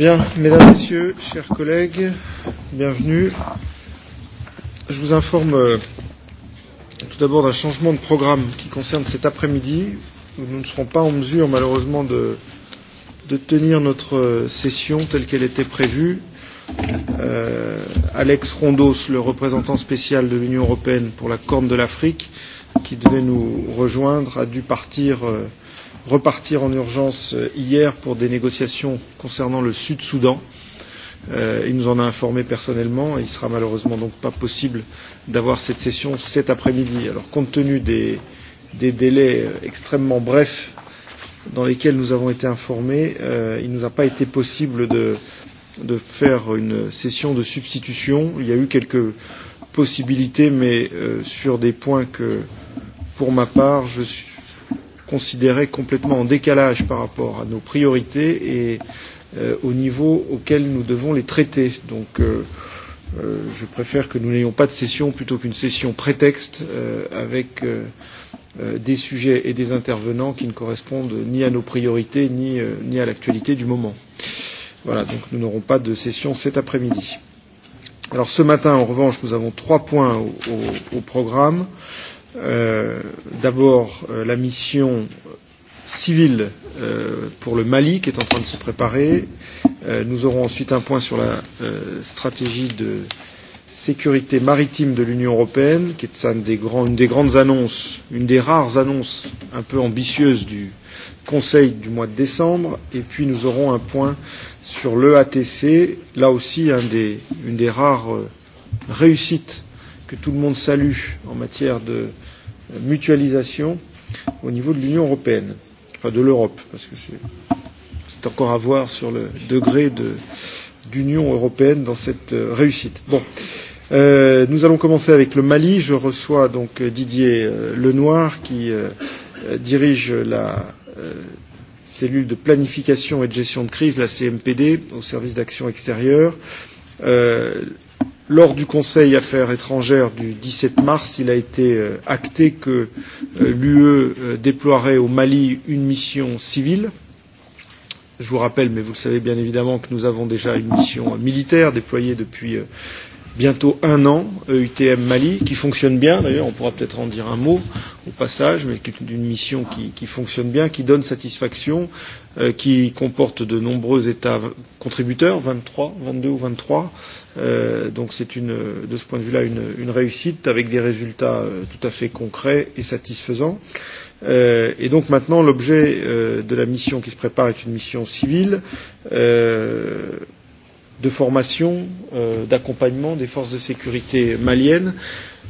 Bien, mesdames, messieurs, chers collègues, bienvenue. Je vous informe euh, tout d'abord d'un changement de programme qui concerne cet après-midi, où nous ne serons pas en mesure, malheureusement, de, de tenir notre euh, session telle qu'elle était prévue. Euh, Alex Rondos, le représentant spécial de l'Union européenne pour la Corne de l'Afrique, qui devait nous rejoindre, a dû partir euh, repartir en urgence euh, hier pour des négociations concernant le Sud-Soudan. Euh, il nous en a informé personnellement et il sera malheureusement donc pas possible d'avoir cette session cet après-midi. Alors compte tenu des, des délais euh, extrêmement brefs dans lesquels nous avons été informés, euh, il ne nous a pas été possible de, de faire une session de substitution. Il y a eu quelques possibilités, mais euh, sur des points que, pour ma part, je, considéré complètement en décalage par rapport à nos priorités et euh, au niveau auquel nous devons les traiter. Donc euh, euh, je préfère que nous n'ayons pas de session plutôt qu'une session prétexte euh, avec euh, euh, des sujets et des intervenants qui ne correspondent ni à nos priorités ni, euh, ni à l'actualité du moment. Voilà, donc nous n'aurons pas de session cet après-midi. Alors ce matin, en revanche, nous avons trois points au, au, au programme. Euh, euh, d'abord euh, la mission civile euh, pour le Mali qui est en train de se préparer. Euh, nous aurons ensuite un point sur la euh, stratégie de sécurité maritime de l'Union européenne, qui est un des grands, une des grandes annonces, une des rares annonces un peu ambitieuses du Conseil du mois de décembre. Et puis nous aurons un point sur l'EATC, là aussi un des, une des rares euh, réussites que tout le monde salue en matière de euh, mutualisation au niveau de l'Union européenne, enfin de l'Europe, parce que c'est encore à voir sur le degré d'Union de, européenne dans cette euh, réussite. Bon. Euh, nous allons commencer avec le Mali. Je reçois donc euh, Didier euh, Lenoir qui euh, dirige la euh, cellule de planification et de gestion de crise, la CMPD, au service d'action extérieure. Euh, Lors du Conseil Affaires étrangères du 17 mars, il a été euh, acté que euh, l'UE euh, déploierait au Mali une mission civile. Je vous rappelle, mais vous le savez bien évidemment, que nous avons déjà une mission euh, militaire déployée depuis euh, bientôt un an, EUTM Mali, qui fonctionne bien, d'ailleurs on pourra peut-être en dire un mot au passage, mais qui est une mission qui, qui fonctionne bien, qui donne satisfaction, euh, qui comporte de nombreux États contributeurs, 23, 22 ou 23, euh, donc c'est une, de ce point de vue-là une, une réussite avec des résultats euh, tout à fait concrets et satisfaisants. Euh, et donc maintenant l'objet euh, de la mission qui se prépare est une mission civile. Euh, de formation, euh, d'accompagnement des forces de sécurité maliennes.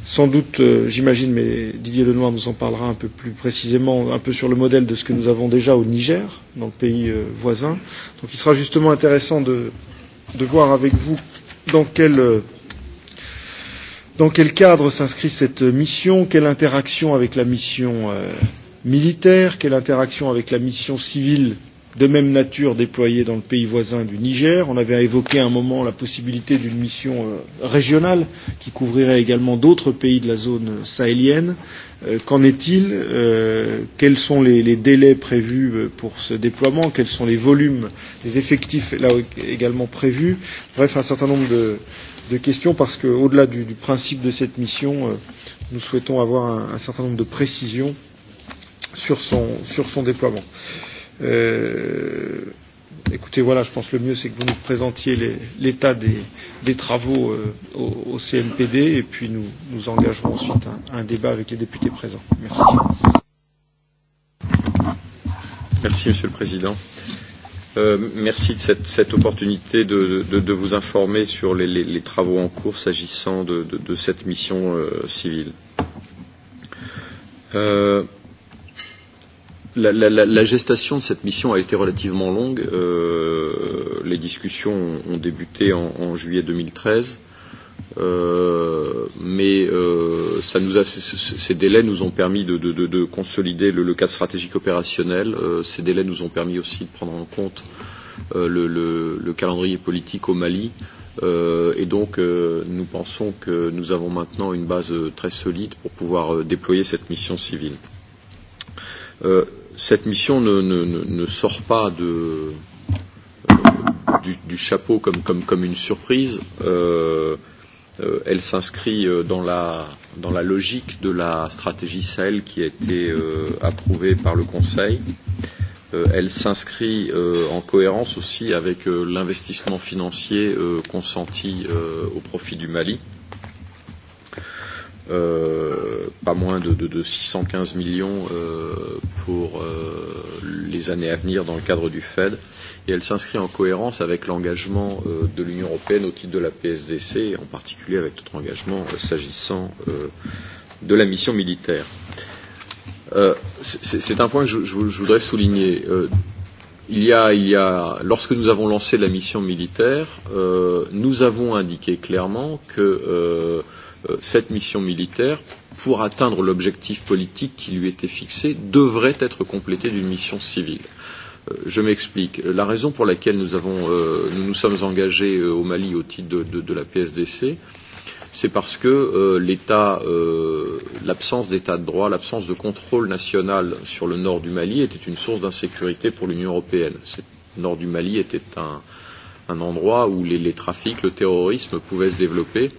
Sans doute, euh, j'imagine, mais Didier Lenoir nous en parlera un peu plus précisément, un peu sur le modèle de ce que nous avons déjà au Niger, dans le pays euh, voisin. Donc il sera justement intéressant de, de voir avec vous dans quel, euh, dans quel cadre s'inscrit cette mission, quelle interaction avec la mission euh, militaire, quelle interaction avec la mission civile euh, de même nature déployées dans le pays voisin du Niger. On avait évoqué à un moment la possibilité d'une mission euh, régionale qui couvrirait également d'autres pays de la zone euh, sahélienne. Euh, Qu'en est-il euh, Quels sont les, les délais prévus euh, pour ce déploiement Quels sont les volumes, les effectifs là également prévus Bref, un certain nombre de, de questions parce qu'au-delà du, du principe de cette mission, euh, nous souhaitons avoir un, un certain nombre de précisions sur son, sur son déploiement. Euh, Euh, écoutez, voilà, je pense que le mieux, c'est que vous nous présentiez l'état des, des travaux euh, au, au CMPD et puis nous, nous engagerons ensuite un, un débat avec les députés présents. Merci. Merci, Monsieur le Président. Euh, merci de cette, cette opportunité de, de, de vous informer sur les, les, les travaux en cours s'agissant de, de, de cette mission euh, civile. Euh, La, la, la, la gestation de cette mission a été relativement longue. Euh, les discussions ont débuté en, en juillet 2013, euh, mais euh, ça nous a, ces délais nous ont permis de, de, de, de consolider le, le cadre stratégique opérationnel. Euh, ces délais nous ont permis aussi de prendre en compte euh, le, le, le calendrier politique au Mali. Euh, et donc, euh, nous pensons que nous avons maintenant une base euh, très solide pour pouvoir euh, déployer cette mission civile. Euh, cette mission ne, ne, ne, ne sort pas de, euh, du, du chapeau comme, comme, comme une surprise. Euh, euh, elle s'inscrit euh, dans la, dans la logique de la stratégie Sahel qui a été euh, approuvée par le Conseil. Euh, elle s'inscrit euh, en cohérence aussi avec euh, l'investissement financier euh, consenti euh, au profit du Mali. Euh, euh, pas moins de, de, de 615 millions euh, pour euh, les années à venir dans le cadre du Fed, et elle s'inscrit en cohérence avec l'engagement euh, de l'Union européenne au titre de la PSDC, et en particulier avec notre engagement euh, s'agissant euh, de la mission militaire. Euh, C'est un point que je, je, je voudrais souligner. Euh, il y a, il y a, lorsque nous avons lancé la mission militaire, euh, nous avons indiqué clairement que euh, Euh, cette mission militaire, pour atteindre l'objectif politique qui lui était fixé, devrait être complétée d'une mission civile. Euh, je m'explique. La raison pour laquelle nous, avons, euh, nous nous sommes engagés euh, au Mali au titre de, de, de la PSDC, c'est parce que euh, l'État, euh, l'absence d'État de droit, l'absence de contrôle national sur le nord du Mali était une source d'insécurité pour l'Union européenne. Le nord du Mali était un, un endroit où les, les trafics, le terrorisme pouvaient se développer.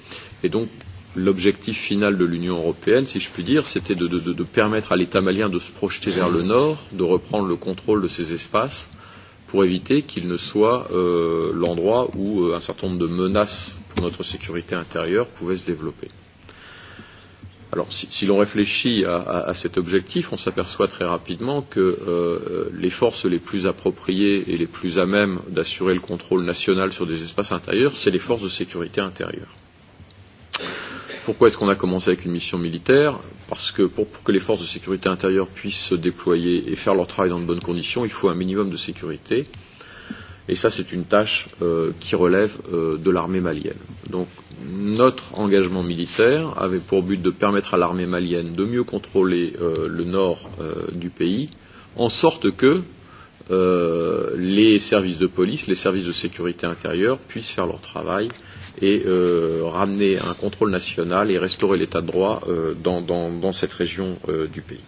Et donc, l'objectif final de l'Union européenne, si je puis dire, c'était de, de, de, de permettre à l'État malien de se projeter vers le nord, de reprendre le contrôle de ces espaces, pour éviter qu'il ne soit euh, l'endroit où euh, un certain nombre de menaces pour notre sécurité intérieure pouvaient se développer. Alors, si, si l'on réfléchit à, à, à cet objectif, on s'aperçoit très rapidement que euh, les forces les plus appropriées et les plus à même d'assurer le contrôle national sur des espaces intérieurs, c'est les forces de sécurité intérieure pourquoi est-ce qu'on a commencé avec une mission militaire Parce que pour, pour que les forces de sécurité intérieure puissent se déployer et faire leur travail dans de bonnes conditions, il faut un minimum de sécurité. Et ça, c'est une tâche euh, qui relève euh, de l'armée malienne. Donc, notre engagement militaire avait pour but de permettre à l'armée malienne de mieux contrôler euh, le nord euh, du pays, en sorte que euh, les services de police, les services de sécurité intérieure puissent faire leur travail euh, et euh, ramener un contrôle national et restaurer l'état de droit euh, dans, dans, dans cette région euh, du pays.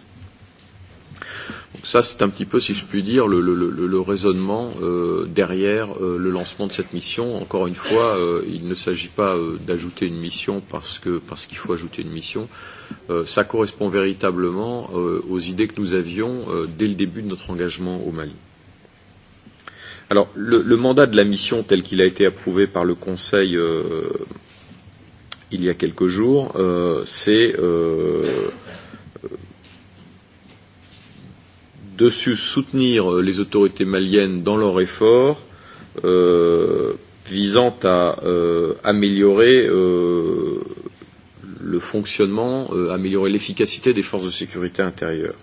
Donc ça, c'est un petit peu, si je puis dire, le, le, le, le raisonnement euh, derrière euh, le lancement de cette mission. Encore une fois, euh, il ne s'agit pas euh, d'ajouter une mission parce que parce qu'il faut ajouter une mission. Euh, ça correspond véritablement euh, aux idées que nous avions euh, dès le début de notre engagement au Mali. Euh, Alors, le, le mandat de la mission tel qu'il a été approuvé par le Conseil euh, il y a quelques jours, euh, c'est euh, de soutenir les autorités maliennes dans leur effort euh, visant à euh, améliorer euh, le fonctionnement, euh, améliorer l'efficacité des forces de sécurité intérieure.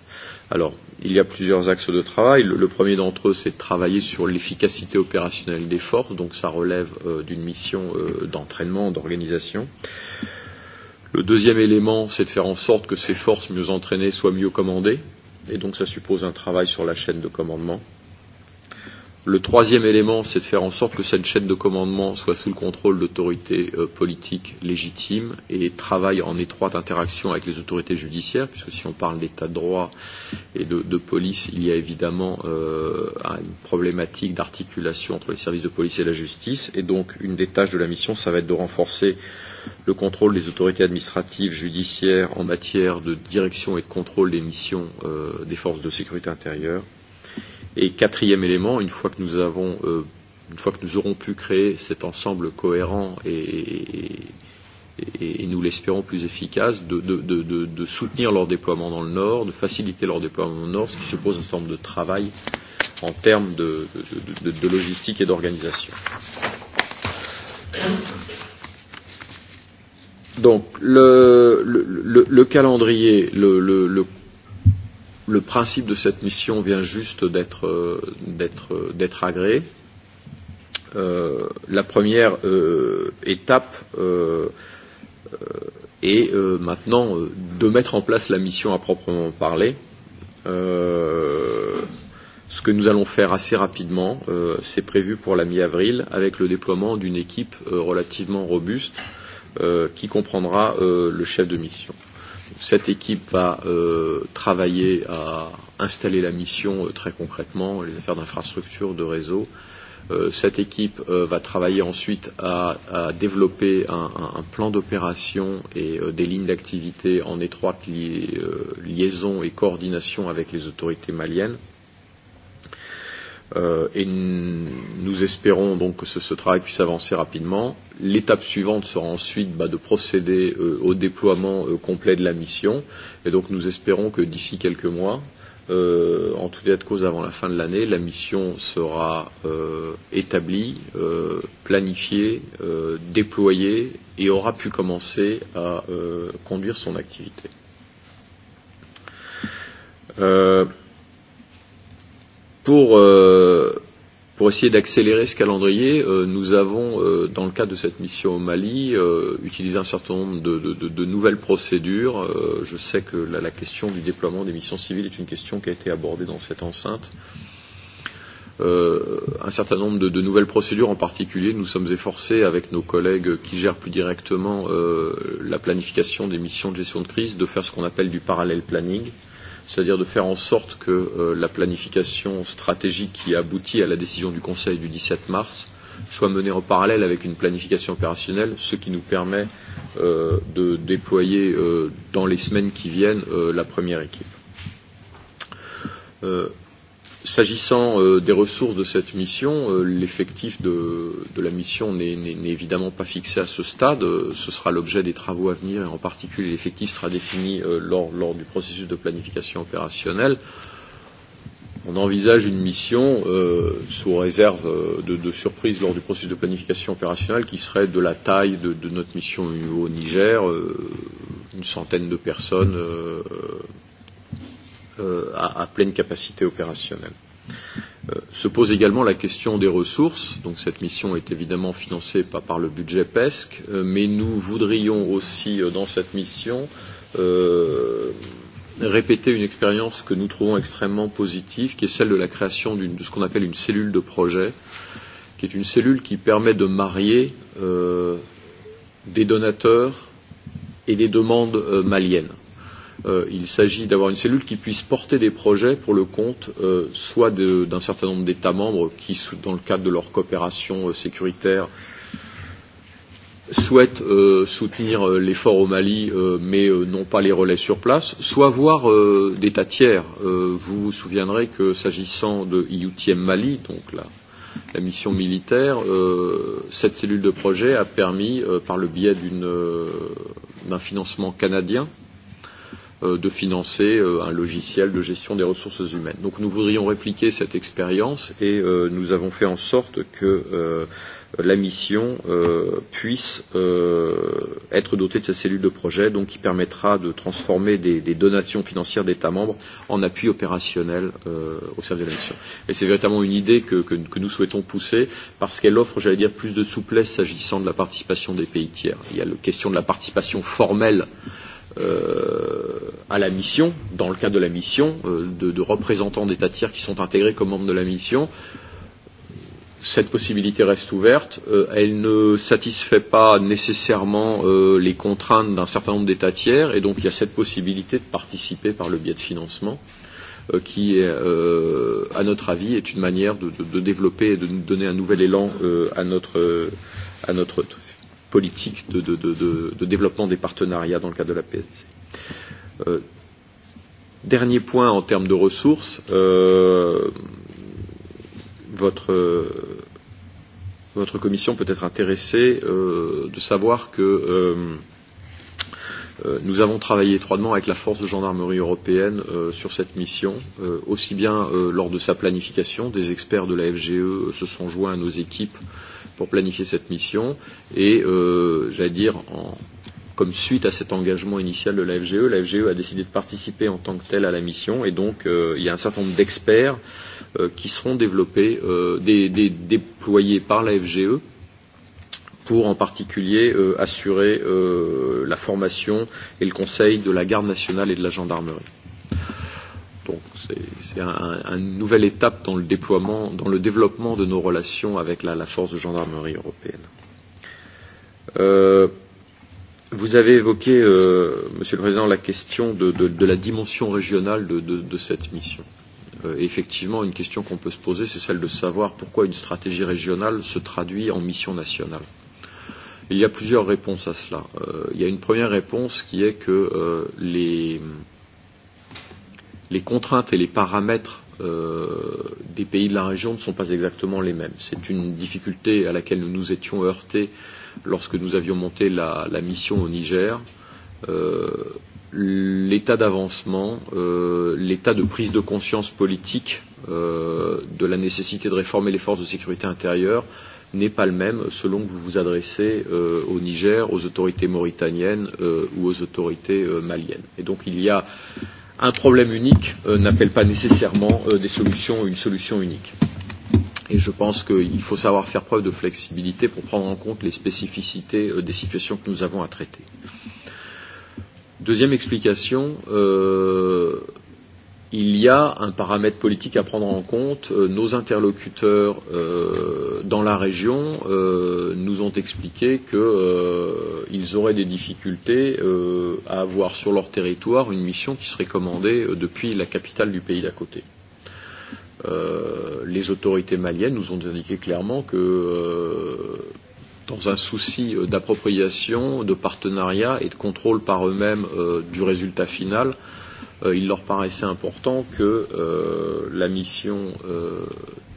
Alors, il y a plusieurs axes de travail. Le, le premier d'entre eux, c'est de travailler sur l'efficacité opérationnelle des forces, donc ça relève euh, d'une mission euh, d'entraînement, d'organisation. Le deuxième élément, c'est de faire en sorte que ces forces mieux entraînées soient mieux commandées, et donc ça suppose un travail sur la chaîne de commandement. Euh, Le troisième élément, c'est de faire en sorte que cette chaîne de commandement soit sous le contrôle d'autorités euh, politiques légitimes et travaille en étroite interaction avec les autorités judiciaires, puisque si on parle d'état de droit et de, de police, il y a évidemment euh, une problématique d'articulation entre les services de police et la justice. Et donc, une des tâches de la mission, ça va être de renforcer le contrôle des autorités administratives, judiciaires en matière de direction et de contrôle des missions euh, des forces de sécurité intérieure. Euh, Et quatrième élément, une fois que nous avons, euh, une fois que nous aurons pu créer cet ensemble cohérent et, et, et, et nous l'espérons plus efficace, de, de, de, de, de soutenir leur déploiement dans le Nord, de faciliter leur déploiement dans le Nord, ce qui suppose un certain nombre de travail en termes de, de, de, de logistique et d'organisation. Donc le, le, le, le calendrier, le, le, le le principe de cette mission vient juste d'être euh, d'être euh, d'être agréé. Euh, la première euh, étape euh, euh, est euh, maintenant euh, de mettre en place la mission à proprement parler. Euh, ce que nous allons faire assez rapidement, euh, c'est prévu pour la mi-avril, avec le déploiement d'une équipe euh, relativement robuste euh, qui comprendra euh, le chef de mission. Euh, Cette équipe va euh, travailler à installer la mission euh, très concrètement, les affaires d'infrastructure, de réseau. Euh, cette équipe euh, va travailler ensuite à, à développer un, un, un plan d'opération et euh, des lignes d'activité en étroite li euh, liaison et coordination avec les autorités maliennes. Euh, et nous espérons donc que ce, ce travail puisse avancer rapidement. L'étape suivante sera ensuite bah, de procéder euh, au déploiement euh, complet de la mission. Et donc nous espérons que d'ici quelques mois, euh, en tout état de cause avant la fin de l'année, la mission sera euh, établie, euh, planifiée, euh, déployée et aura pu commencer à euh, conduire son activité. Euh, Pour, euh, pour essayer d'accélérer ce calendrier, euh, nous avons, euh, dans le cadre de cette mission au Mali, euh, utilisé un certain nombre de, de, de, de nouvelles procédures. Euh, je sais que la, la question du déploiement des missions civiles est une question qui a été abordée dans cette enceinte. Euh, un certain nombre de, de nouvelles procédures en particulier, nous sommes efforcés, avec nos collègues qui gèrent plus directement euh, la planification des missions de gestion de crise, de faire ce qu'on appelle du parallèle planning, euh, c'est-à-dire de faire en sorte que euh, la planification stratégique qui aboutit à la décision du Conseil du 17 mars soit menée en parallèle avec une planification opérationnelle, ce qui nous permet euh, de déployer euh, dans les semaines qui viennent euh, la première équipe. Euh, S'agissant euh, des ressources de cette mission, euh, l'effectif de, de la mission n'est évidemment pas fixé à ce stade. Euh, ce sera l'objet des travaux à venir et en particulier l'effectif sera défini euh, lors, lors du processus de planification opérationnelle. On envisage une mission euh, sous réserve euh, de, de surprise lors du processus de planification opérationnelle qui serait de la taille de, de notre mission au Niger, euh, une centaine de personnes. Euh, euh, à, à pleine capacité opérationnelle. Euh, se pose également la question des ressources. Donc cette mission est évidemment financée pas par le budget PESC, euh, mais nous voudrions aussi euh, dans cette mission euh, répéter une expérience que nous trouvons extrêmement positive, qui est celle de la création de ce qu'on appelle une cellule de projet, qui est une cellule qui permet de marier euh, des donateurs et des demandes euh, maliennes euh, il s'agit d'avoir une cellule qui puisse porter des projets pour le compte euh, soit d'un certain nombre d'États membres qui, dans le cadre de leur coopération euh, sécuritaire, souhaitent euh, soutenir euh, l'effort au Mali euh, mais euh, n'ont pas les relais sur place, soit voir euh, d'États tiers. Euh, vous vous souviendrez que s'agissant de IUTM Mali, donc la, la mission militaire, euh, cette cellule de projet a permis, euh, par le biais euh, d'un euh, financement canadien, euh, euh, de financer euh, un logiciel de gestion des ressources humaines. Donc nous voudrions répliquer cette expérience et euh, nous avons fait en sorte que euh, la mission euh, puisse euh, être dotée de sa cellule de projet, donc qui permettra de transformer des, des donations financières d'États membres en appui opérationnel euh, au service de la mission. Et c'est véritablement une idée que, que, que nous souhaitons pousser parce qu'elle offre, j'allais dire, plus de souplesse s'agissant de la participation des pays tiers. Il y a la question de la participation formelle euh, euh, à la mission, dans le cadre de la mission, euh, de, de représentants d'États tiers qui sont intégrés comme membres de la mission. Cette possibilité reste ouverte. Euh, elle ne satisfait pas nécessairement euh, les contraintes d'un certain nombre d'États tiers, et donc il y a cette possibilité de participer par le biais de financement, euh, qui, est, euh, à notre avis, est une manière de, de, de développer et de donner un nouvel élan euh, à notre, euh, à notre œuvre politique de, de, de, de, de développement des partenariats dans le cadre de la PSC. Euh, dernier point en termes de ressources, euh, votre, euh, votre commission peut être intéressée euh, de savoir que euh, euh, nous avons travaillé étroitement avec la force de gendarmerie européenne euh, sur cette mission, euh, aussi bien euh, lors de sa planification, des experts de la FGE se sont joints à nos équipes euh, pour planifier cette mission et, euh, j'allais dire, en, comme suite à cet engagement initial de la FGE, la FGE a décidé de participer en tant que telle à la mission et donc euh, il y a un certain nombre d'experts euh, qui seront développés, euh, des, des, déployés par la FGE pour en particulier euh, assurer euh, la formation et le conseil de la garde nationale et de la gendarmerie. Donc c'est un, un, une nouvelle étape dans le déploiement, dans le développement de nos relations avec la, la force de gendarmerie européenne. Euh, vous avez évoqué, euh, Monsieur le Président, la question de, de, de la dimension régionale de, de, de cette mission. Euh, effectivement, une question qu'on peut se poser, c'est celle de savoir pourquoi une stratégie régionale se traduit en mission nationale. Il y a plusieurs réponses à cela. Euh, il y a une première réponse qui est que euh, les euh, les contraintes et les paramètres euh, des pays de la région ne sont pas exactement les mêmes. C'est une difficulté à laquelle nous nous étions heurtés lorsque nous avions monté la, la mission au Niger. Euh, l'état d'avancement, euh, l'état de prise de conscience politique euh, de la nécessité de réformer les forces de sécurité intérieure n'est pas le même selon que vous vous adressez euh, au Niger, aux autorités mauritaniennes euh, ou aux autorités euh, maliennes. Et donc il y a euh, un problème unique euh, n'appelle pas nécessairement euh, des solutions, une solution unique. Et je pense qu'il faut savoir faire preuve de flexibilité pour prendre en compte les spécificités euh, des situations que nous avons à traiter. Deuxième explication, euh, il y a un paramètre politique à prendre en compte. Euh, nos interlocuteurs euh, dans la région euh, nous ont expliqué qu'ils euh, auraient des difficultés euh, à avoir sur leur territoire une mission qui serait commandée euh, depuis la capitale du pays d'à côté. Euh, les autorités maliennes nous ont indiqué clairement que euh, dans un souci euh, d'appropriation, de partenariat et de contrôle par eux-mêmes euh, du résultat final, euh, euh, il leur paraissait important que euh, la mission euh,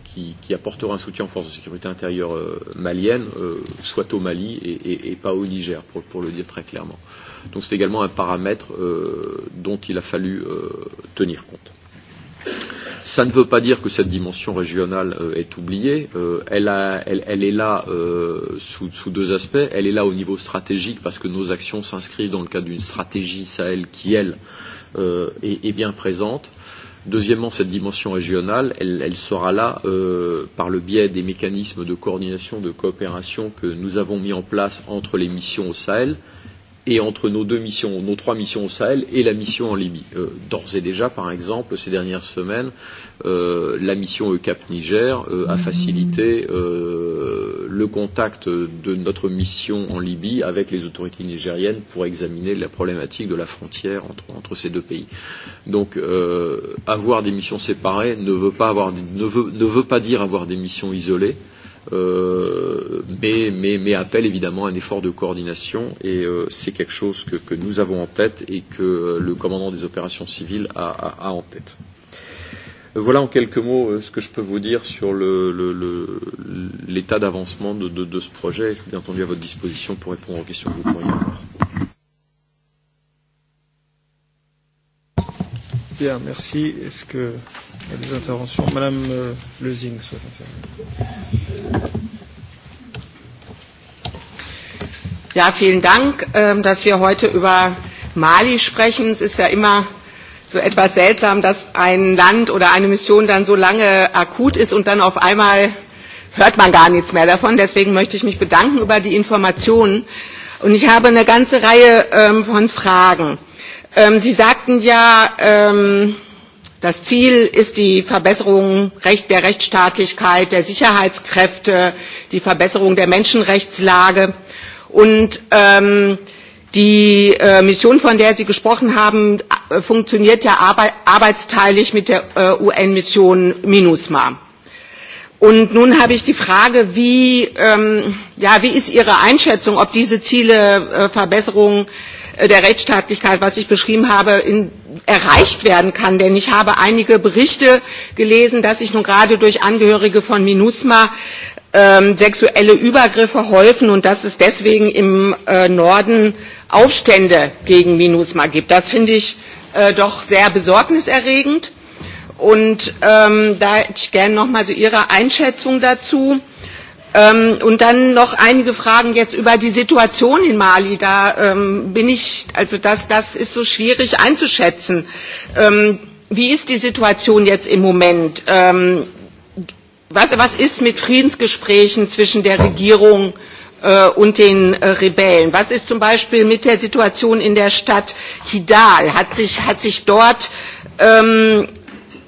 qui, qui apportera un soutien aux forces de sécurité intérieure euh, maliennes euh, soit au Mali et, et, et pas au Niger, pour, pour le dire très clairement. Donc c'est également un paramètre euh, dont il a fallu euh, tenir compte. Ça ne veut pas dire que cette dimension régionale euh, est oubliée. Euh, elle, a, elle, elle est là euh, sous, sous deux aspects. Elle est là au niveau stratégique parce que nos actions s'inscrivent dans le cadre d'une stratégie Sahel qui, elle, euh, est, est bien présente. Deuxièmement, cette dimension régionale, elle, elle sera là euh, par le biais des mécanismes de coordination, de coopération que nous avons mis en place entre les missions au Sahel, euh, et entre nos deux missions, nos trois missions au Sahel et la mission en Libye. Euh, D'ores et déjà, par exemple, ces dernières semaines, euh, la mission ECAP Niger euh, a facilité euh, le contact de notre mission en Libye avec les autorités nigériennes pour examiner la problématique de la frontière entre, entre ces deux pays. Donc, euh, avoir des missions séparées ne veut pas, avoir, ne veut, ne veut pas dire avoir des missions isolées. Euh, euh, mais, mais, mais appelle évidemment un effort de coordination et euh, c'est quelque chose que, que nous avons en tête et que euh, le commandant des opérations civiles a, a, a en tête. Voilà en quelques mots euh, ce que je peux vous dire sur l'état le, le, le, d'avancement de, de, de ce projet. Je suis bien entendu à votre disposition pour répondre aux questions que vous pourriez avoir. Bien, merci. Est-ce que Il y a des interventions. Madame euh, Lezing souhaite intervenir. Ja, vielen Dank, äh, dass wir heute über Mali sprechen. Es ist ja immer so etwas seltsam, dass ein Land oder eine Mission dann so lange akut ist und dann auf einmal hört man gar nichts mehr davon. Deswegen möchte ich mich bedanken über die Informationen. Und ich habe eine ganze Reihe ähm, von Fragen. Ähm, Sie sagten ja, ähm, Das Ziel ist die Verbesserung der Rechtsstaatlichkeit, der Sicherheitskräfte, die Verbesserung der Menschenrechtslage. Und ähm, die äh, Mission, von der Sie gesprochen haben, äh, funktioniert ja arbe arbeitsteilig mit der äh, UN-Mission MINUSMA. Und nun habe ich die Frage, wie, ähm, ja, wie ist Ihre Einschätzung, ob diese Ziele, äh, Verbesserungen äh, Äh, der Rechtsstaatlichkeit, was ich beschrieben habe, in, erreicht werden kann. Denn ich habe einige Berichte gelesen, dass sich nun gerade durch Angehörige von MINUSMA ähm, sexuelle Übergriffe häufen und dass es deswegen im äh, Norden Aufstände gegen MINUSMA gibt. Das finde ich äh, doch sehr besorgniserregend. Und ähm, da hätte ich gerne nochmal so Ihre Einschätzung dazu. Äh, Ähm, und dann noch einige Fragen jetzt über die Situation in Mali. Da ähm, bin ich, also das, das ist so schwierig einzuschätzen. Ähm, wie ist die Situation jetzt im Moment? Ähm, was, was ist mit Friedensgesprächen zwischen der Regierung äh, und den äh, Rebellen? Was ist zum Beispiel mit der Situation in der Stadt Kidal? Hat sich, hat sich dort ähm,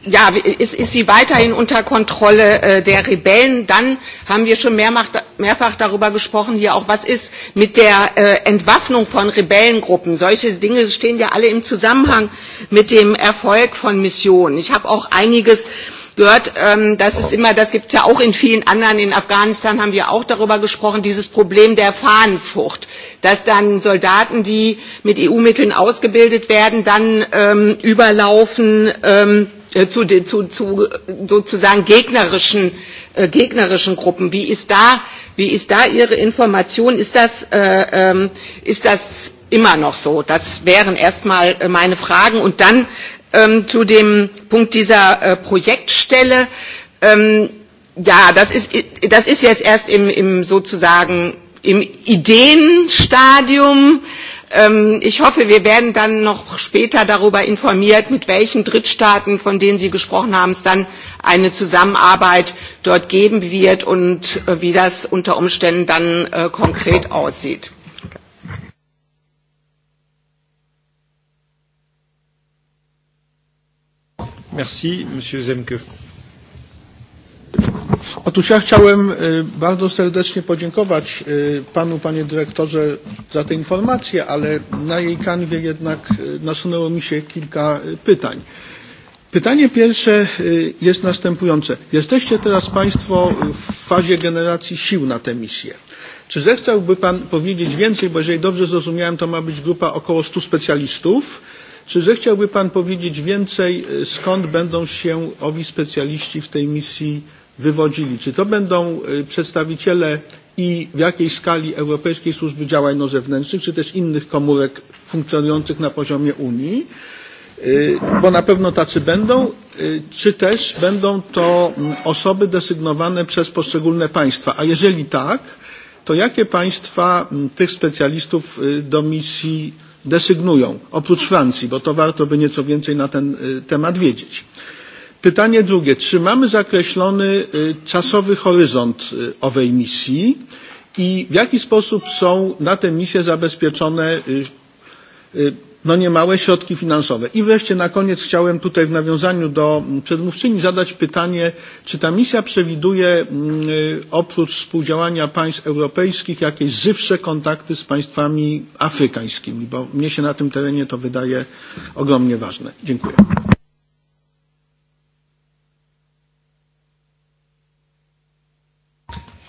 ja, ist, ist sie weiterhin unter Kontrolle äh, der Rebellen. Dann haben wir schon mehrfach, mehrfach darüber gesprochen, hier auch, was ist mit der äh, Entwaffnung von Rebellengruppen. Solche Dinge stehen ja alle im Zusammenhang mit dem Erfolg von Missionen. Ich habe auch einiges gehört, ähm, das ist immer, das gibt es ja auch in vielen anderen, in Afghanistan haben wir auch darüber gesprochen, dieses Problem der Fahnenflucht, dass dann Soldaten, die mit EU-Mitteln ausgebildet werden, dann ähm, überlaufen, ähm, äh, zu, zu, zu sozusagen gegnerischen, äh, gegnerischen Gruppen. Wie ist, da, wie ist da Ihre Information? Ist das, äh, ähm, ist das immer noch so? Das wären erstmal äh, meine Fragen. Und dann ähm, zu dem Punkt dieser äh, Projektstelle. Ähm, ja, das ist, das ist jetzt erst im, im sozusagen im Ideenstadium. Äh, Ähm, ich hoffe wir werden dann noch später darüber informiert mit welchen drittstaaten von denen sie gesprochen haben es dann eine zusammenarbeit dort geben wird und äh, wie das unter umständen dann äh, konkret aussieht. Merci, Monsieur Zemke. Otóż ja chciałem bardzo serdecznie podziękować panu, panie dyrektorze, za tę informację, ale na jej kanwie jednak nasunęło mi się kilka pytań. Pytanie pierwsze jest następujące. Jesteście teraz Państwo w fazie generacji sił na tę misję. Czy zechciałby Pan powiedzieć więcej, bo jeżeli dobrze zrozumiałem, to ma być grupa około 100 specjalistów. Czy zechciałby Pan powiedzieć więcej, skąd będą się owi specjaliści w tej misji wywodzili? Czy to będą przedstawiciele i w jakiej skali Europejskiej Służby Działań no Zewnętrznych, czy też innych komórek funkcjonujących na poziomie Unii? bo na pewno tacy będą, czy też będą to mm, osoby desygnowane przez poszczególne państwa. A jeżeli tak, to jakie państwa mm, tych specjalistów do misji desygnują, oprócz Francji, bo to warto by nieco więcej na ten temat wiedzieć. Pytanie drugie. Czy mamy zakreślony czasowy horyzont owej misji i w jaki sposób są na tę misję zabezpieczone no niemałe środki finansowe. I wreszcie na koniec chciałem tutaj w nawiązaniu do przedmówczyni zadać pytanie, czy ta misja przewiduje oprócz współdziałania państw europejskich jakieś żywsze kontakty z państwami afrykańskimi, bo mnie się na tym terenie to wydaje ogromnie ważne. Dziękuję.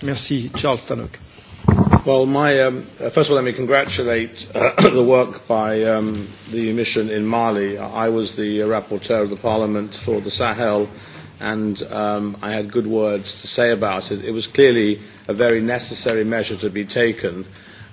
Merci. Charles Tannock. Well, my, um, uh, first of all, let me congratulate uh, the work by um, the mission in Mali. I was the uh, rapporteur of the Parliament for the Sahel, and um, I had good words to say about it. It was clearly a very necessary measure to be taken,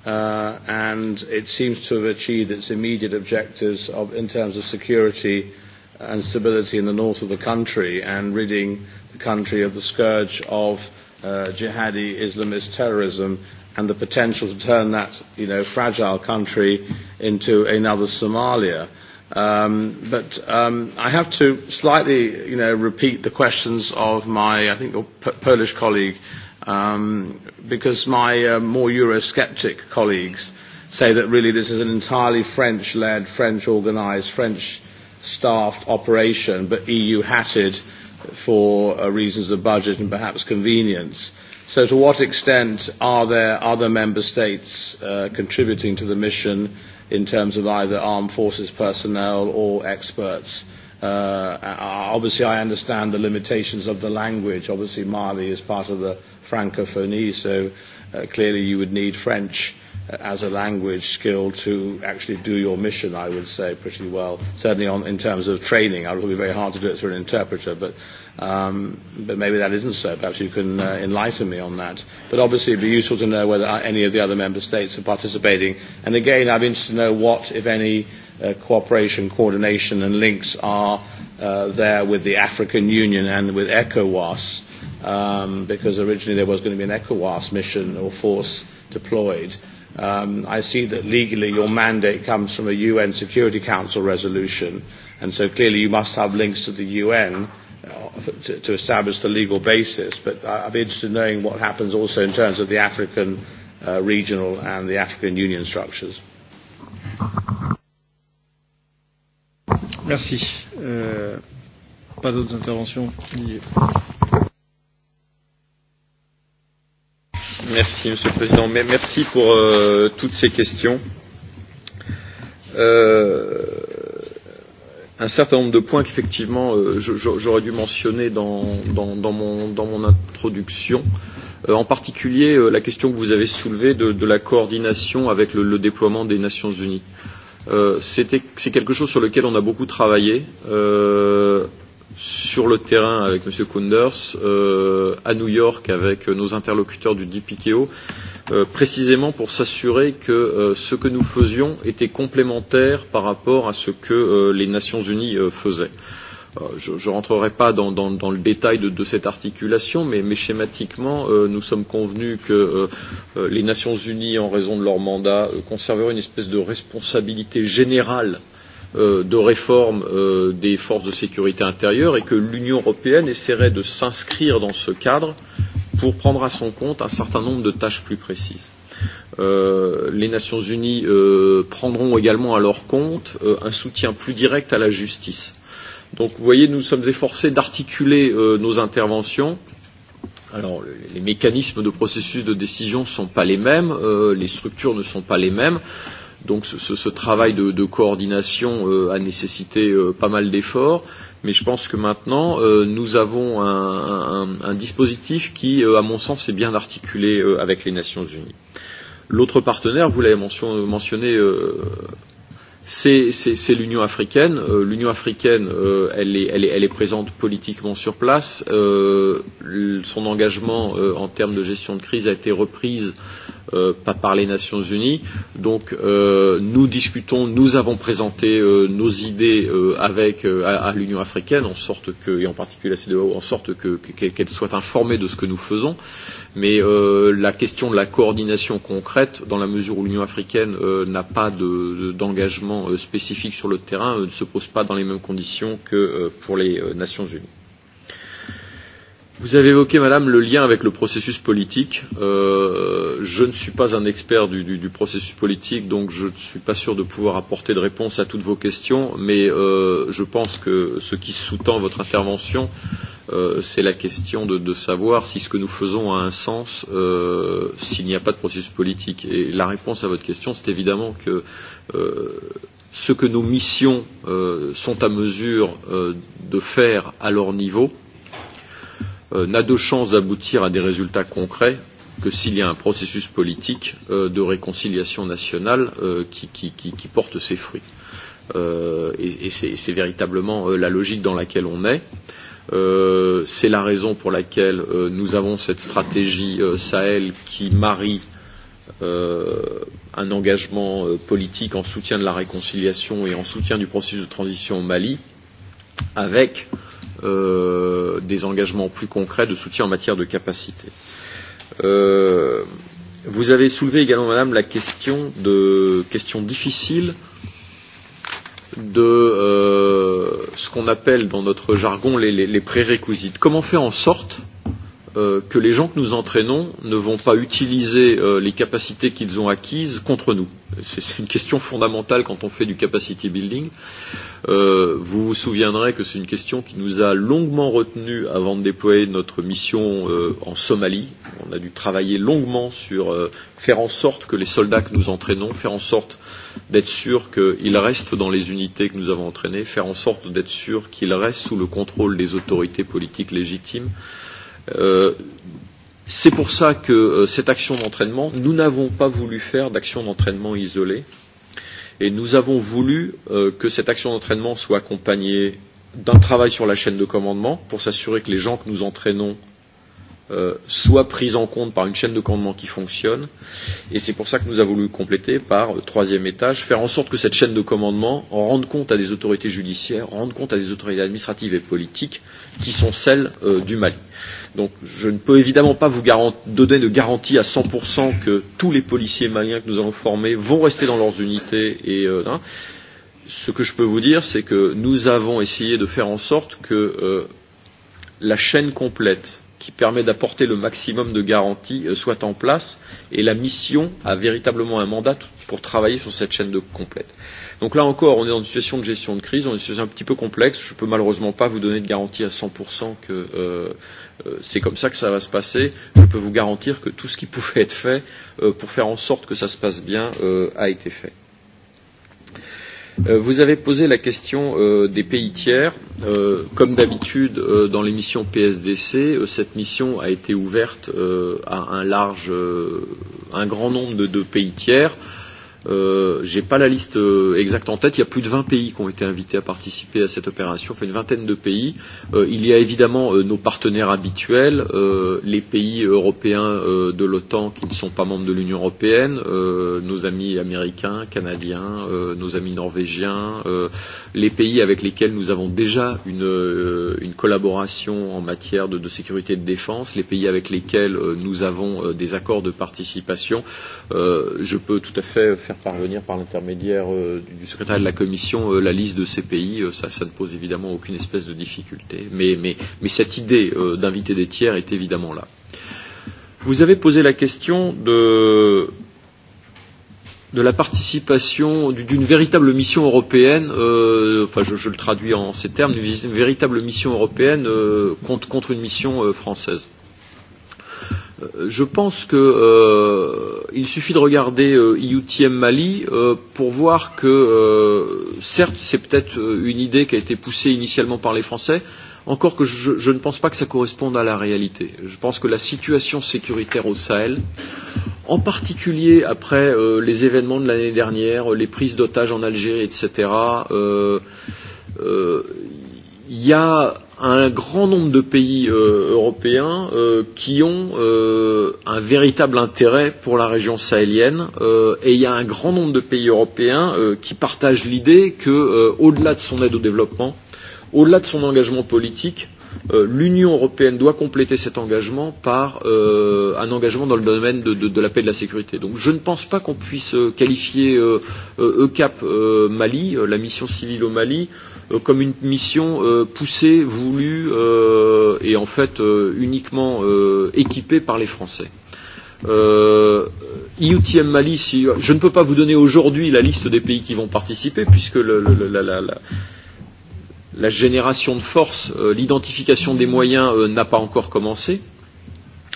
uh, and it seems to have achieved its immediate objectives of, in terms of security and stability in the north of the country and ridding the country of the scourge of uh, jihadi Islamist terrorism and the potential to turn that you know, fragile country into another Somalia. Um, but um, I have to slightly you know, repeat the questions of my, I think, your P- Polish colleague, um, because my uh, more Eurosceptic colleagues say that really this is an entirely French-led, French-organised, French-staffed operation, but EU-hatted for uh, reasons of budget and perhaps convenience. So to what extent are there other member states uh, contributing to the mission in terms of either armed forces personnel or experts? Uh, uh obviously, I understand the limitations of the language. Obviously, Mali is part of the Francophonie, so uh, clearly you would need French Uh, as a language skill to actually do your mission, I would say, pretty well. Certainly on, in terms of training, it would be very hard to do it through an interpreter, but, um, but maybe that isn't so. Perhaps you can uh, enlighten me on that. But obviously it would be useful to know whether any of the other member states are participating. And again, I'd be interested to know what, if any, uh, cooperation, coordination and links are uh, there with the African Union and with ECOWAS, um, because originally there was going to be an ECOWAS mission or force deployed Um, I see that legally your mandate comes from a UN Security Council resolution, and so clearly you must have links to the UN uh, to, to establish the legal basis. But I'd be interested in knowing what happens also in terms of the African uh, regional and the African Union structures. Merci. Euh, pas d'autres interventions. Yeah. Merci, Monsieur le Président. Merci pour euh, toutes ces questions. Euh, un certain nombre de points qu'effectivement euh, j'aurais dû mentionner dans, dans, dans, mon, dans mon introduction. Euh, en particulier euh, la question que vous avez soulevée de, de la coordination avec le, le déploiement des Nations Unies. Euh, C'est quelque chose sur lequel on a beaucoup travaillé. Euh, sur le terrain avec M. Kunders, euh, à New York avec nos interlocuteurs du DPKO, euh, précisément pour s'assurer que euh, ce que nous faisions était complémentaire par rapport à ce que euh, les Nations Unies euh, faisaient. Euh, je ne rentrerai pas dans, dans, dans le détail de, de cette articulation, mais, mais schématiquement, euh, nous sommes convenus que euh, euh les Nations Unies, en raison de leur mandat, euh, conserveront une espèce de responsabilité générale euh, euh, de réforme euh, des forces de sécurité intérieure et que l'Union européenne essaierait de s'inscrire dans ce cadre pour prendre à son compte un certain nombre de tâches plus précises. Euh, les Nations Unies euh, prendront également à leur compte euh, un soutien plus direct à la justice. Donc vous voyez, nous sommes efforcés d'articuler euh, nos interventions Alors, les mécanismes de processus de décision ne sont pas les mêmes, euh, les structures ne sont pas les mêmes. Donc ce, ce, ce travail de, de coordination euh, a nécessité euh, pas mal d'efforts, mais je pense que maintenant euh, nous avons un, un, un dispositif qui, euh, à mon sens, est bien articulé euh, avec les Nations Unies. L'autre partenaire, vous l'avez mention, mentionné, euh, c'est l'Union africaine. Euh, L'Union africaine, euh, elle, est, elle, est, elle est présente politiquement sur place. Euh, son engagement euh, en termes de gestion de crise a été reprise euh, pas par les Nations Unies. Donc euh, nous discutons, nous avons présenté euh, nos idées euh, avec euh, à, à l'Union africaine, en sorte que, et en particulier à la CDAO, en sorte que, que, qu'elle soit informée de ce que nous faisons. Mais euh, la question de la coordination concrète, dans la mesure où l'Union africaine euh, n'a pas de, de, d'engagement euh, spécifique sur le terrain, euh, ne se pose pas dans les mêmes conditions que euh, pour les euh, Nations Unies. Vous avez évoqué, Madame, le lien avec le processus politique. Euh, je ne suis pas un expert du, du, du processus politique, donc je ne suis pas sûr de pouvoir apporter de réponse à toutes vos questions, mais euh, je pense que ce qui sous-tend votre intervention, euh, c'est la question de, de savoir si ce que nous faisons a un sens euh, s'il n'y a pas de processus politique. Et la réponse à votre question, c'est évidemment que euh, ce que nos missions euh, sont à mesure euh, de faire à leur niveau, euh, euh, n'a de chance d'aboutir à des résultats concrets que s'il y a un processus politique euh, de réconciliation nationale euh, qui, qui, qui, qui porte ses fruits. Euh, et et c'est véritablement euh, la logique dans laquelle on est. Euh, c'est la raison pour laquelle euh, nous avons cette stratégie euh, Sahel qui marie euh, un engagement euh, politique en soutien de la réconciliation et en soutien du processus de transition au Mali avec euh, euh, des engagements plus concrets de soutien en matière de capacité. Euh, vous avez soulevé également, Madame, la question de question difficile de euh, ce qu'on appelle dans notre jargon les, les, les prérequisites. Comment faire en sorte euh, euh, que les gens que nous entraînons ne vont pas utiliser euh, les capacités qu'ils ont acquises contre nous. C'est une question fondamentale quand on fait du capacity building. Euh, vous vous souviendrez que c'est une question qui nous a longuement retenu avant de déployer notre mission euh, en Somalie. On a dû travailler longuement sur euh, faire en sorte que les soldats que nous entraînons, faire en sorte d'être sûr qu'ils restent dans les unités que nous avons entraînées, faire en sorte d'être sûr qu'ils restent sous le contrôle des autorités politiques légitimes. Euh, Euh, c'est pour ça que euh, cette action d'entraînement, nous n'avons pas voulu faire d'action d'entraînement isolée et nous avons voulu euh, que cette action d'entraînement soit accompagnée d'un travail sur la chaîne de commandement pour s'assurer que les gens que nous entraînons euh, soient pris en compte par une chaîne de commandement qui fonctionne. Et c'est pour ça que nous avons voulu compléter par euh, troisième étage, faire en sorte que cette chaîne de commandement rende compte à des autorités judiciaires, rende compte à des autorités administratives et politiques qui sont celles euh, du Mali. Euh, Donc je ne peux évidemment pas vous donner de garantie à 100% que tous les policiers maliens que nous allons former vont rester dans leurs unités. Et, euh, hein. Ce que je peux vous dire, c'est que nous avons essayé de faire en sorte que euh, la chaîne complète qui permet d'apporter le maximum de garanties euh, soit en place et la mission a véritablement un mandat pour travailler sur cette chaîne de complète. Euh, Donc là encore, on est dans une situation de gestion de crise, dans une situation un petit peu complexe. Je ne peux malheureusement pas vous donner de garantie à 100% que euh, euh, c'est comme ça que ça va se passer. Je peux vous garantir que tout ce qui pouvait être fait euh, pour faire en sorte que ça se passe bien euh, a été fait. Euh, vous avez posé la question euh, des pays tiers. Euh, comme d'habitude euh, dans l'émission PSDC, euh, cette mission a été ouverte euh, à un large, euh, un grand nombre de, de pays tiers. Euh, Euh, J'ai pas la liste euh, exacte en tête. Il y a plus de 20 pays qui ont été invités à participer à cette opération. Enfin, une vingtaine de pays. Euh, il y a évidemment euh, nos partenaires habituels, euh, les pays européens euh, de l'OTAN qui ne sont pas membres de l'Union européenne, euh, nos amis américains, canadiens, euh, nos amis norvégiens, euh, les pays avec lesquels nous avons déjà une, euh, une collaboration en matière de, de sécurité et de défense, les pays avec lesquels euh, nous avons euh, des accords de participation. Euh, je peux tout à fait faire faire parvenir par l'intermédiaire euh, du secrétaire de la Commission euh, la liste de ces pays, euh, ça, ça ne pose évidemment aucune espèce de difficulté. Mais, mais, mais cette idée euh, d'inviter des tiers est évidemment là. Vous avez posé la question de, de la participation d'une véritable mission européenne, euh, enfin je, je le traduis en ces termes, d'une véritable mission européenne euh, contre, contre une mission euh, française. Euh, je pense qu'il euh, suffit de regarder euh, IUTM e Mali euh, pour voir que, euh, certes, c'est peut-être euh, une idée qui a été poussée initialement par les Français, encore que je, je ne pense pas que ça corresponde à la réalité. Je pense que la situation sécuritaire au Sahel, en particulier après euh, les événements de l'année dernière, les prises d'otages en Algérie, etc., il euh, euh, y a un grand nombre de pays euh, européens euh, qui ont euh, un véritable intérêt pour la région sahélienne euh, et il y a un grand nombre de pays européens euh, qui partagent l'idée que, euh, au delà de son aide au développement, au delà de son engagement politique, euh, l'Union européenne doit compléter cet engagement par euh, un engagement dans le domaine de, de, de la paix et de la sécurité. Donc je ne pense pas qu'on puisse euh, qualifier euh, ECAP euh, e euh, Mali, euh, la mission civile au Mali, euh, euh, comme une mission euh, poussée, voulue euh, et en fait euh, uniquement euh, équipée par les Français. Euh, IUTM e Mali, si, je ne peux pas vous donner aujourd'hui la liste des pays qui vont participer puisque le, le, la, la, la, la génération de force, euh, l'identification des moyens euh, n'a pas encore commencé. Euh,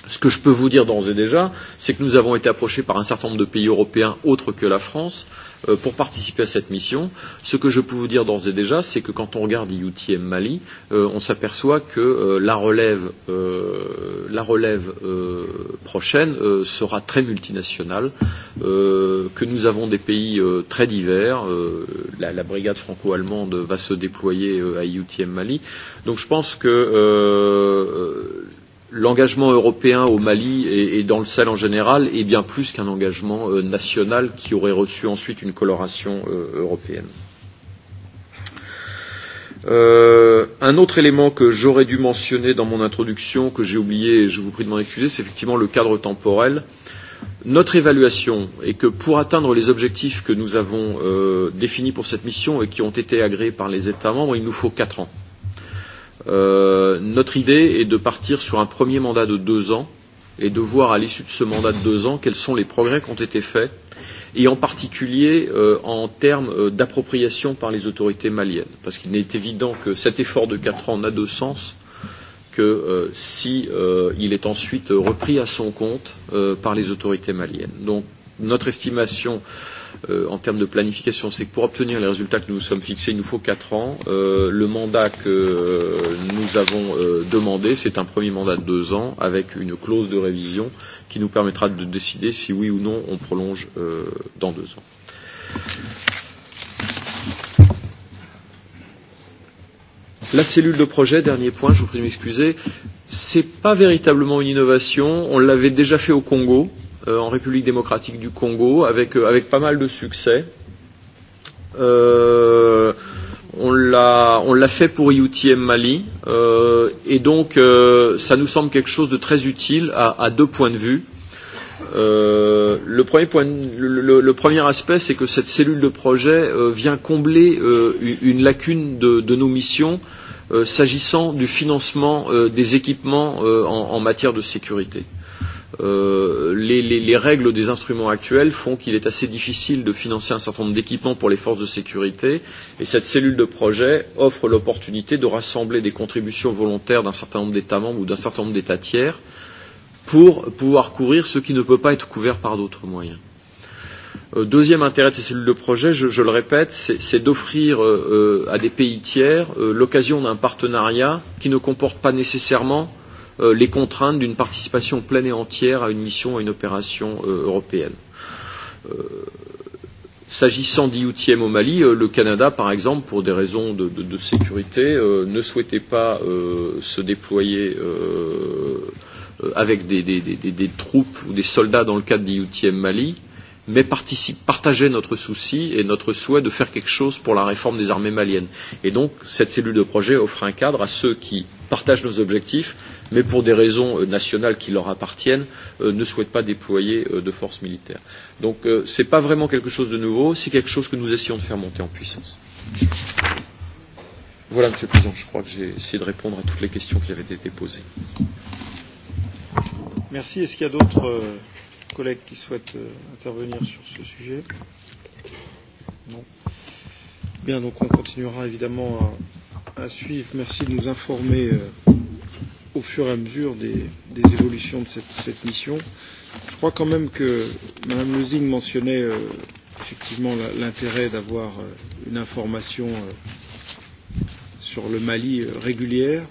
Ce que je peux vous dire d'ores et déjà, c'est que nous avons été approchés par un certain nombre de pays européens autres que la France euh, pour participer à cette mission. Ce que je peux vous dire d'ores et déjà, c'est que quand on regarde IUTM Mali, euh, on s'aperçoit que euh, la relève, euh, la relève euh, prochaine euh, sera très multinationale, euh, que nous avons des pays euh, très divers. Euh, la, la brigade franco-allemande va se déployer euh, à IUTM Mali. Donc je pense que euh, l'engagement européen au Mali et, et dans le Sahel en général est bien plus qu'un engagement euh, national qui aurait reçu ensuite une coloration euh, européenne. Euh, un autre élément que j'aurais dû mentionner dans mon introduction, que j'ai oublié et je vous prie de m'en excuser, c'est effectivement le cadre temporel. Notre évaluation est que pour atteindre les objectifs que nous avons euh, définis pour cette mission et qui ont été agréés par les États membres, il nous faut quatre ans. Euh, Euh, notre idée est de partir sur un premier mandat de deux ans et de voir à l'issue de ce mandat de deux ans quels sont les progrès qui ont été faits, et en particulier euh, en termes euh, d'appropriation par les autorités maliennes, parce qu'il est évident que cet effort de quatre ans n'a de sens que euh, si euh, il est ensuite repris à son compte euh, par les autorités maliennes. Donc notre estimation euh, en termes de planification, c'est que pour obtenir les résultats que nous nous sommes fixés, il nous faut quatre ans. Euh, le mandat que euh, nous avons euh, demandé, c'est un premier mandat de deux ans avec une clause de révision qui nous permettra de décider si oui ou non on prolonge euh, dans deux ans. La cellule de projet, dernier point, je vous prie de m'excuser, c'est pas véritablement une innovation. On l'avait déjà fait au Congo. Euh, euh, en République démocratique du Congo avec, euh, avec pas mal de succès. Euh, on l'a fait pour IUTM Mali euh, et donc euh, ça nous semble quelque chose de très utile à, à deux points de vue. Euh, le, premier point, le, le, le premier aspect, c'est que cette cellule de projet euh, vient combler euh, une lacune de, de nos missions euh, s'agissant du financement euh, des équipements euh, en, en matière de sécurité. Euh, euh, les, les, les règles des instruments actuels font qu'il est assez difficile de financer un certain nombre d'équipements pour les forces de sécurité et cette cellule de projet offre l'opportunité de rassembler des contributions volontaires d'un certain nombre d'États membres ou d'un certain nombre d'États tiers pour pouvoir couvrir ce qui ne peut pas être couvert par d'autres moyens. Euh, deuxième intérêt de ces cellules de projet, je, je le répète, c'est d'offrir euh, euh, à des pays tiers euh, l'occasion d'un partenariat qui ne comporte pas nécessairement euh, les contraintes d'une participation pleine et entière à une mission, à une opération euh, européenne. Euh, S'agissant d'IUTM au Mali, euh, le Canada, par exemple, pour des raisons de, de, de sécurité, euh, ne souhaitait pas euh, se déployer euh, euh avec des, des, des, des, des troupes ou des soldats dans le cadre d'IUTM Mali, mais partageait notre souci et notre souhait de faire quelque chose pour la réforme des armées maliennes. Et donc, cette cellule de projet offre un cadre à ceux qui partagent nos objectifs, mais pour des raisons euh, nationales qui leur appartiennent, euh, ne souhaitent pas déployer euh, de forces militaires. Donc euh, ce n'est pas vraiment quelque chose de nouveau, c'est quelque chose que nous essayons de faire monter en puissance. Voilà, Monsieur le Président, je crois que j'ai essayé de répondre à toutes les questions qui avaient été posées. Merci. Est-ce qu'il y a d'autres euh, collègues qui souhaitent euh, intervenir sur ce sujet Non. Bien, donc on continuera évidemment à, à suivre. Merci de nous informer. Euh, au fur et à mesure des, des évolutions de cette, cette mission. Je crois quand même que Mme Lezing mentionnait euh, effectivement l'intérêt d'avoir euh, une information euh, sur le Mali euh, régulière.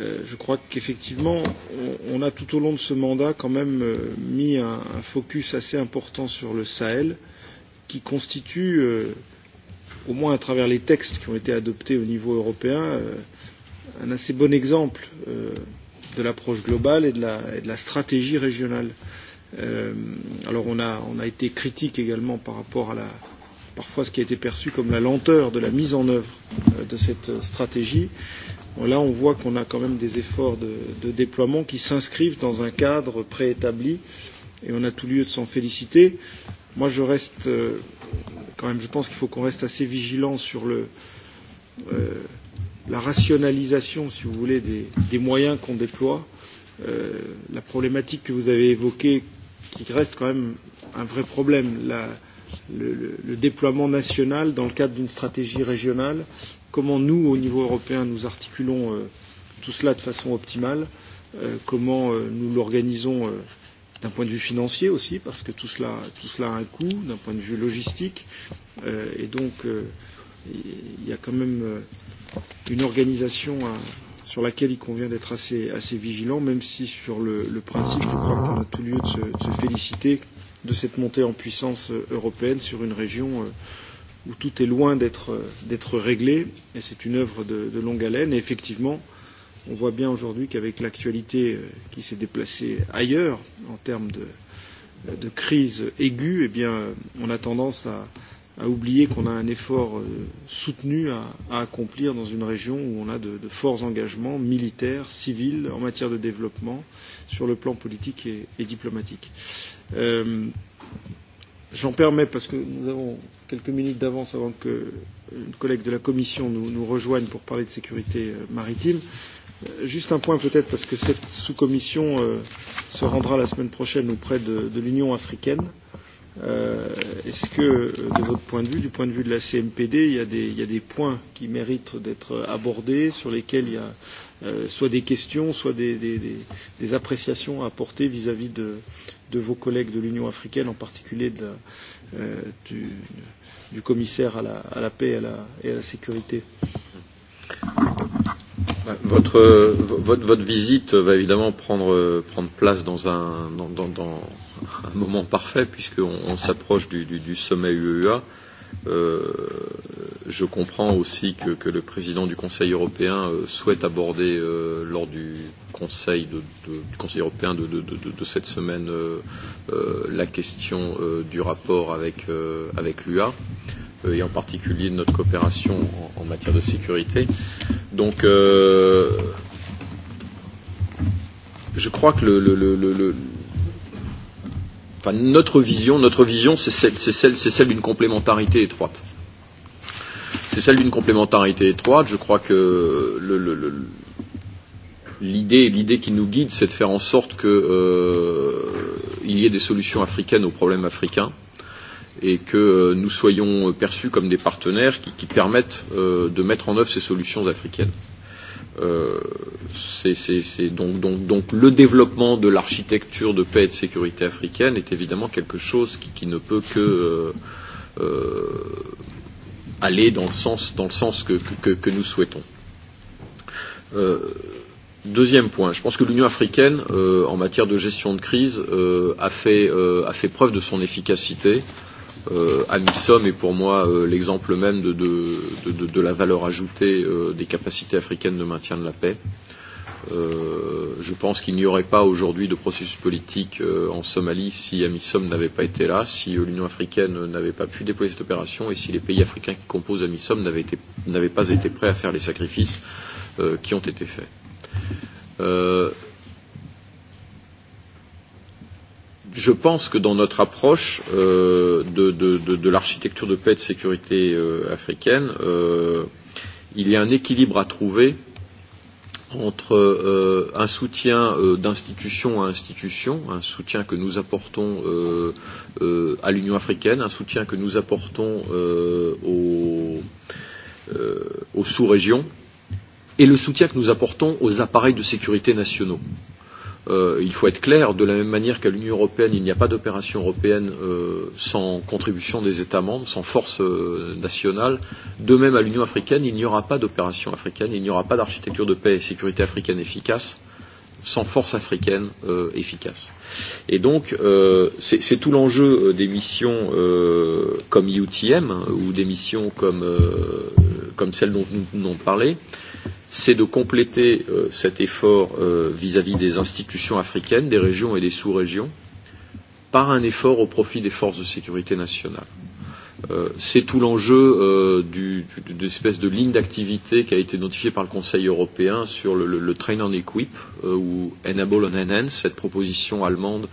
Euh, je crois qu'effectivement, on, on a tout au long de ce mandat quand même euh, mis un, un focus assez important sur le Sahel, qui constitue, euh, au moins à travers les textes qui ont été adoptés au niveau européen, euh, un assez bon exemple euh, de l'approche globale et de la, et de la stratégie régionale. Euh, alors on a, on a été critique également par rapport à la, parfois ce qui a été perçu comme la lenteur de la mise en œuvre euh, de cette stratégie. Bon, là, on voit qu'on a quand même des efforts de, de déploiement qui s'inscrivent dans un cadre préétabli et on a tout lieu de s'en féliciter. Moi, je reste euh, quand même, je pense qu'il faut qu'on reste assez vigilant sur le. Euh, la rationalisation, si vous voulez, des, des moyens qu'on déploie, euh, la problématique que vous avez évoquée, qui reste quand même un vrai problème, la, le, le, le déploiement national dans le cadre d'une stratégie régionale, comment nous, au niveau européen, nous articulons euh, tout cela de façon optimale, euh, comment euh, nous l'organisons euh, d'un point de vue financier aussi, parce que tout cela, tout cela a un coût, d'un point de vue logistique, euh, et donc euh, il y a quand même euh, une organisation à, sur laquelle il convient d'être assez, assez vigilant, même si sur le, le principe, je crois qu'on a tout lieu de se, de se féliciter de cette montée en puissance euh, européenne sur une région euh, où tout est loin d'être réglé, et c'est une œuvre de, de longue haleine. Et effectivement, on voit bien aujourd'hui qu'avec l'actualité qui s'est déplacée ailleurs en termes de, de crise aiguë, eh bien, on a tendance à, à oublier qu'on a un effort euh, soutenu à, à accomplir dans une région où on a de, de forts engagements militaires, civils, en matière de développement, sur le plan politique et, et diplomatique. Euh, J'en permets parce que nous avons quelques minutes d'avance avant que une collègue de la Commission nous, nous rejoigne pour parler de sécurité euh, maritime. Euh, juste un point peut-être parce que cette sous-commission euh, se rendra la semaine prochaine auprès de, de l'Union africaine. Euh, Euh, Est-ce que, euh, de votre point de vue, du point de vue de la CMPD, il y a des, il y a des points qui méritent d'être euh, abordés, sur lesquels il y a euh, soit des questions, soit des, des, des, des appréciations à apporter vis-à-vis -vis de, de vos collègues de l'Union africaine, en particulier de la, euh, du, du commissaire à la, à la paix et à la, et à la sécurité votre, votre, votre visite va évidemment prendre, prendre place dans un, dans, dans, dans, un moment parfait puisqu'on on, s'approche du, du, du sommet UEA. Euh, je comprends aussi que, que le président du Conseil européen euh, souhaite aborder euh, lors du Conseil, de, de, du Conseil européen de, de, de, de cette semaine euh, euh, la question euh, du rapport avec, euh, avec l'UA e euh, et en particulier de notre coopération en, en matière de sécurité. Donc euh, je crois que le, le, le, le, le enfin, notre vision, notre vision, c'est celle, c'est celle, c'est celle d'une complémentarité étroite. C'est celle d'une complémentarité étroite. Je crois que le, le, le, l'idée, l'idée qui nous guide, c'est de faire en sorte qu'il euh, il y ait des solutions africaines aux problèmes africains et que euh, nous soyons perçus comme des partenaires qui, qui permettent euh, de mettre en œuvre ces solutions africaines. Euh, Euh, c'est, c'est, c'est donc, donc, donc le développement de l'architecture de paix et de sécurité africaine est évidemment quelque chose qui, qui ne peut que euh, euh, aller dans le sens, dans le sens que, que, que nous souhaitons. Euh, Deuxième point, je pense que l'Union africaine, euh, en matière de gestion de crise, euh, a, fait, euh, a fait preuve de son efficacité euh, euh, Amisom est pour moi euh, l'exemple même de, de, de, de, de la valeur ajoutée euh, des capacités africaines de maintien de la paix. Euh, je pense qu'il n'y aurait pas aujourd'hui de processus politique euh, en Somalie si Amisom n'avait pas été là, si euh, l'Union africaine n'avait pas pu déployer cette opération et si les pays africains qui composent Amisom n'avaient pas été prêts à faire les sacrifices euh, qui ont été faits. Euh, je pense que dans notre approche euh, de, de, de, de l'architecture de paix et de sécurité euh, africaine, euh, il y a un équilibre à trouver entre euh, un soutien euh, d'institution à institution, un soutien que nous apportons euh, euh, à l'Union africaine, un soutien que nous apportons euh, aux, euh, aux sous-régions, et le soutien que nous apportons aux appareils de sécurité nationaux. Euh, euh, il faut être clair, de la même manière qu'à l'Union européenne, il n'y a pas d'opération européenne euh, sans contribution des États membres, sans force euh, nationale, de même à l'Union africaine, il n'y aura pas d'opération africaine, il n'y aura pas d'architecture de paix et sécurité africaine efficace euh, sans force africaine euh, efficace. Et donc, euh, c'est tout l'enjeu euh, des missions euh, comme IUTM ou des missions comme, euh, comme celle dont nous venons de parler, c'est de compléter euh, cet effort euh, vis-à-vis euh, -vis des institutions africaines, des régions et des sous-régions, par un effort au profit des forces de sécurité nationales. Euh, c'est tout l'enjeu euh, d'une du, espèce de ligne d'activité qui a été notifiée par le Conseil européen sur le, le, le train on equip euh, ou enable on enhance, cette proposition allemande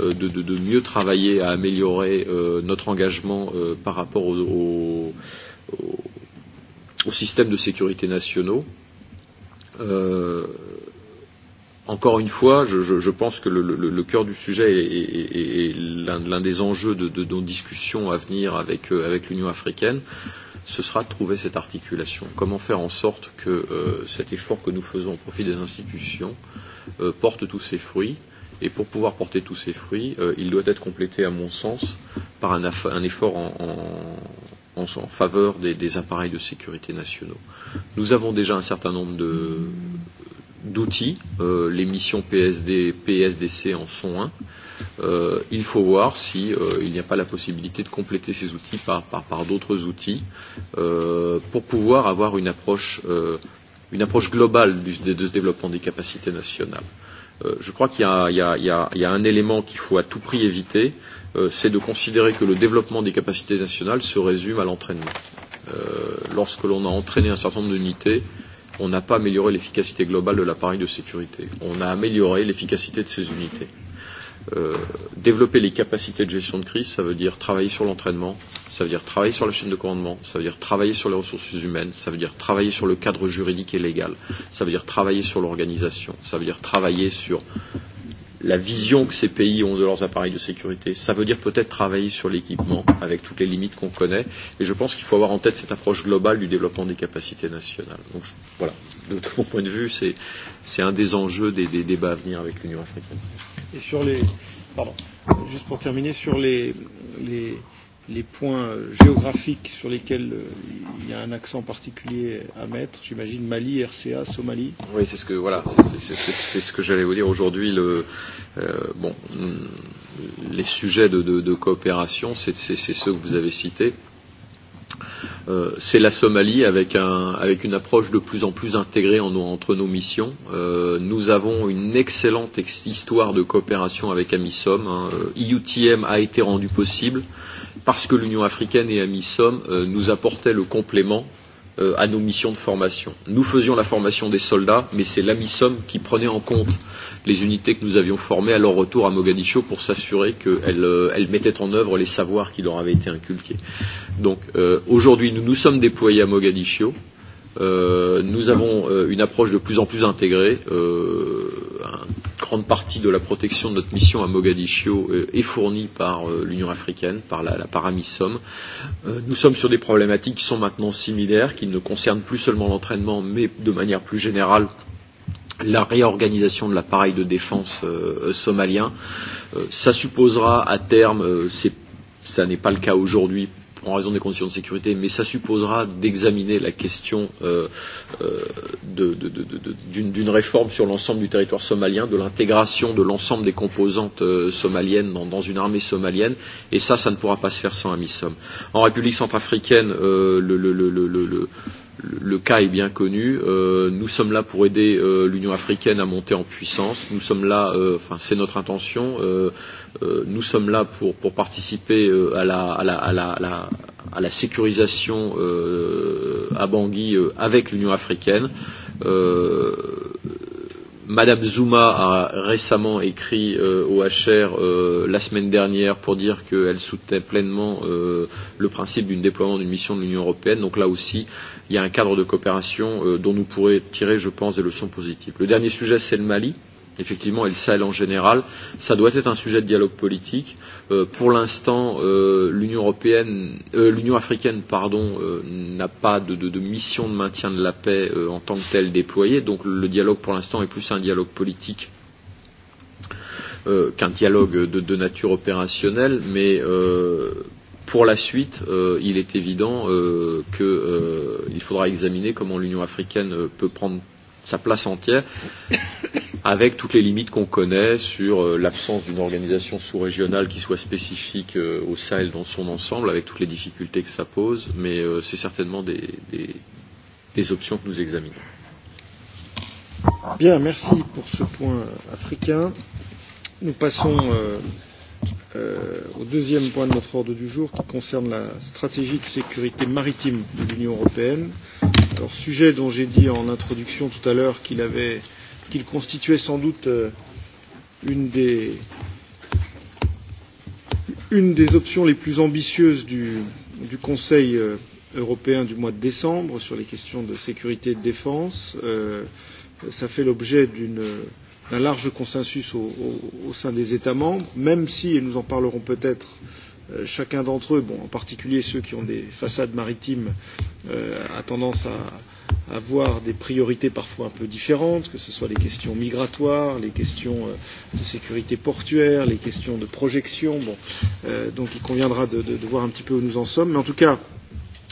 euh, de, de, de mieux travailler à améliorer euh, notre engagement euh, par rapport aux au, au, au systèmes de sécurité nationaux. Euh, encore une fois, je, je, je pense que le, le, le cœur du sujet est, est, est, est l'un des enjeux de, de, de nos discussions à venir avec, euh, avec l'Union africaine. Ce sera de trouver cette articulation. Comment faire en sorte que euh, cet effort que nous faisons au profit des institutions euh, porte tous ses fruits Et pour pouvoir porter tous ses fruits, euh, il doit être complété, à mon sens, par un, un effort en, en, en, en faveur des, des appareils de sécurité nationaux. Nous avons déjà un certain nombre de d'outils. Euh, les missions PSD, PSDC en sont un. Euh, il faut voir si euh, il n'y a pas la possibilité de compléter ces outils par, par, par d'autres outils euh, pour pouvoir avoir une approche, euh, une approche globale du, de, de ce développement des capacités nationales. Euh, je crois qu'il y, a, il y, a, il y, a, il y a un élément qu'il faut à tout prix éviter, euh, c'est de considérer que le développement des capacités nationales se résume à l'entraînement. Euh, lorsque l'on a entraîné un certain nombre d'unités, euh, on n'a pas amélioré l'efficacité globale de l'appareil de sécurité. On a amélioré l'efficacité de ces unités. Euh, développer les capacités de gestion de crise, ça veut dire travailler sur l'entraînement, ça veut dire travailler sur la chaîne de commandement, ça veut dire travailler sur les ressources humaines, ça veut dire travailler sur le cadre juridique et légal, ça veut dire travailler sur l'organisation, ça veut dire travailler sur la vision que ces pays ont de leurs appareils de sécurité. Ça veut dire peut-être travailler sur l'équipement avec toutes les limites qu'on connaît. Et je pense qu'il faut avoir en tête cette approche globale du développement des capacités nationales. Donc je, voilà, de tout mon point de vue, c'est, c'est un des enjeux des, des débats à venir avec l'Union africaine. Et sur les, pardon, juste pour terminer, sur les, les, les points euh, géographiques sur lesquels euh, il y a un accent particulier à mettre J'imagine Mali, RCA, Somalie. Oui, c'est ce que voilà, c'est ce que j'allais vous dire aujourd'hui. Le euh, bon, mm, les sujets de, de, de coopération, c'est ceux que vous avez cités. Euh, c'est la Somalie avec, un, avec une approche de plus en plus intégrée en, entre nos missions. Euh, nous avons une excellente ex histoire de coopération avec Amisom. Hein. IUTM euh, e a été rendu possible euh, parce que l'Union africaine et AMISOM euh, nous apportaient le complément euh, à nos missions de formation. Nous faisions la formation des soldats, mais c'est l'AMISOM qui prenait en compte les unités que nous avions formées à leur retour à Mogadiscio pour s'assurer qu'elles euh, elles mettaient en œuvre les savoirs qui leur avaient été inculqués. Donc euh, aujourd'hui, nous nous sommes déployés à Mogadiscio. Euh, Euh, nous avons euh, une approche de plus en plus intégrée. Euh, une grande partie de la protection de notre mission à Mogadiscio euh, est fournie par euh, l'Union africaine, par la, la Paramissom. Euh, nous sommes sur des problématiques qui sont maintenant similaires, qui ne concernent plus seulement l'entraînement, mais de manière plus générale la réorganisation de l'appareil de défense euh, somalien. Euh, ça supposera à terme, euh, c'est ça n'est pas le cas aujourd'hui en raison des conditions de sécurité, mais ça supposera d'examiner la question euh, euh, d'une réforme sur l'ensemble du territoire somalien, de l'intégration de l'ensemble des composantes euh, somaliennes dans, dans une armée somalienne, et ça, ça ne pourra pas se faire sans un MISOM. En République centrafricaine, euh, le, le, le, le, le, le cas est bien connu. Euh, nous sommes là pour aider euh, l'Union africaine à monter en puissance. Nous sommes là, euh, enfin euh, c'est notre intention. Euh, euh, nous sommes là pour, pour participer euh, à, la, à, la, à, la, à, la, à la sécurisation euh, à Bangui euh, avec l'Union africaine. Euh, Madame Zuma a récemment écrit euh, au HR euh, la semaine dernière pour dire qu'elle soutenait pleinement euh, le principe du déploiement d'une mission de l'Union européenne. Donc là aussi, il y a un cadre de coopération euh, dont nous pourrions tirer, je pense, des leçons positives. Le dernier sujet, c'est le Mali. Effectivement, et le Sahel en général, ça doit être un sujet de dialogue politique. Euh, pour l'instant, euh, l'Union européenne, euh, l'Union africaine, pardon, euh, n'a pas de, de, de mission de maintien de la paix euh, en tant que telle déployée. Donc, le dialogue pour l'instant est plus un dialogue politique euh, qu'un dialogue de, de nature opérationnelle, mais euh, Pour la suite, euh, il est évident euh, qu'il euh, faudra examiner comment l'Union africaine euh, peut prendre sa place entière, avec toutes les limites qu'on connaît sur euh, l'absence d'une organisation sous-régionale qui soit spécifique euh, au Sahel dans son ensemble, avec toutes les difficultés que ça pose, mais euh, c'est certainement des, des, des options que nous examinons. Bien, merci pour ce point africain. Nous passons euh, euh, au deuxième point de notre ordre du jour qui concerne la stratégie de sécurité maritime de l'Union européenne. Alors, sujet dont j'ai dit en introduction tout à l'heure qu'il avait qu'il constituait sans doute euh, une des une des options les plus ambitieuses du, du Conseil euh, européen du mois de décembre sur les questions de sécurité et de défense. Euh, ça fait l'objet d'une euh, d'un large consensus au, au, au sein des États membres, même si, et nous en parlerons peut-être, euh, chacun d'entre eux, bon, en particulier ceux qui ont des façades maritimes, euh, a tendance à avoir des priorités parfois un peu différentes, que ce soit les questions migratoires, les questions euh, de sécurité portuaire, les questions de projection. Bon, euh, donc il conviendra de, de, de voir un petit peu où nous en sommes. Mais en tout cas, euh,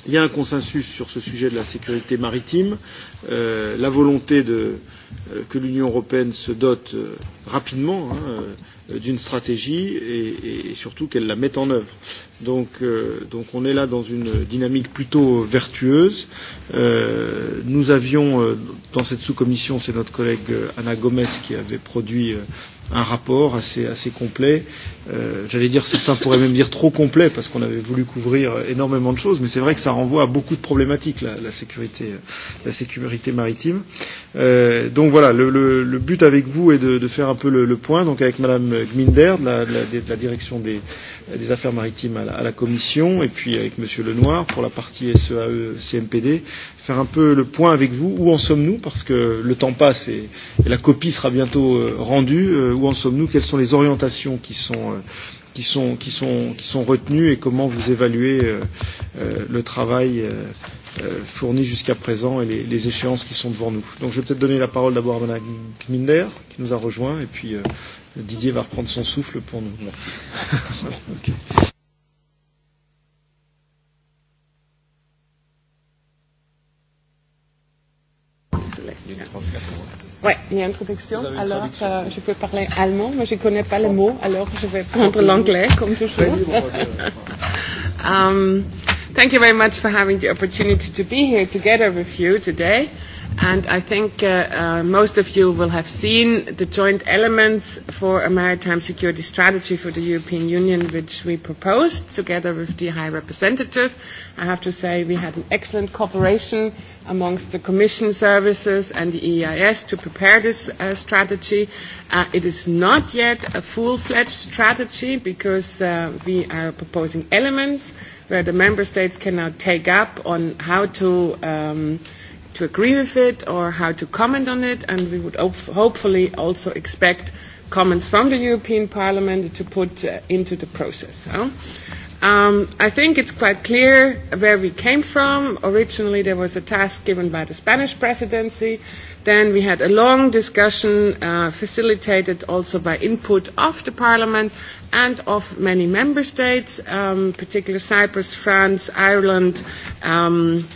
Il y a un consensus sur ce sujet de la sécurité maritime, euh, la volonté de, euh, que l'Union européenne se dote euh, rapidement hein, euh, d'une stratégie et, et surtout qu'elle la mette en œuvre. Donc, euh, donc on est là dans une dynamique plutôt vertueuse. Euh, nous avions euh, dans cette sous-commission, c'est notre collègue euh, Anna Gomez qui avait produit euh, un rapport assez, assez complet. Euh, J'allais dire, certains pourraient même dire trop complet, parce qu'on avait voulu couvrir énormément de choses, mais c'est vrai que ça renvoie à beaucoup de problématiques, la, la, sécurité, la sécurité maritime. Euh, donc voilà, le, le, le but avec vous est de, de faire un peu le, le point, donc avec Madame Gminder, de la, de la, de la direction des des Affaires maritimes à la, à la Commission et puis avec M. Lenoir pour la partie SEAE CMPD, faire un peu le point avec vous. Où en sommes-nous Parce que le temps passe et, et la copie sera bientôt euh, rendue. Euh, où en sommes-nous Quelles sont les orientations qui sont euh, qui sont, qui sont, qui sont retenues et comment vous évaluez euh, euh, le travail euh, euh, fourni jusqu'à présent et les, les échéances qui sont devant nous. Donc je vais peut-être donner la parole d'abord à Mme Gminder qui nous a rejoint et puis euh, Didier va reprendre son souffle pour nous. Merci. voilà, okay. Il y a une traduction. Oui, il y a une traduction. Une alors, traduction. Euh, je peux parler allemand, mais je ne connais pas les mots, alors je vais prendre l'anglais, comme toujours. um, thank you very much for having the opportunity to be here together with you today. And I think uh, uh, most of you will have seen the joint elements for a maritime security strategy for the European Union, which we proposed together with the High Representative. I have to say we had an excellent cooperation amongst the Commission services and the EIS to prepare this uh, strategy. Uh, it is not yet a full-fledged strategy because uh, we are proposing elements where the member states can now take up on how to um, uh, to agree with it or how to comment on it, and we would op- hopefully also expect comments from the European Parliament to put uh, into the process. Huh? Um, I think it's quite clear where we came from. Originally, there was a task given by the Spanish presidency. Then we had a long discussion, uh, facilitated also by input of the Parliament and of many member states, um, particularly Cyprus, France, Ireland, um,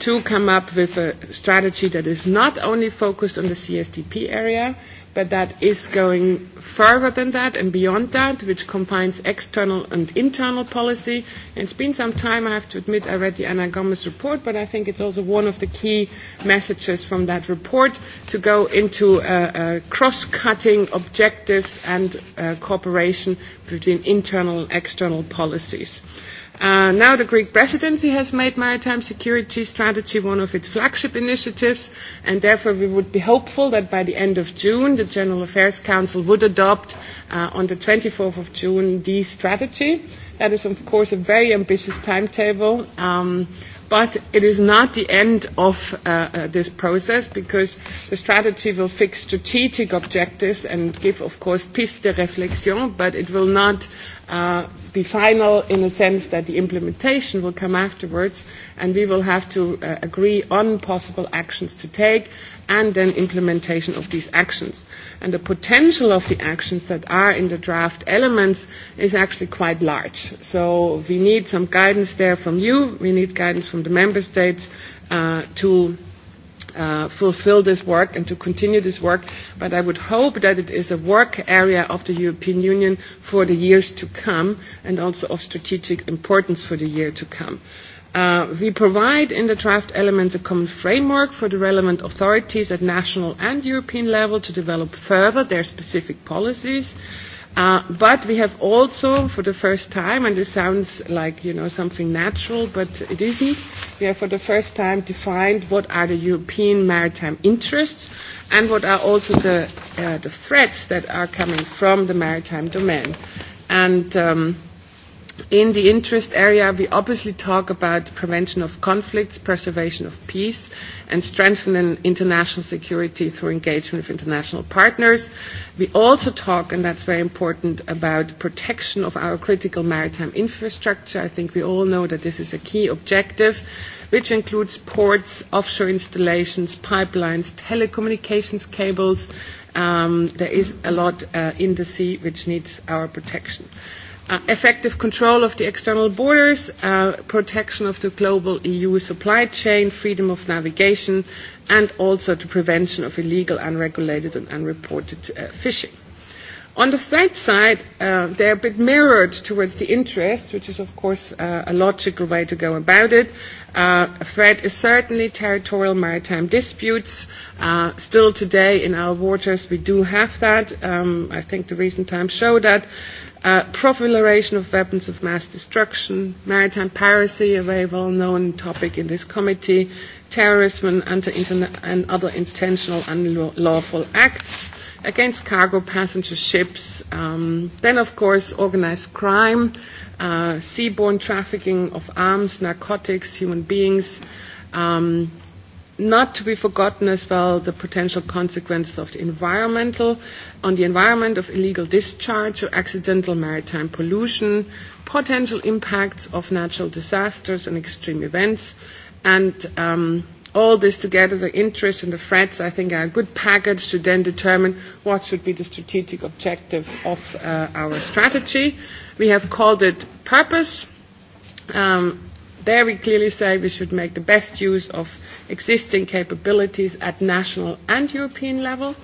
to come up with a strategy that is not only focused on the CSDP area, but that is going further than that and beyond that, which combines external and internal policy. And it's been some time, I have to admit, I read the Anna Gomez report, but I think it's also one of the key messages from that report to go into uh, uh, cross-cutting objectives and uh, cooperation between internal and external policies. Uh, Uh, now the Greek presidency has made maritime security strategy one of its flagship initiatives, and therefore we would be hopeful that by the end of June the General Affairs Council would adopt uh, on the 24th of June the strategy. That is, of course, a very ambitious timetable. Um, But it is not the end of uh, uh, this process because the strategy will fix strategic objectives and give, of course, piste de réflexion, but it will not uh, be final in the sense that the implementation will come afterwards and we will have to uh, agree on possible actions to take and then implementation of these actions. And the potential of the actions that are in the draft elements is actually quite large. So we need some guidance there from you, we need guidance from the member states uh, to uh, fulfill this work and to continue this work, but I would hope that it is a work area of the European Union for the years to come and also of strategic importance for the year to come. Uh, Uh, we provide in the draft elements a common framework for the relevant authorities at national and European level to develop further their specific policies. Uh, but we have also, for the first time, and this sounds like you know something natural, but it isn't. We have, for the first time, defined what are the European maritime interests and what are also the uh, the threats that are coming from the maritime domain. And um, In the interest area, we obviously talk about prevention of conflicts, preservation of peace, and strengthening international security through engagement with international partners. We also talk, and that's very important, about protection of our critical maritime infrastructure. I think we all know that this is a key objective, which includes ports, offshore installations, pipelines, telecommunications cables. Um, there is a lot uh, in the sea which needs our protection. Uh, uh, effective control of the external borders, uh, protection of the global EU supply chain, freedom of navigation, and also the prevention of illegal, unregulated, and unreported uh, fishing. On the threat side, uh, they're a bit mirrored towards the interest, which is, of course, uh, a logical way to go about it. Uh, a threat is certainly territorial maritime disputes. Uh, still today in our waters, we do have that. Um, I think the recent times show that. Uh, proliferation of weapons of mass destruction, maritime piracy, a very well-known topic in this committee, terrorism and, and other intentional unlawful acts against cargo passenger ships. Um, then, of course, organized crime, uh, seaborne trafficking of arms, narcotics, human beings, um, not to be forgotten as well the potential consequences of the environmental, on the environment of illegal discharge or accidental maritime pollution, potential impacts of natural disasters and extreme events, and um, all this together, the interests and the threats, I think, are a good package to then determine what should be the strategic objective of uh, our strategy. We have called it purpose. Um, there we clearly say we should make the best use of existing capabilities at national and European level.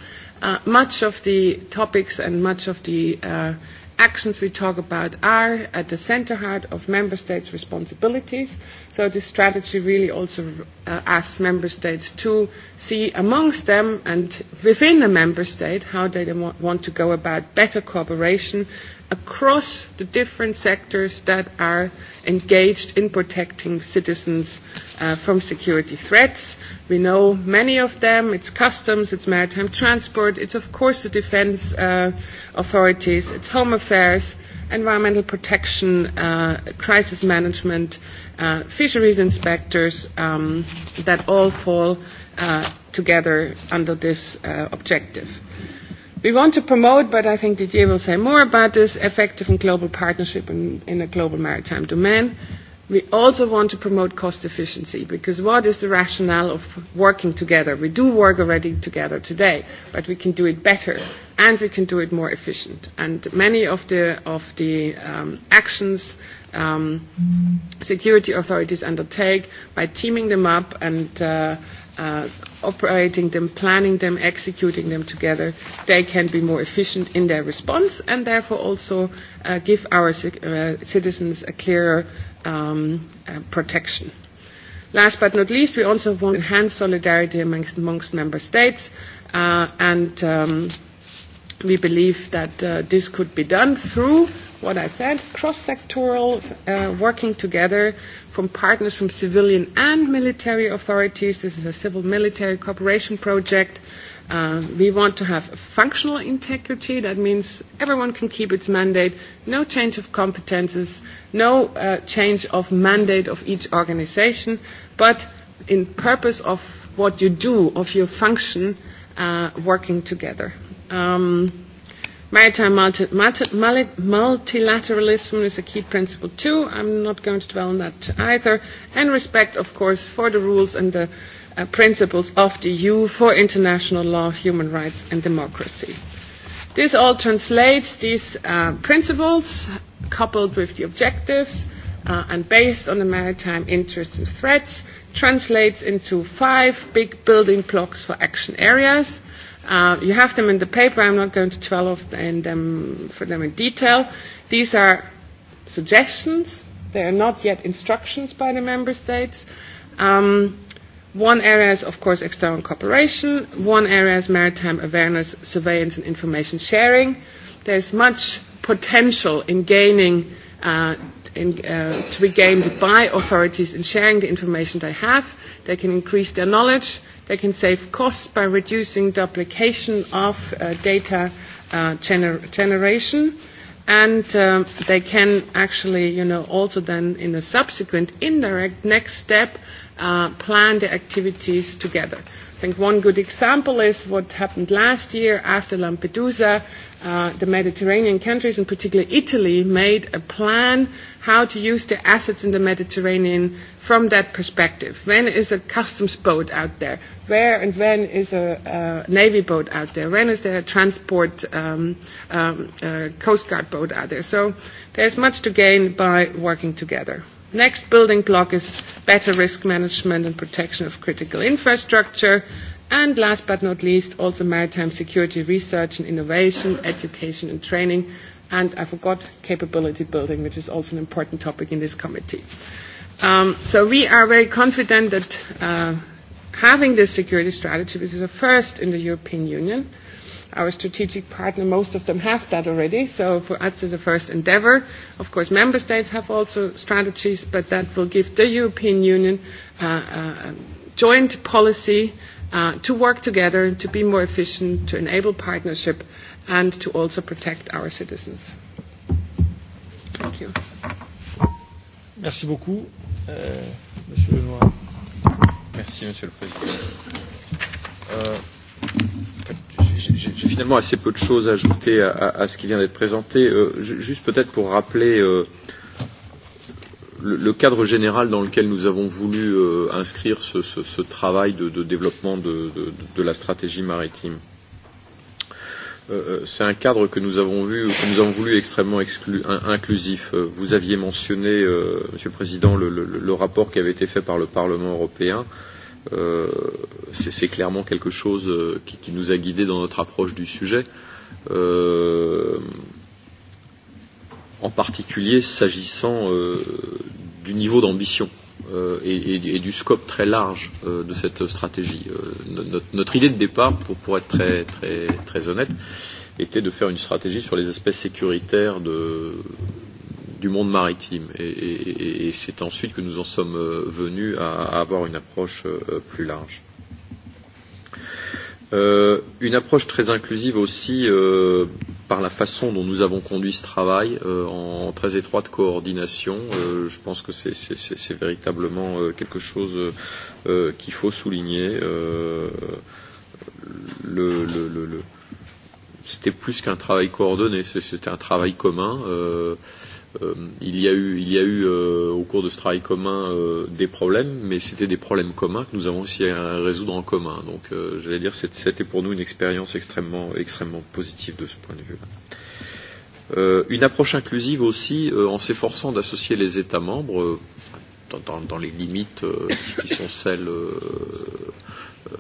Uh, much of the topics and much of the uh, actions we talk about are at the center heart of member states' responsibilities. So this strategy really also uh, asks member states to see amongst them and within a member state how they want to go about better cooperation across the different sectors that are engaged in protecting citizens uh, from security threats. We know many of them. It's customs, it's maritime transport, it's of course the defense uh, authorities, it's home affairs, environmental protection, uh, crisis management, uh, fisheries inspectors um, that all fall uh, together under this uh, objective. Uh, We want to promote, but I think Didier will say more about this, effective and global partnership in, in a global maritime domain. We also want to promote cost efficiency because what is the rationale of working together? We do work already together today, but we can do it better and we can do it more efficient. And many of the, of the um, actions um, security authorities undertake by teaming them up and uh, uh, operating them, planning them, executing them together, they can be more efficient in their response and therefore also uh, give our c- uh, citizens a clearer um, uh, protection. Last but not least, we also want to enhance solidarity amongst, amongst member states uh, and um, we believe that uh, this could be done through what I said, cross-sectoral uh, working together from partners from civilian and military authorities. This is a civil military cooperation project. Uh, we want to have functional integrity. That means everyone can keep its mandate, no change of competences, no uh, change of mandate of each organization, but in purpose of what you do, of your function, uh, working together. Um, Maritime multi, multi, multilateralism is a key principle too. I'm not going to dwell on that either. And respect, of course, for the rules and the uh, principles of the EU for international law, human rights, and democracy. This all translates these uh, principles, coupled with the objectives uh, and based on the maritime interests and threats, translates into five big building blocks for action areas Uh, you have them in the paper. I'm not going to dwell off and them um, for them in detail. These are suggestions. They are not yet instructions by the member states. Um, one area is, of course, external cooperation. One area is maritime awareness, surveillance, and information sharing. There's much potential in gaining, uh, in, uh, to be gained by authorities in sharing the information they have. They can increase their knowledge They can save costs by reducing duplication of uh, data uh, gener- generation. And um, they can actually, you know, also then in the subsequent indirect next step, uh, plan the activities together think one good example is what happened last year after Lampedusa. Uh, the Mediterranean countries, and particularly Italy, made a plan how to use their assets in the Mediterranean from that perspective. When is a customs boat out there? Where and when is a uh, navy boat out there? When is there a transport um, um, uh, coast guard boat out there? So there's much to gain by working together. Next building block is better risk management and protection of critical infrastructure. And last but not least, also maritime security research and innovation, education and training, and I forgot capability building, which is also an important topic in this committee. Um, so we are very confident that uh, having this security strategy, which is a first in the European Union, our strategic partner, most of them have that already. So for us, it's a first endeavor. Of course, member states have also strategies, but that will give the European Union uh, a uh, joint policy uh, to work together, to be more efficient, to enable partnership, and to also protect our citizens. Thank you. Merci beaucoup, euh, Monsieur Lenoir. Merci, Monsieur le Président. Euh, en fait, J'ai finalement assez peu de choses à ajouter à, à, à ce qui vient d'être présenté. Euh, juste peut-être pour rappeler euh, le, le cadre général dans lequel nous avons voulu euh, inscrire ce, ce, ce travail de, de développement de, de, de la stratégie maritime. Euh, euh C'est un cadre que nous avons vu, que nous avons voulu extrêmement exclu, in, inclusif. Euh, vous aviez mentionné, euh, Monsieur le Président, le, le, le rapport qui avait été fait par le Parlement européen. Euh, euh, c'est clairement quelque chose euh, qui, qui nous a guidés dans notre approche du sujet. Euh, en particulier s'agissant euh, du niveau d'ambition euh, et, et, et du scope très large euh, de cette stratégie. Euh, notre, notre idée de départ, pour, pour être très, très, très honnête, était de faire une stratégie sur les aspects sécuritaires de, du monde maritime. Et, et, et c'est ensuite que nous en sommes euh, venus à, à avoir une approche euh, euh, plus large. Euh, une approche très inclusive aussi euh, par la façon dont nous avons conduit ce travail euh, en, en très étroite coordination. Euh, je pense que c'est véritablement euh, quelque chose euh, qu'il faut souligner. Euh, le, le, le, le, euh, c'était plus qu'un travail coordonné, c'était un travail commun. Euh, euh, il y a eu, il y a eu euh, au cours de ce travail commun euh, des problèmes, mais c'était des problèmes communs que nous avons aussi à résoudre en commun. Donc, euh, j'allais dire, c'était pour nous une expérience extrêmement, extrêmement positive de ce point de vue-là. Euh, une approche inclusive aussi, euh, en s'efforçant d'associer les États membres, euh, dans, dans, dans les limites euh, qui sont celles euh, euh,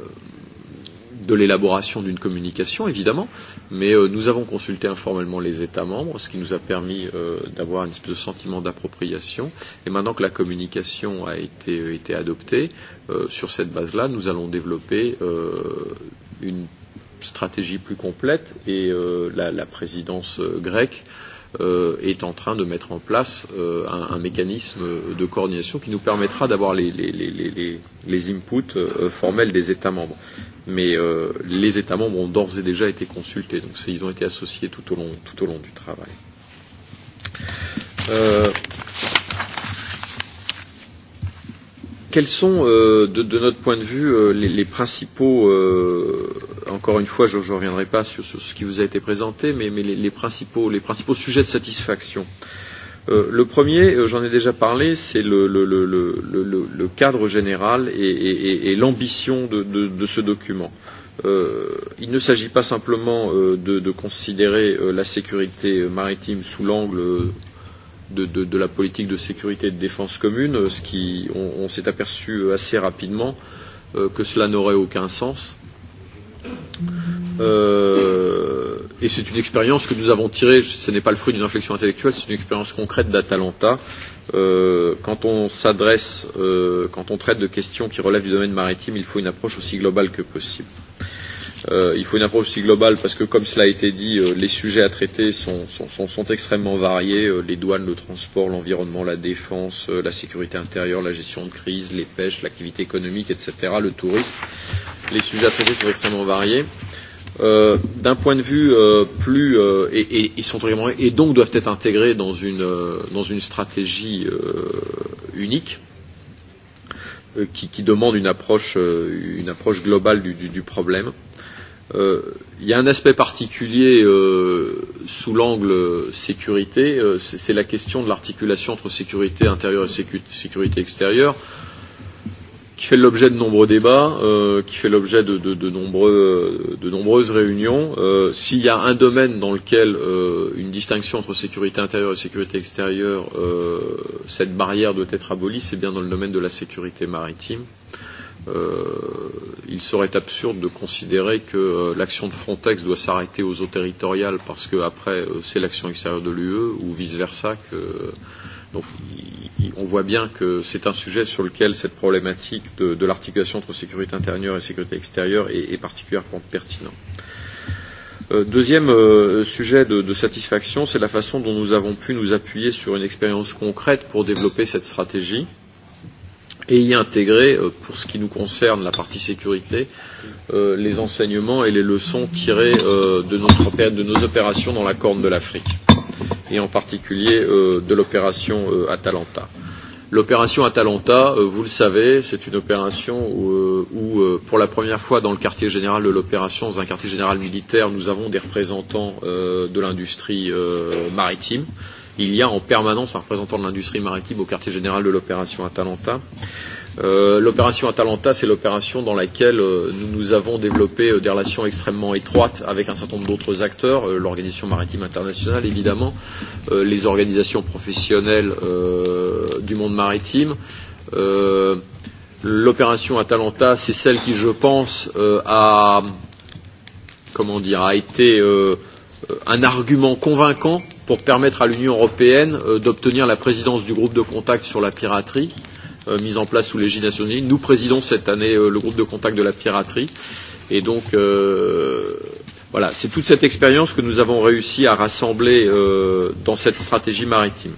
de l'élaboration d'une communication, évidemment, mais euh, nous avons consulté informellement les États membres, ce qui nous a permis euh, d'avoir une espèce de sentiment d'appropriation. Et maintenant que la communication a été, euh, été adoptée, euh, sur cette base-là, nous allons développer euh, une stratégie plus complète et euh, la, la présidence euh, grecque euh, euh, est en train de mettre en place euh, un, un mécanisme de coordination qui nous permettra d'avoir les, les, les, les, les inputs euh, formels des États membres. Mais euh, les États membres ont d'ores et déjà été consultés, donc ils ont été associés tout au long, tout au long du travail. Euh, quels sont, euh, de, de notre point de vue, euh, les, les principaux, euh, encore une fois, je ne reviendrai pas sur, sur ce qui vous a été présenté, mais, mais les, les, principaux, les principaux sujets de satisfaction euh, le premier, euh, j'en ai déjà parlé, c'est le, le, le, le, le, le cadre général et, et, et, et l'ambition de, de, de ce document. Euh, il ne s'agit pas simplement euh, de, de considérer euh, la sécurité maritime sous l'angle euh, de, de, de la politique de sécurité et de défense commune, euh, ce qui, on, on s'est aperçu euh, assez rapidement euh, que cela n'aurait aucun sens. Euh, et c'est une expérience que nous avons tirée, ce n'est pas le fruit d'une réflexion intellectuelle, c'est une expérience concrète d'Atalanta. Euh, quand on s'adresse, euh, quand on traite de questions qui relèvent du domaine maritime, il faut une approche aussi globale que possible. Euh, Euh, il faut une approche aussi globale parce que, comme cela a été dit, euh, les sujets à traiter sont, sont, sont, sont extrêmement variés euh, les douanes, le transport, l'environnement, la défense, euh, la sécurité intérieure, la gestion de crise, les pêches, l'activité économique, etc., le tourisme. Les sujets à traiter sont extrêmement variés. Euh, d'un point de vue euh, plus euh, et, et, et sont vraiment et donc doivent être intégrés dans une euh, dans une stratégie euh, unique euh, qui, qui demande une approche euh, une approche globale du, du, du problème. Euh, euh, y a un aspect particulier euh, sous l'angle sécurité, euh, c'est la question de l'articulation entre sécurité intérieure et sécu sécurité extérieure, qui fait l'objet de nombreux débats, euh, qui fait l'objet de, de, de, nombreux, de nombreuses réunions. Euh, S'il y a un domaine dans lequel euh, une distinction entre sécurité intérieure et sécurité extérieure, euh, cette barrière doit être abolie, c'est bien dans le domaine de la sécurité maritime. Euh, euh, il serait absurde de considérer que euh, l'action de Frontex doit s'arrêter aux eaux territoriales parce que après euh, c'est l'action extérieure de l'UE ou vice versa que donc y, y, on voit bien que c'est un sujet sur lequel cette problématique de, de l'articulation entre sécurité intérieure et sécurité extérieure est, est particulièrement pertinente. Euh, deuxième euh, sujet de, de satisfaction, c'est la façon dont nous avons pu nous appuyer sur une expérience concrète pour développer cette stratégie. Euh, et y intégrer, euh, pour ce qui nous concerne, la partie sécurité, euh, les enseignements et les leçons tirées euh, de, notre, de nos opérations dans la Corne de l'Afrique, et en particulier euh, de l'opération euh, Atalanta. L'opération Atalanta, euh, vous le savez, c'est une opération où, euh, où, euh, pour la première fois dans le quartier général de l'opération, dans un quartier général militaire, nous avons des représentants euh, de l'industrie euh, maritime. Euh, il y a en permanence un représentant de l'industrie maritime au quartier général de l'opération Atalanta. Euh, l'opération Atalanta, c'est l'opération dans laquelle euh, nous, nous avons développé euh, des relations extrêmement étroites avec un certain nombre d'autres acteurs, euh, l'Organisation maritime internationale évidemment, euh, les organisations professionnelles euh, du monde maritime. Euh, l'opération Atalanta, c'est celle qui, je pense, euh, a comment dire, a été euh, un argument convaincant pour permettre à l'Union européenne euh, d'obtenir la présidence du groupe de contact sur la piraterie, euh, mise en place sous l'égide Nations Unies. Nous présidons cette année euh, le groupe de contact de la piraterie. Et donc, euh, voilà, c'est toute cette expérience que nous avons réussi à rassembler euh, dans cette stratégie maritime.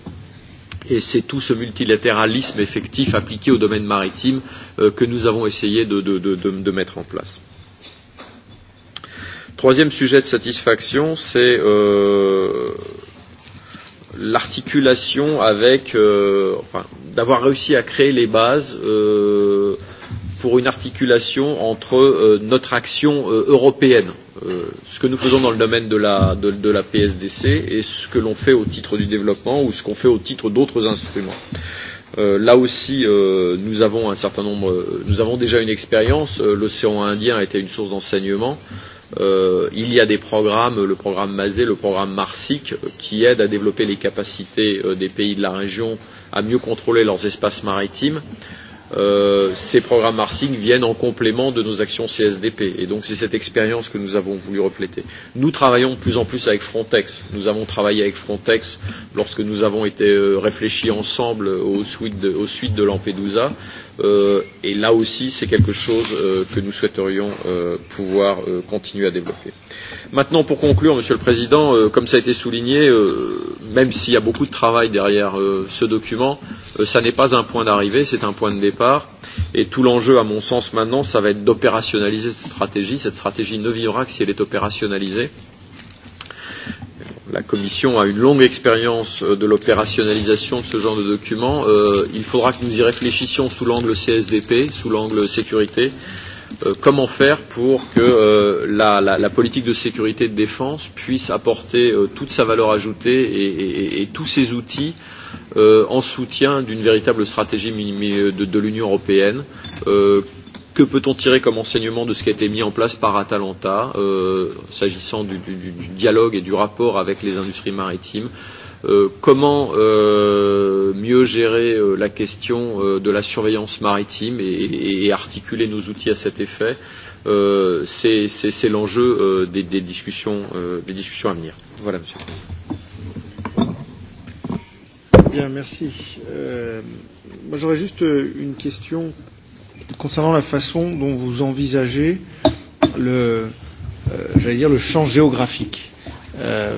Et c'est tout ce multilatéralisme effectif appliqué au domaine maritime euh, que nous avons essayé de, de, de, de, de mettre en place. Troisième sujet de satisfaction, c'est euh, l'articulation avec, euh, enfin, d'avoir réussi à créer les bases euh, pour une articulation entre euh, notre action euh, européenne, euh, ce que nous faisons dans le domaine de la, de, de la PSDC et ce que l'on fait au titre du développement ou ce qu'on fait au titre d'autres instruments. Euh, là aussi, euh, nous avons un certain nombre, nous avons déjà une expérience. Euh, L'océan Indien a été une source d'enseignement. Euh, euh, il y a des programmes, le programme Mazé, le programme Marsic, euh, qui aident à développer les capacités euh, des pays de la région à mieux contrôler leurs espaces maritimes. Euh, ces programmes Marsic viennent en complément de nos actions CSDP, et donc c'est cette expérience que nous avons voulu refléter. Nous travaillons de plus en plus avec Frontex. Nous avons travaillé avec Frontex lorsque nous avons été euh, réfléchis ensemble aux suites de, aux suites de Lampedusa. Euh, et là aussi, c'est quelque chose euh, que nous souhaiterions euh, pouvoir euh, continuer à développer. Maintenant, pour conclure, Monsieur le Président, euh, comme ça a été souligné, euh, même s'il y a beaucoup de travail derrière euh, ce document, euh, ça n'est pas un point d'arrivée, c'est un point de départ. Et tout l'enjeu, à mon sens, maintenant, ça va être d'opérationnaliser cette stratégie. Cette stratégie ne vivra que si elle est opérationnalisée. Euh, La Commission a une longue expérience euh, de l'opérationnalisation de ce genre de documents. Euh, il faudra que nous y réfléchissions sous l'angle CSDP, sous l'angle sécurité. Euh, comment faire pour que euh, la, la, la politique de sécurité et de défense puisse apporter euh, toute sa valeur ajoutée et, et, et, et tous ses outils euh, en soutien d'une véritable stratégie de, de l'Union européenne euh, Que peut-on tirer comme enseignement de ce qui a été mis en place par Atalanta, euh, s'agissant du, du, du dialogue et du rapport avec les industries maritimes euh, Comment euh, mieux gérer euh, la question euh, de la surveillance maritime et, et, et articuler nos outils à cet effet euh, C'est l'enjeu euh, des, des, discussions, euh, des discussions à venir. Voilà, Monsieur le Président. Bien, merci. Euh, moi, j'aurais juste euh, une question concernant la façon dont vous envisagez le, euh, j'allais dire, le champ géographique. Euh,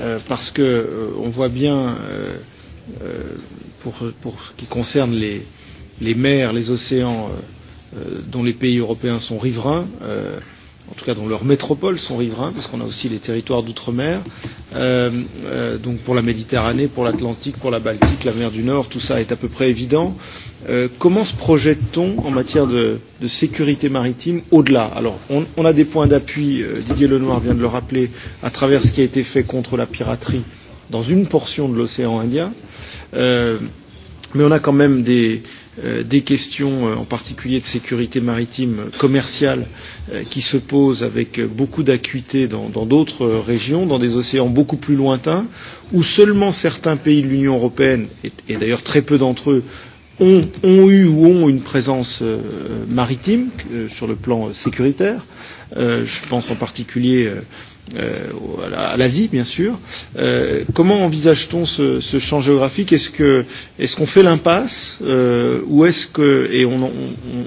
euh, parce que euh, on voit bien, euh, euh, pour, pour ce qui concerne les, les mers, les océans euh, euh, dont les pays européens sont riverains, euh, en tout cas dans leur métropole, sont riverains, parce qu'on a aussi les territoires d'outre-mer, euh, euh, donc pour la Méditerranée, pour l'Atlantique, pour la Baltique, la mer du Nord, tout ça est à peu près évident. Euh, comment se projette-t-on en matière de, de sécurité maritime au-delà Alors, on, on a des points d'appui, euh, Didier Lenoir vient de le rappeler, à travers ce qui a été fait contre la piraterie dans une portion de l'océan Indien. Euh, mais on a quand même des, euh, des questions, euh, en particulier de sécurité maritime euh, commerciale, euh, qui se posent avec euh, beaucoup d'acuité dans d'autres dans euh, régions, dans des océans beaucoup plus lointains, où seulement certains pays de l'Union européenne, et, et d'ailleurs très peu d'entre eux, ont, ont eu ou ont une présence euh, maritime euh, sur le plan euh, sécuritaire. Euh, je pense en particulier euh, euh, à l'Asie, bien sûr. Euh, comment envisage-t-on ce, ce champ géographique Est-ce que est-ce qu'on fait l'impasse euh, ou est-ce que et on, on,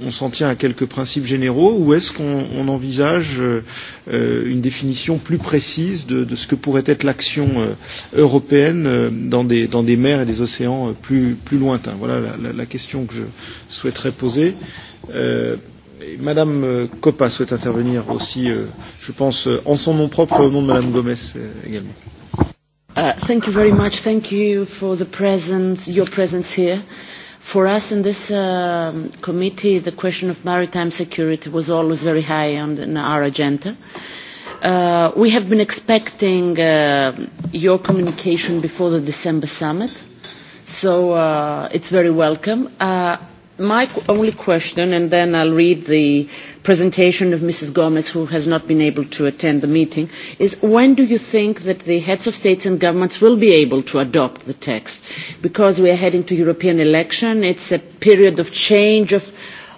on s'en tient à quelques principes généraux ou est-ce qu'on on envisage euh, une définition plus précise de, de ce que pourrait être l'action euh, européenne euh, dans des dans des mers et des océans euh, plus plus lointains Voilà la, la, la question que je souhaiterais poser. Euh, Et Madame euh, Coppa souhaite intervenir aussi, euh, je pense, euh, en son nom propre, au nom de Madame Gomez également. Uh, thank you very much. Thank you for the presence, your presence here. For us in this uh, committee, the question of maritime security was always very high on, the, on our agenda. Uh, we have been expecting uh, your communication before the December summit, so uh, it's very welcome. Uh, my only question, and then I'll read the presentation of Mrs. Gomez, who has not been able to attend the meeting, is when do you think that the heads of states and governments will be able to adopt the text? Because we are heading to European election, it's a period of change of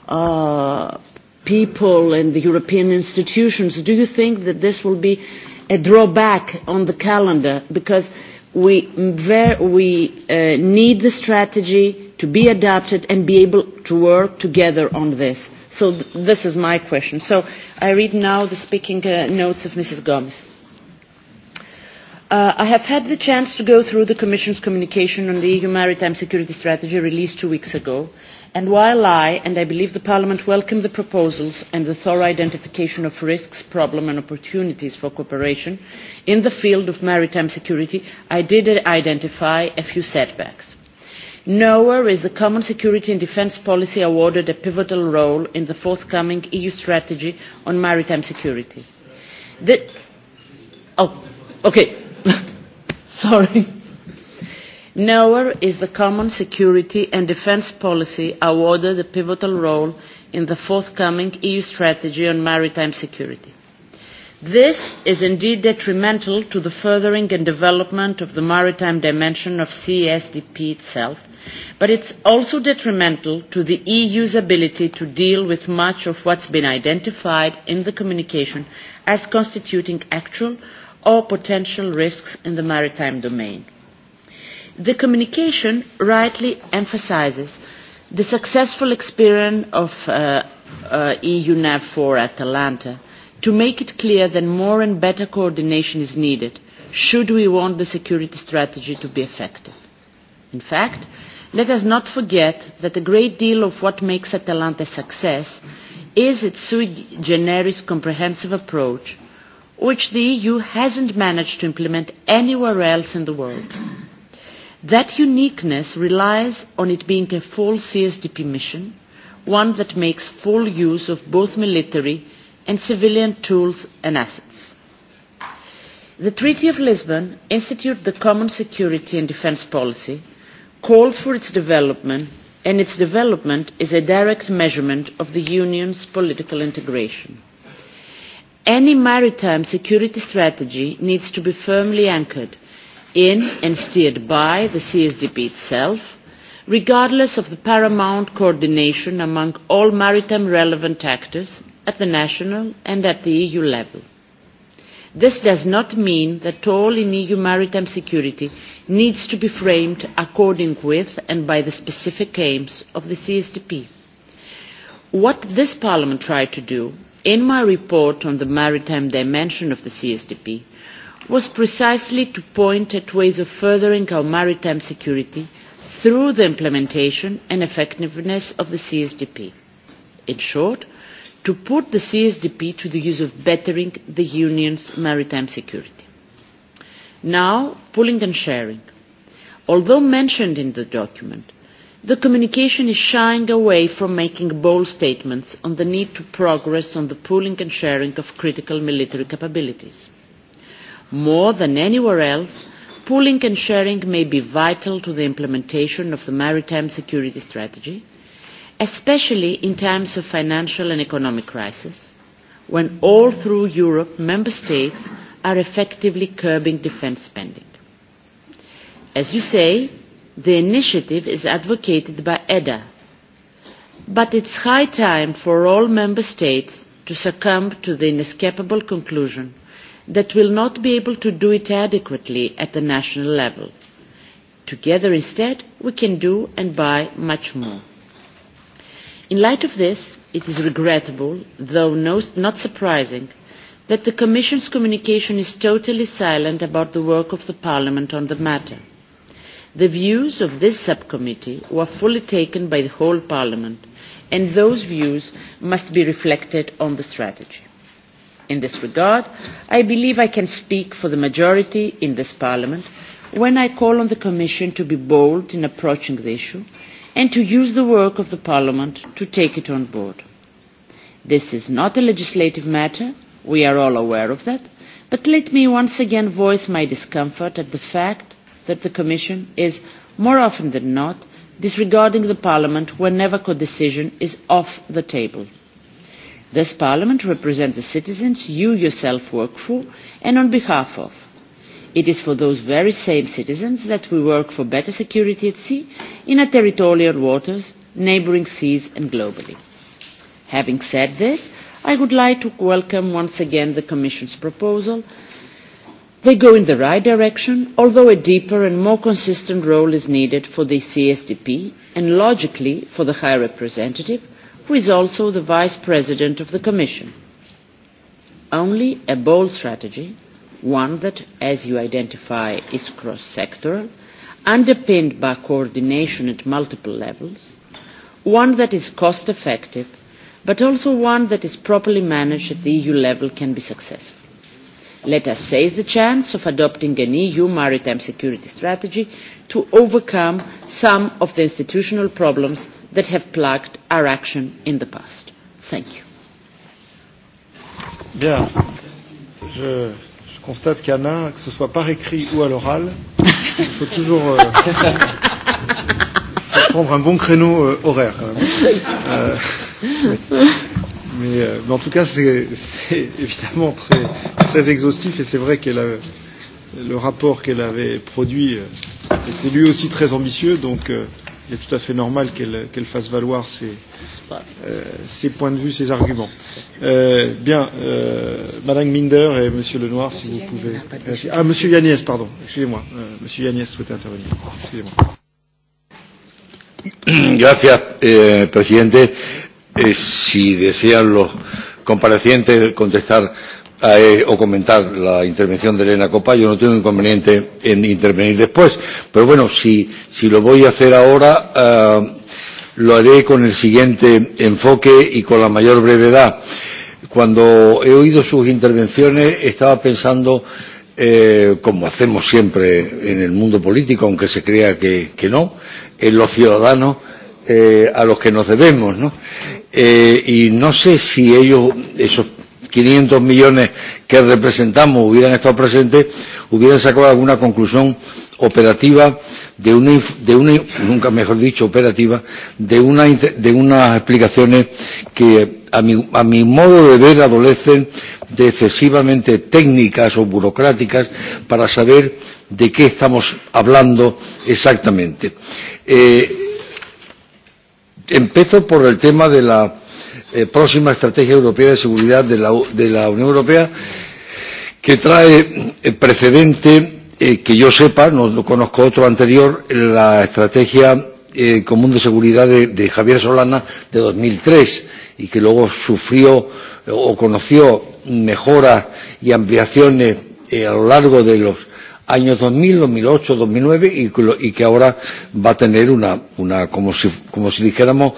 uh, people and the European institutions. Do you think that this will be a drawback on the calendar? Because we, we uh, need the strategy to be adapted and be able to work together on this. So th this is my question. So I read now the speaking uh, notes of Mrs. Gomez. Uh, I have had the chance to go through the Commission's communication on the EU maritime security strategy released two weeks ago, and while I, and I believe the Parliament, welcome the proposals and the thorough identification of risks, problems and opportunities for cooperation in the field of maritime security, I did identify a few setbacks nowhere is the common security and defence policy awarded a pivotal role in the forthcoming eu strategy on maritime security. The, oh, okay. Sorry. Nowhere is the common security and defence policy awarded a pivotal role in the forthcoming EU strategy on maritime security. This is indeed detrimental to the furthering and development of the maritime dimension of CSDP itself, but it is also detrimental to the eu's ability to deal with much of what has been identified in the communication as constituting actual or potential risks in the maritime domain. the communication rightly emphasises the successful experience of uh, uh, eu nav4 atalanta to make it clear that more and better coordination is needed should we want the security strategy to be effective. in fact Let us not forget that a great deal of what makes Atalanta a success is its sui generis comprehensive approach, which the EU hasn't managed to implement anywhere else in the world. That uniqueness relies on it being a full CSDP mission, one that makes full use of both military and civilian tools and assets. The Treaty of Lisbon instituted the Common Security and Defence Policy – calls for its development and its development is a direct measurement of the union's political integration. Any maritime security strategy needs to be firmly anchored in and steered by the CSDP itself, regardless of the paramount coordination among all maritime relevant actors at the national and at the EU level. This does not mean that all in EU maritime security needs to be framed according with and by the specific aims of the CSDP. What this Parliament tried to do in my report on the maritime dimension of the CSDP was precisely to point at ways of furthering our maritime security through the implementation and effectiveness of the CSDP. In short, to put the CSDP to the use of bettering the Union's maritime security. Now, pooling and sharing. Although mentioned in the document, the communication is shying away from making bold statements on the need to progress on the pooling and sharing of critical military capabilities. More than anywhere else, pooling and sharing may be vital to the implementation of the maritime security strategy, especially in times of financial and economic crisis, when all through Europe member states are effectively curbing defence spending. As you say, the initiative is advocated by EDA, but it's high time for all member states to succumb to the inescapable conclusion that will not be able to do it adequately at the national level. Together instead, we can do and buy much more. In light of this, it is regrettable, though no, not surprising, that the Commission's communication is totally silent about the work of the Parliament on the matter. The views of this subcommittee were fully taken by the whole Parliament, and those views must be reflected on the strategy. In this regard, I believe I can speak for the majority in this Parliament when I call on the Commission to be bold in approaching the issue and to use the work of the Parliament to take it on board. This is not a legislative matter, We are all aware of that. But let me once again voice my discomfort at the fact that the Commission is, more often than not, disregarding the Parliament whenever codecision is off the table. This Parliament represents the citizens you yourself work for and on behalf of. It is for those very same citizens that we work for better security at sea, in our territorial waters, neighbouring seas and globally. Having said this, I would like to welcome once again the Commission's proposal. They go in the right direction, although a deeper and more consistent role is needed for the CSDP and logically for the High Representative, who is also the Vice President of the Commission. Only a bold strategy, one that, as you identify, is cross-sectoral, underpinned by coordination at multiple levels, one that is cost-effective but also one that is properly managed at the EU level can be successful. Let us seize the chance of adopting an EU maritime security strategy to overcome some of the institutional problems that have plagued our action in the past. Thank you. Bien. Je, je constate qu'il y en a, que ce soit par écrit ou à l'oral, il faut toujours. Euh... prendre un bon créneau euh, horaire quand même. Euh, mais, mais, euh, mais en tout cas, c'est évidemment très, très exhaustif et c'est vrai qu'elle a, le rapport qu'elle avait produit euh, était lui aussi très ambitieux, donc euh, il est tout à fait normal qu'elle qu fasse valoir ses, euh, ses points de vue, ses arguments. Euh, bien, euh, Madame Minder et Monsieur Lenoir, si vous pouvez. Ah, Monsieur Yagnès, pardon, excusez-moi. Euh, Monsieur Yagnès souhaitait intervenir. Excusez-moi. Gracias, eh, presidente. Eh, si desean los comparecientes contestar a, eh, o comentar la intervención de Elena Copa, yo no tengo inconveniente en intervenir después. Pero bueno, si, si lo voy a hacer ahora, eh, lo haré con el siguiente enfoque y con la mayor brevedad. Cuando he oído sus intervenciones, estaba pensando eh, como hacemos siempre en el mundo político, aunque se crea que, que no, en los ciudadanos eh, a los que nos debemos, ¿no? Eh, y no sé si ellos, esos 500 millones que representamos hubieran estado presentes, hubieran sacado alguna conclusión operativa de una, de una nunca mejor dicho operativa de una de unas explicaciones que a mi, a mi modo de ver adolecen de excesivamente técnicas o burocráticas para saber de qué estamos hablando exactamente. Eh, empiezo por el tema de la eh, próxima Estrategia Europea de Seguridad de la, de la Unión Europea, que trae eh, precedente, eh, que yo sepa, no, no conozco otro anterior, la Estrategia eh, Común de Seguridad de, de Javier Solana de 2003 y que luego sufrió eh, o conoció mejoras y ampliaciones eh, a lo largo de los año 2000, 2008, 2009 y, y que ahora va a tener una, una como, si, como si dijéramos,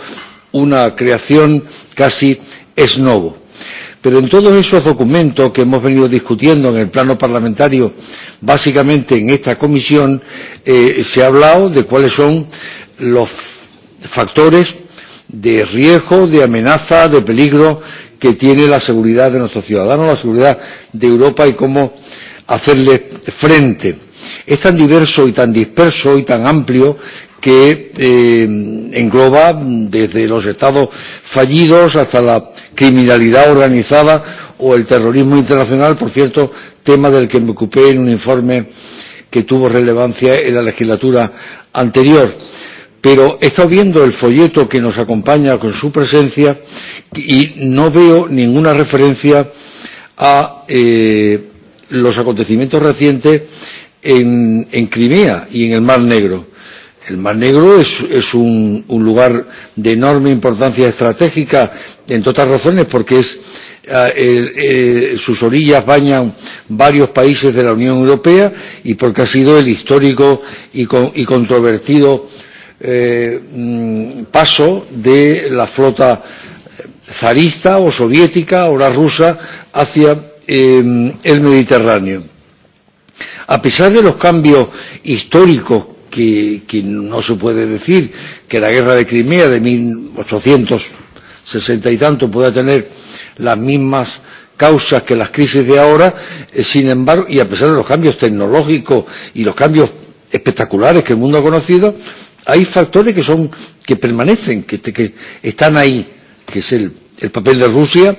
una creación casi ex novo. Pero en todos esos documentos que hemos venido discutiendo en el plano parlamentario, básicamente en esta comisión, eh, se ha hablado de cuáles son los factores de riesgo, de amenaza, de peligro que tiene la seguridad de nuestros ciudadanos, la seguridad de Europa y cómo hacerle frente. Es tan diverso y tan disperso y tan amplio que eh, engloba desde los estados fallidos hasta la criminalidad organizada o el terrorismo internacional, por cierto, tema del que me ocupé en un informe que tuvo relevancia en la legislatura anterior. Pero he estado viendo el folleto que nos acompaña con su presencia y no veo ninguna referencia a eh, los acontecimientos recientes en, en Crimea y en el Mar Negro. El Mar Negro es, es un, un lugar de enorme importancia estratégica, entre otras razones, porque es, eh, eh, sus orillas bañan varios países de la Unión Europea y porque ha sido el histórico y, con, y controvertido eh, mm, paso de la flota eh, zarista o soviética, ahora rusa, hacia eh, el Mediterráneo. A pesar de los cambios históricos que, que no se puede decir que la guerra de Crimea de 1860 y tanto pueda tener las mismas causas que las crisis de ahora, eh, sin embargo, y a pesar de los cambios tecnológicos y los cambios espectaculares que el mundo ha conocido, hay factores que son que permanecen, que, que están ahí, que es el, el papel de Rusia, eh,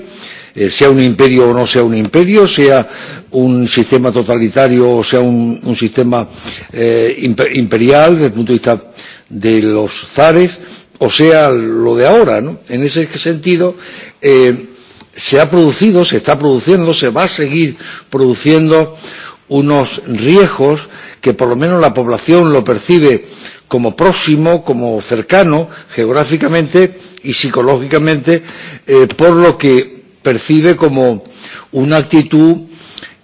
eh, sea un imperio o no sea un imperio, sea un sistema totalitario o sea un, un sistema eh, imperial desde el punto de vista de los zares, o sea lo de ahora. ¿no? En ese sentido, eh, se ha producido, se está produciendo, se va a seguir produciendo unos riesgos que por lo menos la población lo percibe como próximo, como cercano geográficamente y psicológicamente, eh, por lo que percibe como una actitud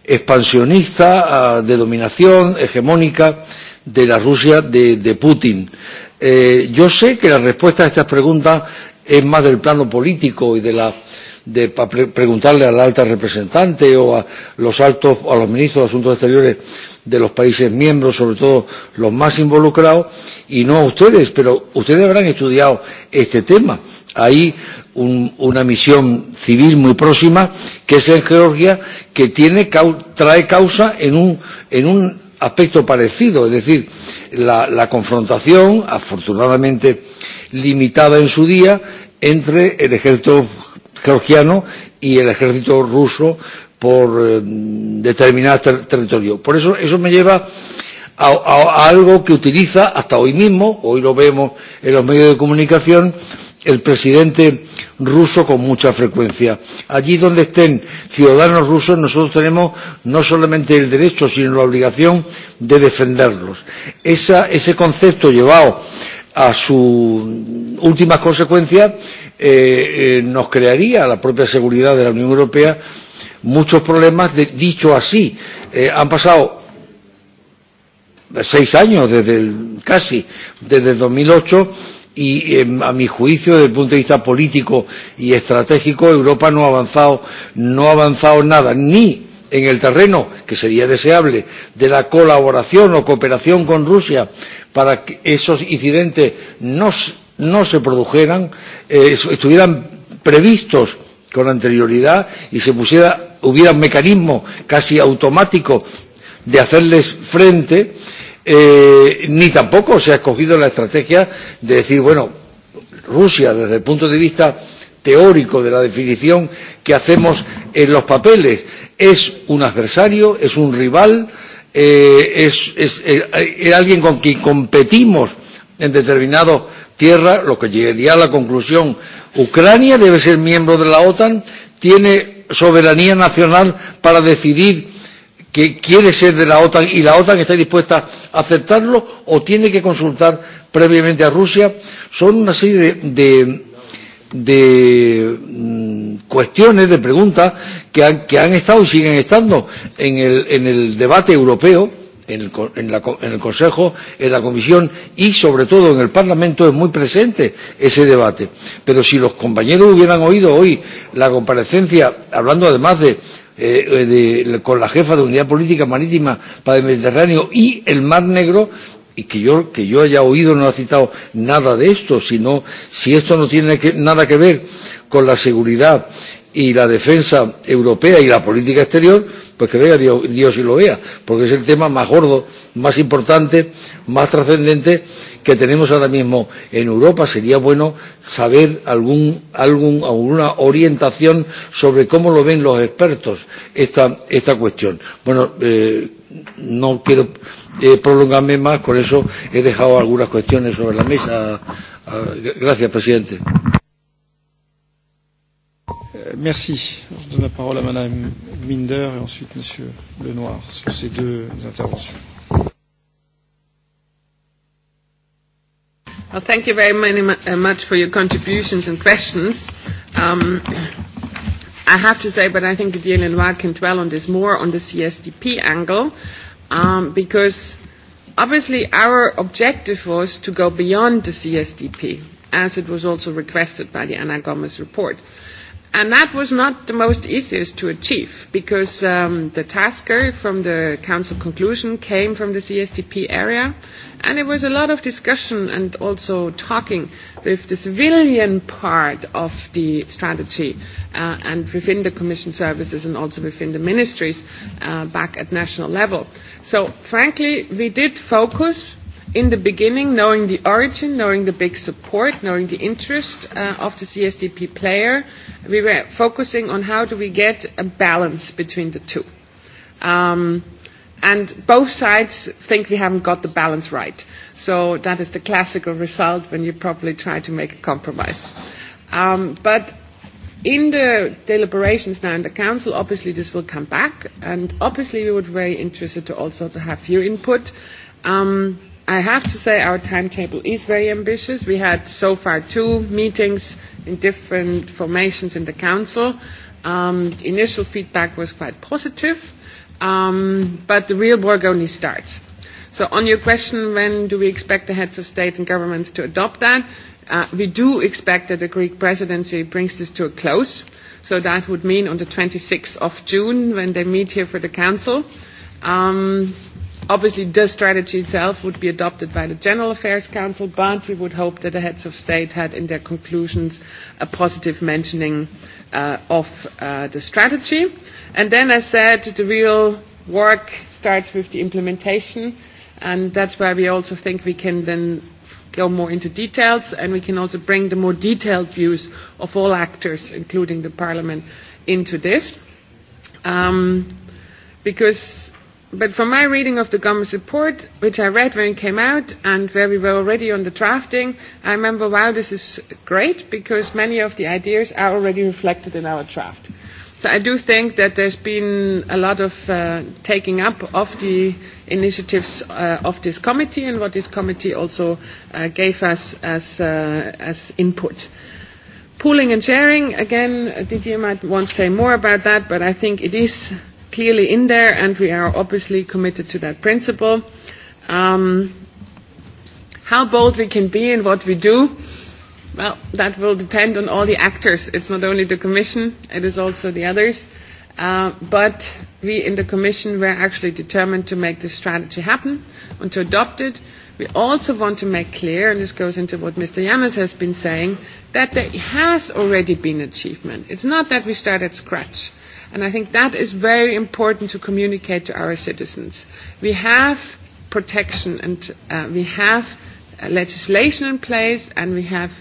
expansionista, ah, de dominación hegemónica de la Rusia de, de Putin. Eh, yo sé que la respuesta a estas preguntas es más del plano político y de la de pre preguntarle a la alta representante o a los altos a los ministros de asuntos exteriores de los países miembros, sobre todo los más involucrados, y no a ustedes, pero ustedes habrán estudiado este tema. Hay un, una misión civil muy próxima, que es en Georgia, que tiene, cau, trae causa en un, en un aspecto parecido, es decir, la, la confrontación, afortunadamente limitada en su día, entre el ejército georgiano y el ejército ruso por eh, determinado ter territorio. Por eso, eso me lleva a, a, a algo que utiliza hasta hoy mismo, hoy lo vemos en los medios de comunicación, el presidente ruso con mucha frecuencia. Allí donde estén ciudadanos rusos, nosotros tenemos no solamente el derecho, sino la obligación de defenderlos. Esa, ese concepto llevado a sus últimas consecuencias eh, eh, nos crearía la propia seguridad de la Unión Europea muchos problemas, de, dicho así. Eh, han pasado seis años desde el, casi desde 2008 y eh, a mi juicio desde el punto de vista político y estratégico Europa no ha avanzado no ha avanzado nada ni en el terreno que sería deseable de la colaboración o cooperación con Rusia para que esos incidentes no, no se produjeran eh, estuvieran previstos con anterioridad y se pusiera hubiera un mecanismo casi automático de hacerles frente eh, eh, ni tampoco se ha escogido la estrategia de decir, bueno, Rusia desde el punto de vista teórico de la definición que hacemos en los papeles es un adversario, es un rival, eh, es, es, es, eh, es alguien con quien competimos en determinadas tierras, lo que llegaría a la conclusión, Ucrania debe ser miembro de la OTAN, tiene soberanía nacional para decidir que quiere ser de la OTAN y la OTAN está dispuesta a aceptarlo o tiene que consultar previamente a Rusia. Son una serie de, de, de mm, cuestiones, de preguntas que han, que han estado y siguen estando en el, en el debate europeo, en el, en, la, en el Consejo, en la Comisión y sobre todo en el Parlamento es muy presente ese debate. Pero si los compañeros hubieran oído hoy la comparecencia, hablando además de Eh, eh, de, con la jefa de unidad política marítima para el Mediterráneo y el Mar Negro, y que yo, que yo haya oído no ha citado nada de esto, sino si esto no tiene que, nada que ver con la seguridad y la defensa europea y la política exterior, pues que venga Dios, Dios y lo vea, porque es el tema más gordo, más importante, más trascendente que tenemos ahora mismo en Europa. Sería bueno saber algún, algún, alguna orientación sobre cómo lo ven los expertos esta, esta cuestión. Bueno, eh, no quiero eh, prolongarme más, con eso he dejado algunas cuestiones sobre la mesa. Ah, gracias, presidente. Merci. Je donne la parole à Madame Minder et ensuite Monsieur Lenoir sur ces deux interventions. Well, thank you very many, uh, much for your contributions and questions. Um, I have to say, but I think Didier Lenoir can dwell on this more on the CSDP angle, um, because obviously our objective was to go beyond the CSDP, as it was also requested by the Anna Gomez report. Uh, And that was not the most easiest to achieve because um, the tasker from the council conclusion came from the CSTP area and it was a lot of discussion and also talking with the civilian part of the strategy uh, and within the commission services and also within the ministries uh, back at national level. So frankly, we did focus in the beginning, knowing the origin, knowing the big support, knowing the interest uh, of the CSDP player, we were focusing on how do we get a balance between the two. Um, and both sides think we haven't got the balance right. So that is the classical result when you probably try to make a compromise. Um, but in the deliberations now in the council, obviously this will come back, and obviously we would be very interested to also to have your input. Um, I have to say our timetable is very ambitious. We had so far two meetings in different formations in the Council. Um, the initial feedback was quite positive, um, but the real work only starts. So on your question, when do we expect the heads of state and governments to adopt that? Uh, we do expect that the Greek presidency brings this to a close. So that would mean on the 26th of June when they meet here for the Council. Um, obviously the strategy itself would be adopted by the General Affairs Council, but we would hope that the heads of state had in their conclusions a positive mentioning uh, of uh, the strategy. And then, as said, the real work starts with the implementation, and that's where we also think we can then go more into details, and we can also bring the more detailed views of all actors, including the Parliament, into this. Um, because but from my reading of the government's report, which I read when it came out, and where we were already on the drafting, I remember, wow, this is great because many of the ideas are already reflected in our draft. So I do think that there's been a lot of uh, taking up of the initiatives uh, of this committee and what this committee also uh, gave us as, uh, as input. Pooling and sharing, again, Didier might want to say more about that, but I think it is clearly in there, and we are obviously committed to that principle. Um, how bold we can be in what we do, well, that will depend on all the actors. It's not only the Commission, it is also the others. Uh, but we in the Commission were actually determined to make this strategy happen and to adopt it. We also want to make clear, and this goes into what Mr. Yanis has been saying, that there has already been achievement. It's not that we start at scratch. Uh, And I think that is very important to communicate to our citizens. We have protection and uh, we have uh, legislation in place and we have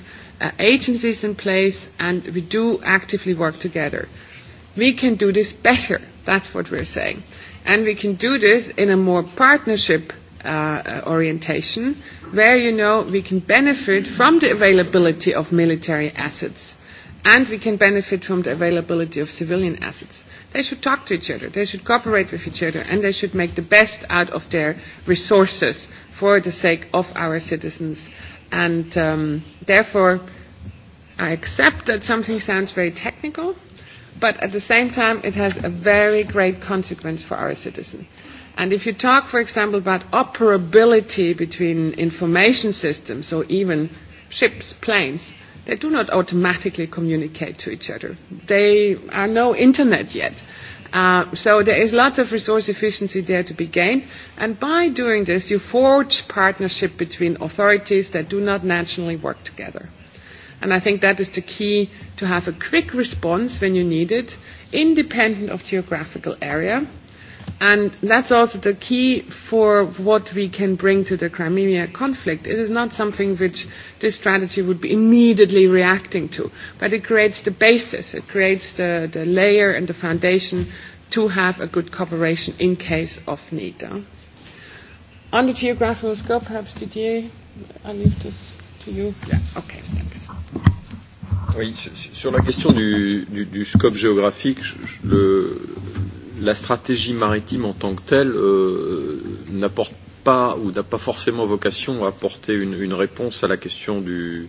uh, agencies in place and we do actively work together. We can do this better. That's what we're saying. And we can do this in a more partnership uh, orientation where, you know, we can benefit from the availability of military assets and we can benefit from the availability of civilian assets. They should talk to each other, they should cooperate with each other, and they should make the best out of their resources for the sake of our citizens. And um, therefore, I accept that something sounds very technical, but at the same time, it has a very great consequence for our citizens. And if you talk, for example, about operability between information systems or even ships, planes, They do not automatically communicate to each other. They are no internet yet. Uh, so there is lots of resource efficiency there to be gained. And by doing this, you forge partnership between authorities that do not nationally work together. And I think that is the key to have a quick response when you need it, independent of geographical area And that's also the key for what we can bring to the Crimea conflict. It is not something which this strategy would be immediately reacting to, but it creates the basis, it creates the, the layer and the foundation to have a good cooperation in case of need. On the geographical scope, perhaps Didier, I leave this to you. Yeah, okay, thanks. Oui, sur la question du, du, du scope géographique, je, je, le, la stratégie maritime en tant que telle euh, n'apporte pas ou n'a pas forcément vocation à apporter une, une réponse à la question du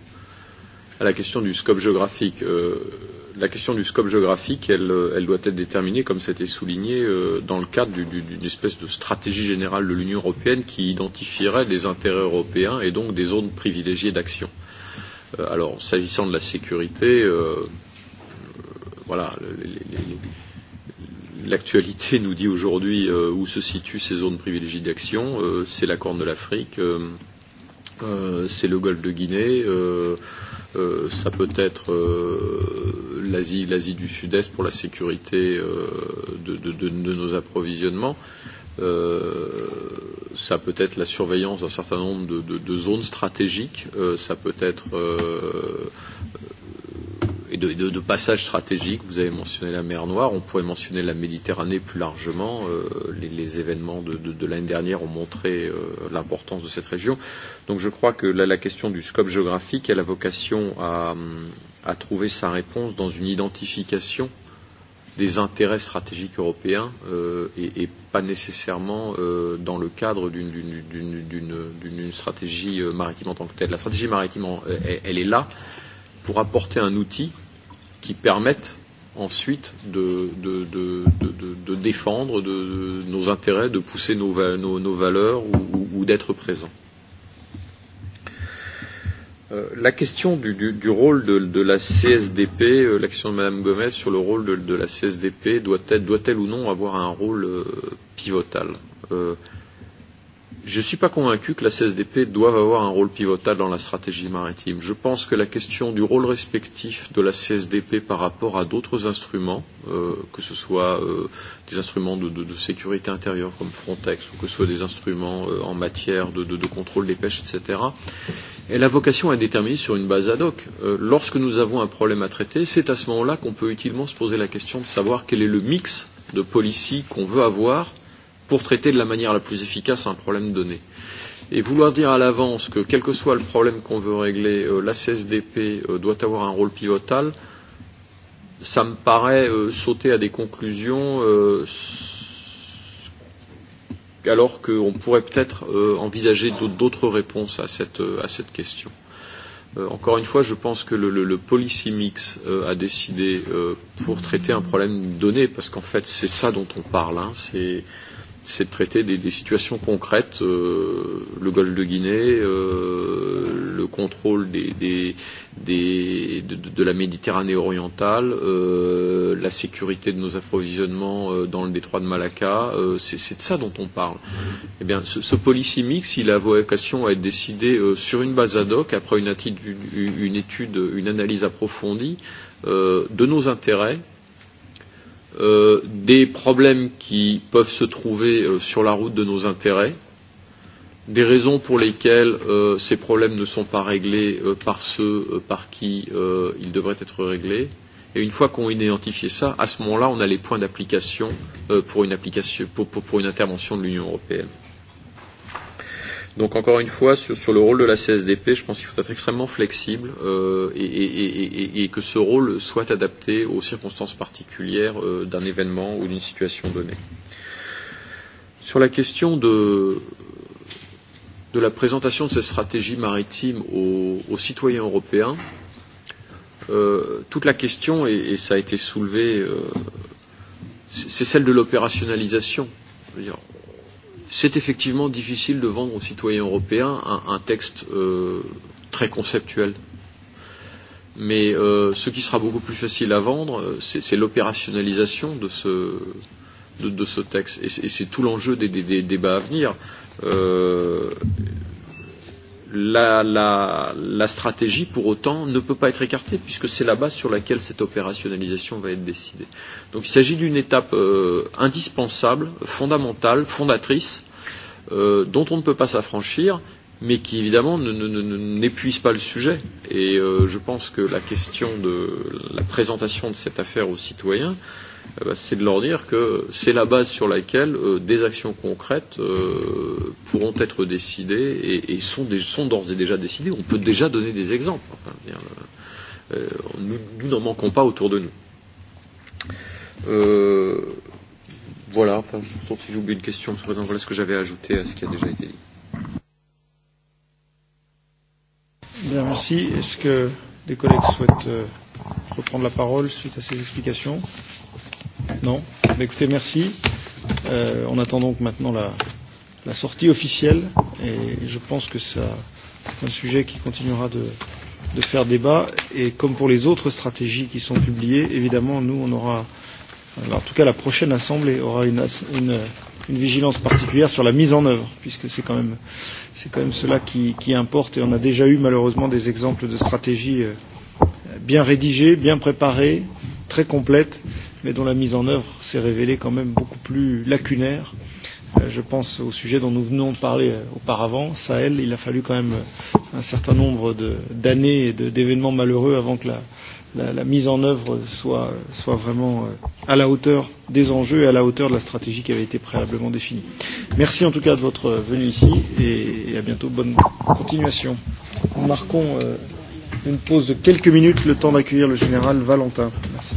à la question du scope géographique. Euh, la question du scope géographique, elle, elle doit être déterminée, comme c'était souligné, euh, dans le cadre d'une du, du, espèce de stratégie générale de l'Union européenne qui identifierait les intérêts européens et donc des zones privilégiées d'action. Euh, alors, s'agissant de la sécurité, euh, euh voilà, les, les, les, l'actualité nous dit aujourd'hui euh, où se situent ces zones privilégiées d'action. Euh, c'est la Corne de l'Afrique, euh, euh, c'est le Golfe de Guinée, euh, euh, ça peut être euh, l'Asie, l'Asie du Sud-Est pour la sécurité euh, de, de, de, de nos approvisionnements. Euh, ça peut être la surveillance d'un certain nombre de, de, de zones stratégiques, euh, ça peut être euh, et de, de, de passages stratégiques. Vous avez mentionné la mer Noire, on pourrait mentionner la Méditerranée plus largement. Euh, les, les événements de, de, de l'année dernière ont montré euh, l'importance de cette région. Donc je crois que la, la question du scope géographique, elle a vocation à, à trouver sa réponse dans une identification des intérêts stratégiques européens euh, et, et pas nécessairement euh, dans le cadre d'une stratégie euh, maritime en tant que telle. La stratégie maritime, elle, elle est là. Euh, pour apporter un outil qui permette ensuite de, de, de, de, de, de défendre de, de nos intérêts, de pousser nos, nos, nos valeurs ou, ou, ou d'être présent. Euh, la question du, du, du rôle de, de la CSDP, euh, l'action de Mme Gomez sur le rôle de, de la CSDP, doit-elle doit, -elle, doit -elle ou non avoir un rôle euh, pivotal euh, Je ne suis pas convaincu que la CSDP doive avoir un rôle pivotal dans la stratégie maritime. Je pense que la question du rôle respectif de la CSDP par rapport à d'autres instruments, euh, que ce soit euh, des instruments de, de, de sécurité intérieure comme Frontex, ou que ce soit des instruments euh, en matière de, de, de contrôle des pêches, etc., Et la vocation est déterminée sur une base ad hoc. Euh, lorsque nous avons un problème à traiter, c'est à ce moment-là qu'on peut utilement se poser la question de savoir quel est le mix de policy qu'on veut avoir pour traiter de la manière la plus efficace un problème donné. Et vouloir dire à l'avance que, quel que soit le problème qu'on veut régler, euh, la CSDP euh, doit avoir un rôle pivotal, ça me paraît euh, sauter à des conclusions euh, alors qu'on pourrait peut-être euh, envisager d'autres réponses à cette, euh, à cette question. Euh, encore une fois, je pense que le, le, le policy mix euh, a décidé euh, pour traiter un problème donné, parce qu'en fait, c'est ça dont on parle. Hein, c'est euh, c'est de traiter des, des situations concrètes, euh, le golfe de Guinée, euh, le contrôle des, des, des, de, de la Méditerranée orientale, euh, la sécurité de nos approvisionnements euh, dans le détroit de Malacca, euh, c'est de ça dont on parle. Eh bien, ce, ce policy mix, il a vocation à être décidé euh, sur une base ad hoc, après une, attitude, une, une étude, une analyse approfondie euh, de nos intérêts, euh, des problèmes qui peuvent se trouver euh, sur la route de nos intérêts, des raisons pour lesquelles euh, ces problèmes ne sont pas réglés euh, par ceux euh, par qui euh, ils devraient être réglés. Et une fois qu'on a identifié ça, à ce moment-là, on a les points d'application euh, pour, une application, pour, pour, pour une intervention de l'Union européenne. Donc encore une fois, sur, sur le rôle de la CSDP, je pense qu'il faut être extrêmement flexible euh, et, et, et, et que ce rôle soit adapté aux circonstances particulières euh, d'un événement ou d'une situation donnée. Sur la question de, de la présentation de cette stratégie maritime aux, aux citoyens européens, euh, toute la question, et, et ça a été soulevé, euh, c'est celle de l'opérationnalisation c'est effectivement difficile de vendre aux citoyens européens un, un texte euh, très conceptuel. Mais euh, ce qui sera beaucoup plus facile à vendre, euh, c'est l'opérationnalisation de ce, de, de ce texte. Et c'est tout l'enjeu des, des, des débats à venir. Euh, la, la, la stratégie, pour autant, ne peut pas être écartée, puisque c'est la base sur laquelle cette opérationnalisation va être décidée. Donc il s'agit d'une étape euh, indispensable, fondamentale, fondatrice, euh, dont on ne peut pas s'affranchir, mais qui évidemment n'épuise pas le sujet. Et euh, je pense que la question de la présentation de cette affaire aux citoyens, euh, c'est de leur dire que c'est la base sur laquelle euh, des actions concrètes euh, pourront être décidées et, et sont, des, sont d'ores et déjà décidées. On peut déjà donner des exemples. Enfin, dire, euh, euh nous n'en manquons pas autour de nous. Euh, Voilà, enfin, sauf si j'oublie une question, Monsieur le Président, voilà ce que j'avais ajouté à ce qui a déjà été dit. Bien, merci. Est-ce que les collègues souhaitent euh, reprendre la parole suite à ces explications Non Mais Écoutez, merci. Euh, on attend donc maintenant la, la sortie officielle et je pense que ça, c'est un sujet qui continuera de, de faire débat et comme pour les autres stratégies qui sont publiées, évidemment, nous, on aura Alors, en tout cas, la prochaine Assemblée aura une, une, une vigilance particulière sur la mise en œuvre, puisque c'est quand même, c'est quand même cela qui, qui importe. Et on a déjà eu malheureusement des exemples de stratégies euh, bien rédigées, bien préparées, très complètes, mais dont la mise en œuvre s'est révélée quand même beaucoup plus lacunaire. Euh, je pense au sujet dont nous venons de parler euh, auparavant, Sahel. Il a fallu quand même euh, un certain nombre d'années et d'événements malheureux avant que la, la, la mise en œuvre soit, soit vraiment euh, à la hauteur des enjeux et à la hauteur de la stratégie qui avait été préalablement définie. Merci en tout cas de votre venue ici et, et à bientôt. Bonne continuation. Nous marquons euh, une pause de quelques minutes, le temps d'accueillir le général Valentin. Merci.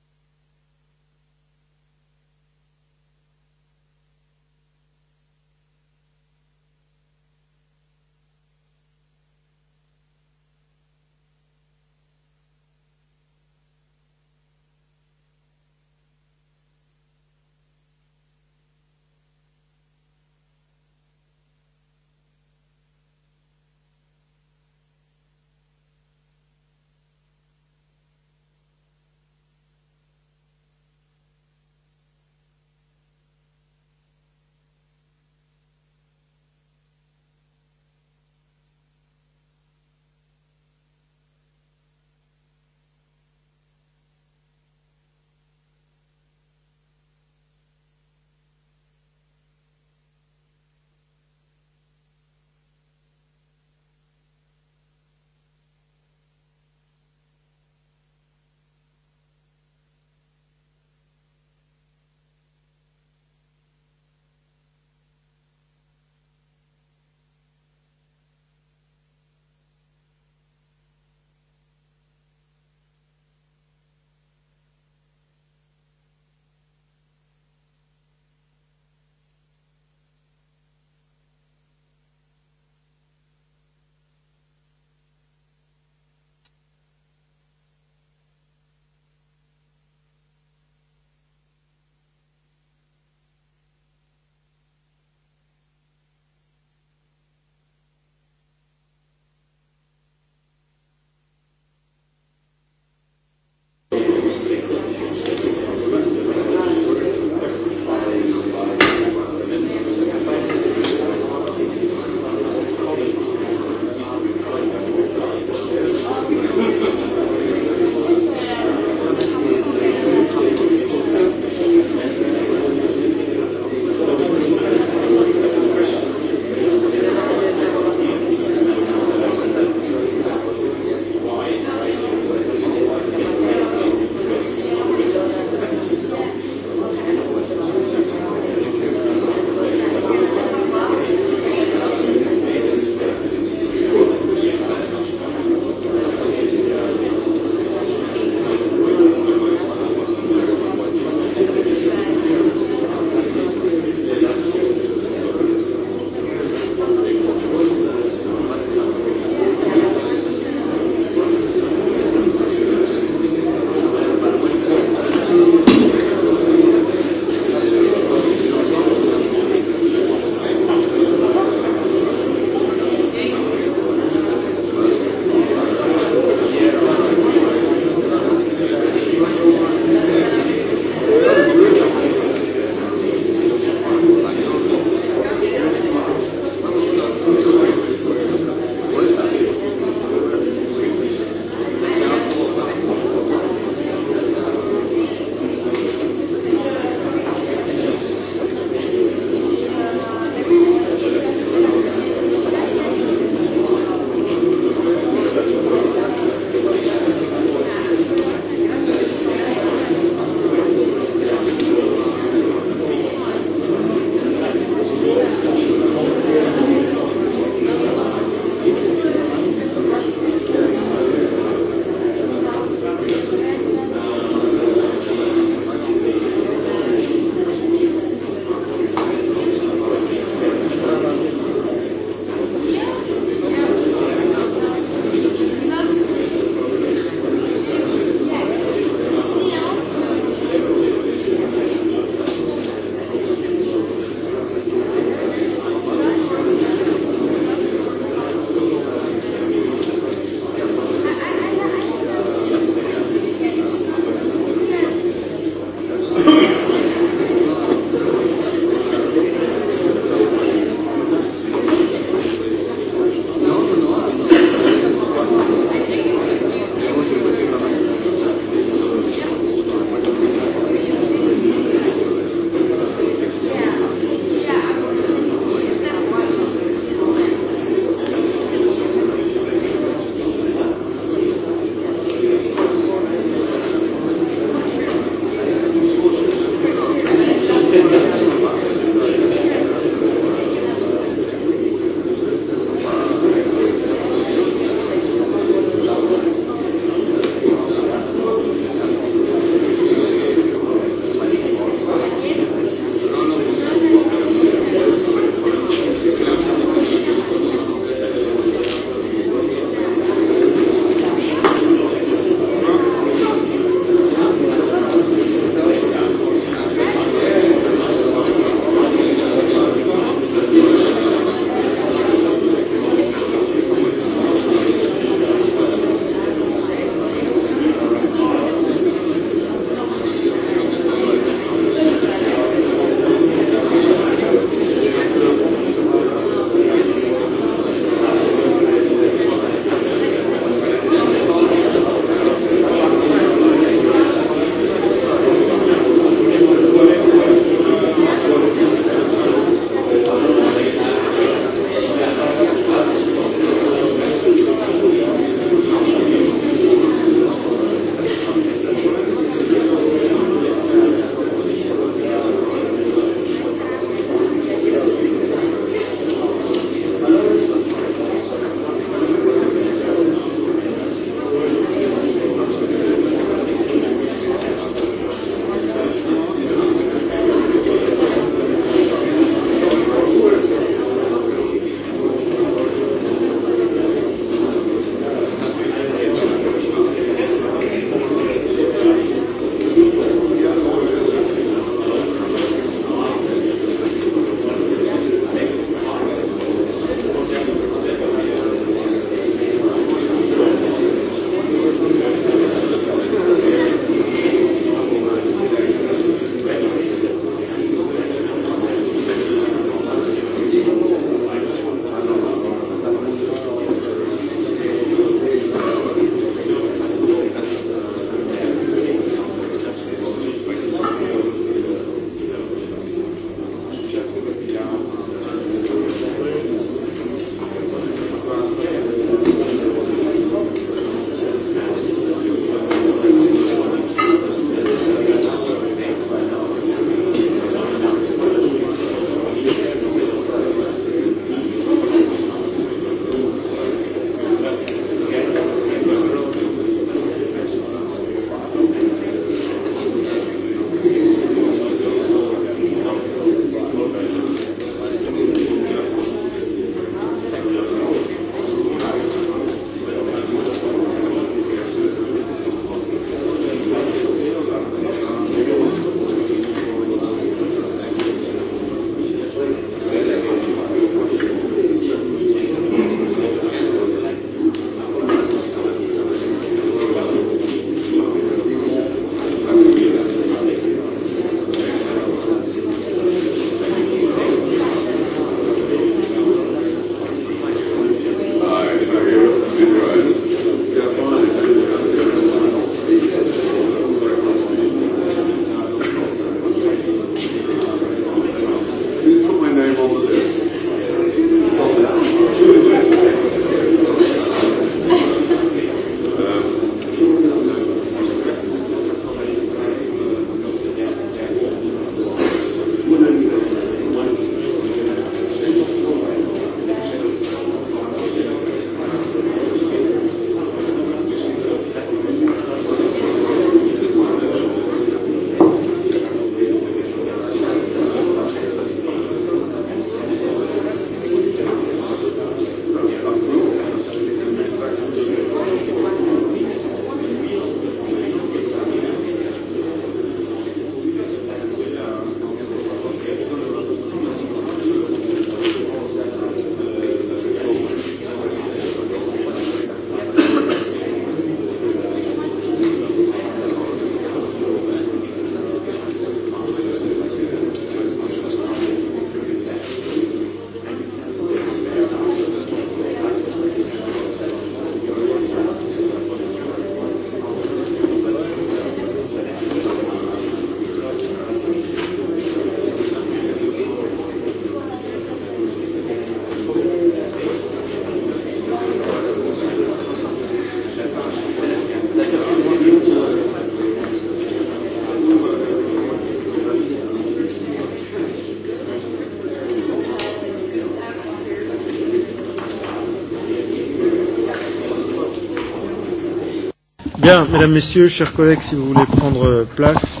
Bien, mesdames, messieurs, chers collègues, si vous voulez prendre euh, place,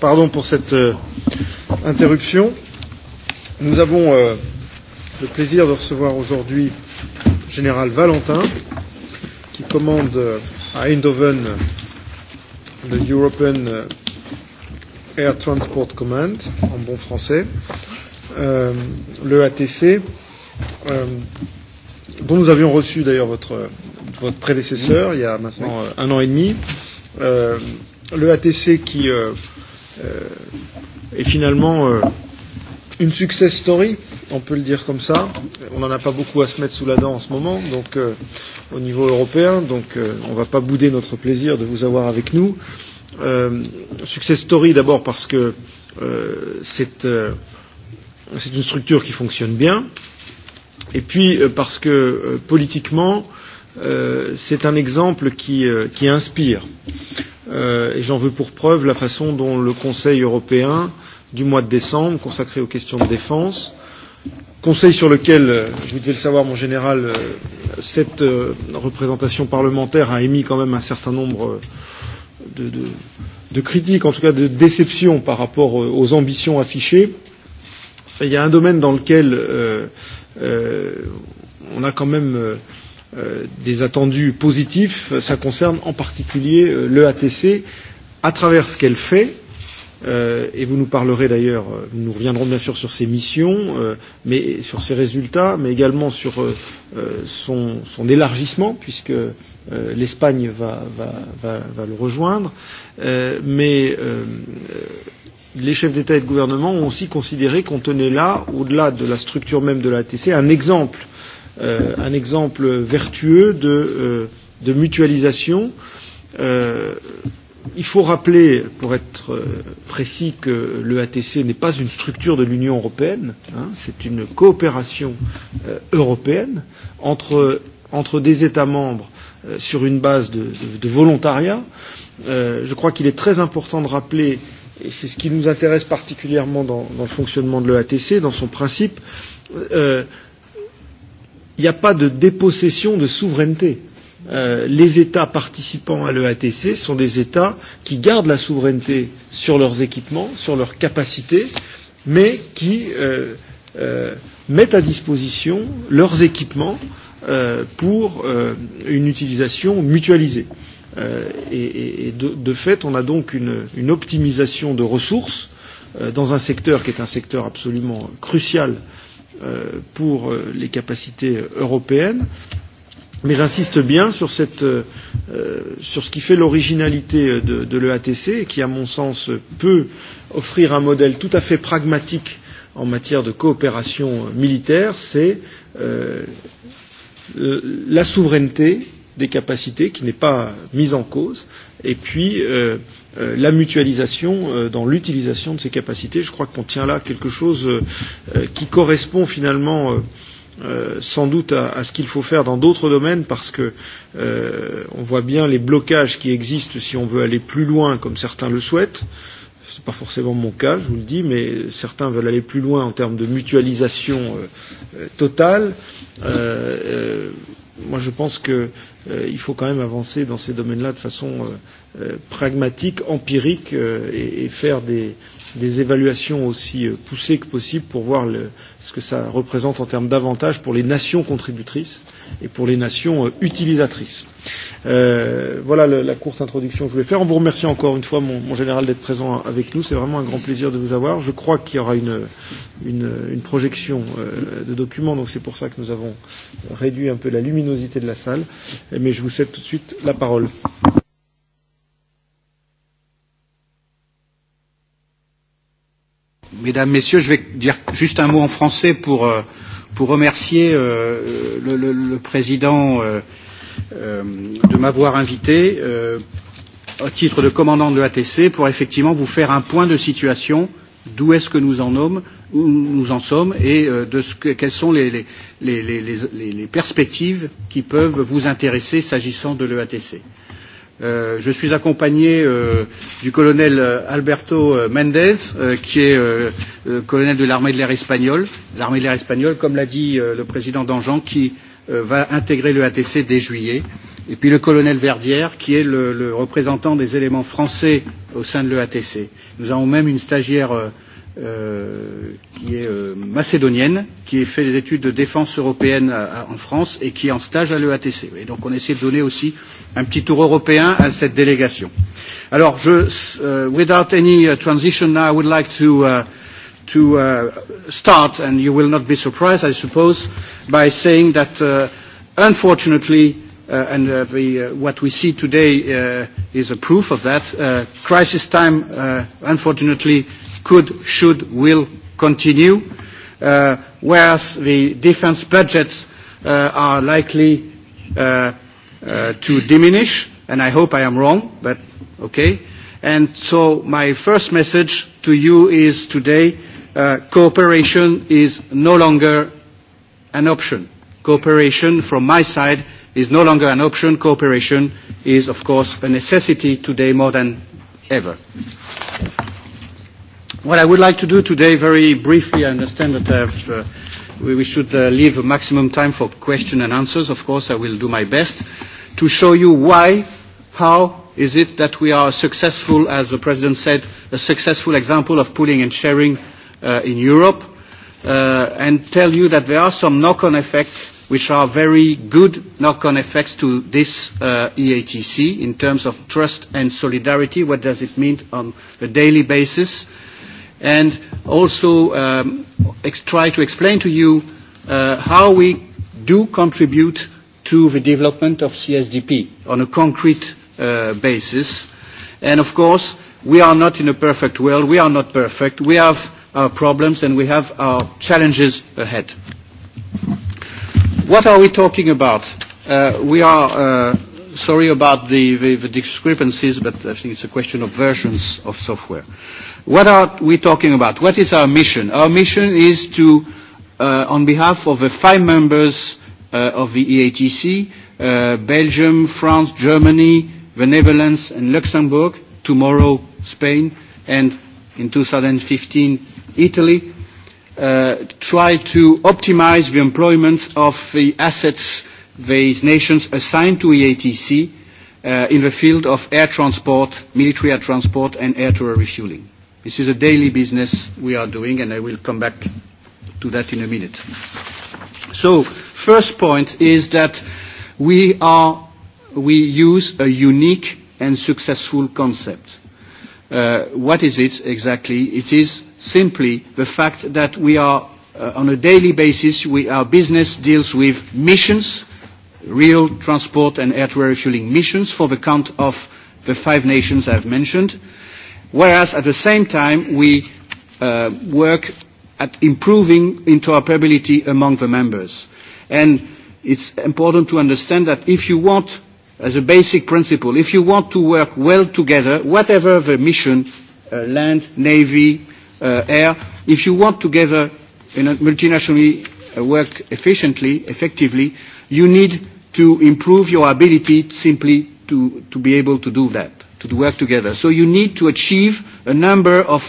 pardon pour cette euh, interruption. Nous avons euh, le plaisir de recevoir aujourd'hui Général Valentin, qui commande euh, à Eindhoven le European euh, Air Transport Command, en bon français, euh, le ATC, euh, dont nous avions reçu d'ailleurs votre votre prédécesseur, il y a maintenant euh, un an et demi. Euh, le ATC qui euh, euh, est finalement euh, une success story, on peut le dire comme ça. On n'en a pas beaucoup à se mettre sous la dent en ce moment, donc euh, au niveau européen, donc euh, on ne va pas bouder notre plaisir de vous avoir avec nous. Euh, success story d'abord parce que euh, c'est euh, une structure qui fonctionne bien, et puis euh, parce que euh, politiquement, euh, euh, c'est un exemple qui, euh, qui inspire. Euh, et j'en veux pour preuve la façon dont le Conseil européen du mois de décembre, consacré aux questions de défense, conseil sur lequel, euh, je vous devez le savoir, mon général, euh, cette euh, représentation parlementaire a émis quand même un certain nombre euh, de, de, de critiques, en tout cas de déceptions par rapport aux ambitions affichées. Il y a un domaine dans lequel euh, euh, on a quand même euh, euh, des attendus positifs. Ça concerne en particulier euh, l'EATC à travers ce qu'elle fait. Euh, et vous nous parlerez d'ailleurs, euh, nous reviendrons bien sûr sur ses missions, euh, mais sur ses résultats, mais également sur euh, euh, son, son élargissement, puisque euh, l'Espagne va, va, va, va le rejoindre. Euh, mais euh, les chefs d'État et de gouvernement ont aussi considéré qu'on tenait là, au-delà de la structure même de l'ATC, un exemple euh, euh, un exemple vertueux de, euh, de mutualisation. Euh, il faut rappeler, pour être euh, précis, que l'EATC n'est pas une structure de l'Union européenne, hein, c'est une coopération euh, européenne entre, entre des États membres euh, sur une base de, de, de volontariat. Euh, je crois qu'il est très important de rappeler, et c'est ce qui nous intéresse particulièrement dans, dans le fonctionnement de l'EATC, dans son principe, euh, il n'y a pas de dépossession de souveraineté. Euh, les États participants à l'EATC sont des États qui gardent la souveraineté sur leurs équipements, sur leurs capacités, mais qui euh, euh, mettent à disposition leurs équipements euh, pour euh, une utilisation mutualisée. Euh, et et, et de, de fait, on a donc une, une optimisation de ressources euh, dans un secteur qui est un secteur absolument crucial euh, euh, pour euh, les capacités européennes. Mais j'insiste bien sur, cette, euh, sur ce qui fait l'originalité de, de l'EATC et qui, à mon sens, peut offrir un modèle tout à fait pragmatique en matière de coopération militaire, c'est euh, euh la souveraineté des capacités qui n'est pas mise en cause. Et puis, euh, euh, la mutualisation euh, dans l'utilisation de ces capacités, je crois qu'on tient là quelque chose euh, euh, qui correspond finalement. Euh, euh, sans doute à, à ce qu'il faut faire dans d'autres domaines parce que euh, on voit bien les blocages qui existent si on veut aller plus loin comme certains le souhaitent. Euh, ce n'est pas forcément mon cas, je vous le dis, mais certains veulent aller plus loin en termes de mutualisation euh, euh, totale. Euh, euh, moi, je pense qu'il euh, faut quand même avancer dans ces domaines-là de façon euh, euh, pragmatique, empirique, euh, et, et faire des, des évaluations aussi euh, poussées que possible pour voir le, ce que ça représente en termes d'avantages pour les nations contributrices et pour les nations euh, utilisatrices. Euh, Euh, voilà le, la courte introduction que je voulais faire. On vous remercie encore une fois, mon, mon général, d'être présent avec nous. C'est vraiment un grand plaisir de vous avoir. Je crois qu'il y aura une, une, une projection euh, de documents, donc c'est pour ça que nous avons réduit un peu la luminosité de la salle. Mais je vous cède tout de suite la parole. Mesdames, Messieurs, je vais dire juste un mot en français pour, euh, pour remercier euh, le, le, le président euh, euh, de m'avoir invité euh, au titre de commandant de l'ATC pour effectivement vous faire un point de situation d'où est-ce que nous en, nommes, où nous en sommes et euh, de ce que, quelles sont les, les, les, les, les, les perspectives qui peuvent vous intéresser s'agissant de l'EATC. Euh, je suis accompagné euh, du colonel euh, Alberto euh, Mendez, euh, qui est euh, euh, colonel de l'armée de l'air espagnole, l'armée de l'air espagnole, comme l'a dit euh, le président Dangean, qui euh, euh, va intégrer le ATC dès juillet. Et puis le colonel Verdière, qui est le, le représentant des éléments français au sein de l'EATC. Nous avons même une stagiaire euh, euh, qui est euh, macédonienne, qui fait des études de défense européenne à, à, en France et qui est en stage à l'EATC. Et donc on essaie de donner aussi un petit tour européen à cette délégation. Alors, je, uh, without any uh, transition now, I would like to uh, to uh, start, and you will not be surprised, I suppose, by saying that uh, unfortunately, uh, and uh, the, uh, what we see today uh, is a proof of that, uh, crisis time, uh, unfortunately, could, should, will continue, uh, whereas the defense budgets uh, are likely uh, uh, to diminish, and I hope I am wrong, but okay. And so my first message to you is today uh, cooperation is no longer an option. Cooperation from my side is no longer an option. Cooperation is, of course, a necessity today more than ever. What I would like to do today, very briefly, I understand that I've, uh, we, we should uh, leave a maximum time for questions and answers. Of course, I will do my best to show you why, how is it that we are successful, as the President said, a successful example of pooling and sharing uh, uh, in Europe uh, and tell you that there are some knock-on effects which are very good knock-on effects to this uh, EATC in terms of trust and solidarity. What does it mean on a daily basis? And also um, ex- try to explain to you uh, how we do contribute to the development of CSDP on a concrete uh, basis. And of course, we are not in a perfect world. We are not perfect. We have uh, problems and we have our challenges ahead. What are we talking about? Uh, we are uh, sorry about the, the, the discrepancies, but I think it's a question of versions of software. What are we talking about? What is our mission? Our mission is to, uh, on behalf of the five members uh, of the EATC, uh, Belgium, France, Germany, the Netherlands, and Luxembourg, tomorrow Spain, and in 2015 Italy, uh, try to optimize the employment of the assets these nations assigned to EATC uh, in the field of air transport, military air transport and air to air refueling. This is a daily business we are doing and I will come back to that in a minute. So, first point is that we, are, we use a unique and successful concept. Uh, what is it exactly? It is simply the fact that we are, uh, on a daily basis, we, our business deals with missions, real transport and air to air refueling missions for the count of the five nations I've mentioned, whereas at the same time we uh, work at improving interoperability among the members. And it's important to understand that if you want as a basic principle. If you want to work well together, whatever the mission, uh, land, navy, uh, air, if you want together in a multinationally uh, work efficiently, effectively, you need to improve your ability simply to, to be able to do that, to work together. So you need to achieve a number of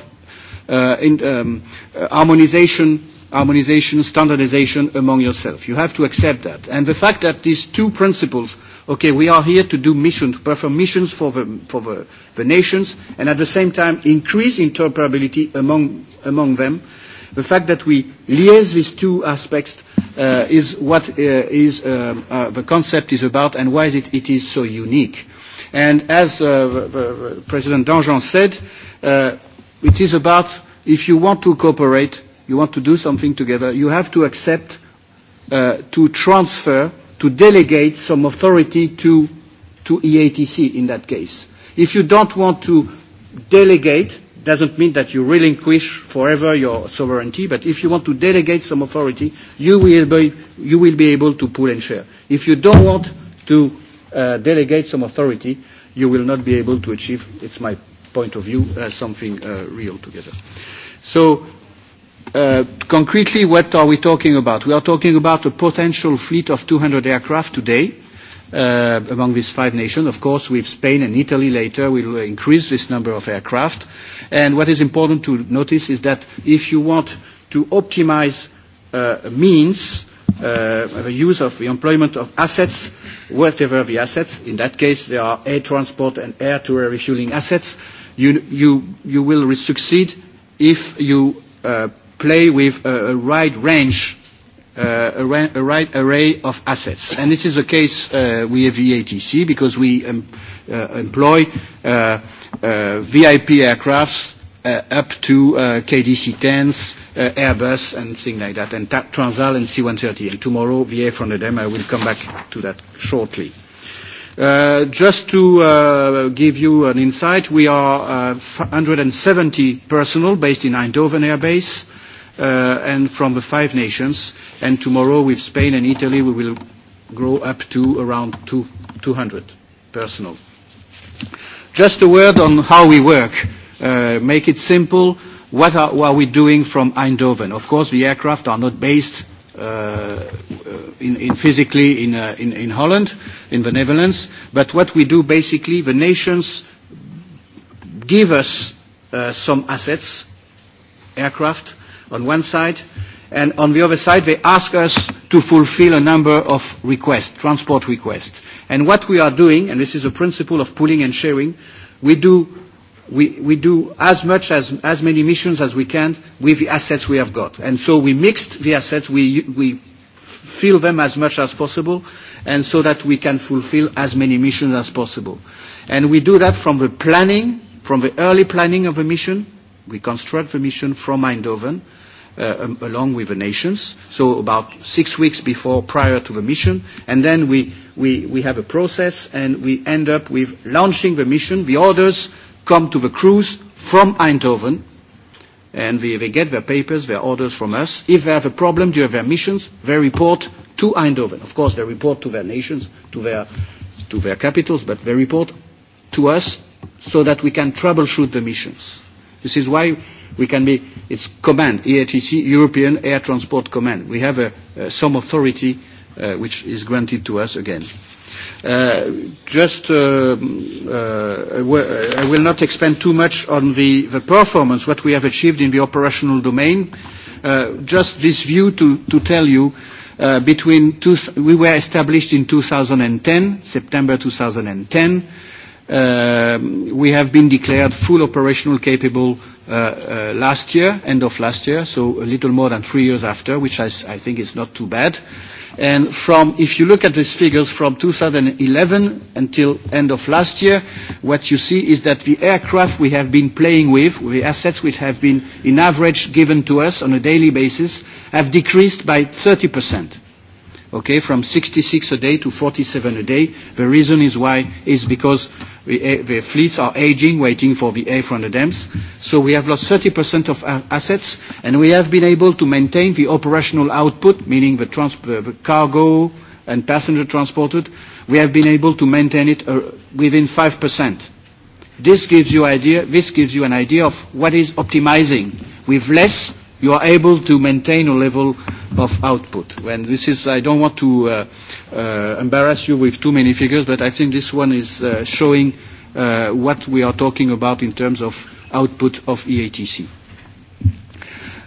uh, in, um, uh, harmonization harmonization, standardization among yourself. You have to accept that. And the fact that these two principles okay, we are here to do missions, to perform missions for the, for the, the nations, and at the same time increase interoperability among, among them. The fact that we liaise these two aspects uh, is what uh, is, um, uh, the concept is about and why is it, it is so unique. And as uh, the, the President Danjean said, uh, it is about if you want to cooperate, you want to do something together, you have to accept uh, to transfer uh, to delegate some authority to, to EATC in that case. If you don't want to delegate, doesn't mean that you relinquish forever your sovereignty, but if you want to delegate some authority, you will be, you will be able to pool and share. If you don't want to uh, delegate some authority, you will not be able to achieve, it's my point of view, uh, something uh, real together. So uh, concretely, what are we talking about? We are talking about a potential fleet of 200 aircraft today uh, among these five nations. Of course, with Spain and Italy later, we'll increase this number of aircraft. And what is important to notice is that if you want to optimize uh, means, uh, the use of the employment of assets, whatever the assets, in that case, there are air transport and air-to-air refueling assets, you, you, you will succeed if you uh, play with a, a wide range, uh, a, ra- a wide array of assets. And this is the case uh, with VATC because we um, uh, employ uh, uh, VIP aircrafts uh, up to uh, KDC-10s, uh, Airbus, and things like that, and ta- Transal and C-130. And tomorrow, VA from the DEM, I will come back to that shortly. Uh, just to uh, give you an insight, we are uh, 170 personnel based in Eindhoven Air Base. Uh, uh, and from the five nations. And tomorrow, with Spain and Italy, we will grow up to around two, 200 personnel. Just a word on how we work. Uh, make it simple. What are, what are we doing from Eindhoven? Of course, the aircraft are not based uh, uh in, in physically in, uh, in, in Holland, in the Netherlands, but what we do basically, the nations give us uh, some assets, aircraft, on one side, and on the other side they ask us to fulfill a number of requests, transport requests. And what we are doing, and this is a principle of pooling and sharing, we do, we, we do as much as, as many missions as we can with the assets we have got. And so we mixed the assets, we, we fill them as much as possible, and so that we can fulfill as many missions as possible. And we do that from the planning, from the early planning of a mission, we construct the mission from Eindhoven, uh, um, along with the nations, so about six weeks before, prior to the mission, and then we, we, we have a process and we end up with launching the mission. The orders come to the crews from Eindhoven, and they, they get their papers, their orders from us. If they have a problem during their missions, they report to Eindhoven. Of course, they report to their nations, to their, to their capitals, but they report to us so that we can troubleshoot the missions. This is why We can be, it's command, EATC, European Air Transport Command. We have a, uh, some authority uh, which is granted to us again. Uh, just, uh, uh, I will not expand too much on the, the performance, what we have achieved in the operational domain. Uh, just this view to, to tell you, uh, between two, we were established in 2010, September 2010 Uh, we have been declared full operational capable uh, uh, last year, end of last year, so a little more than three years after, which I, I think is not too bad. And from, if you look at these figures from 2011 until end of last year, what you see is that the aircraft we have been playing with, the assets which have been in average given to us on a daily basis, have decreased by 30% okay, from 66 a day to 47 a day. The reason is why is because the, the fleets are aging, waiting for the air from the dams. So we have lost 30% of our assets, and we have been able to maintain the operational output, meaning the, trans- the, the cargo and passenger transported. We have been able to maintain it uh, within 5%. This gives you idea, this gives you an idea of what is optimizing. With less, you are able to maintain a level of output. And this is, I don't want to uh, uh, embarrass you with too many figures, but I think this one is uh, showing uh, what we are talking about in terms of output of EATC.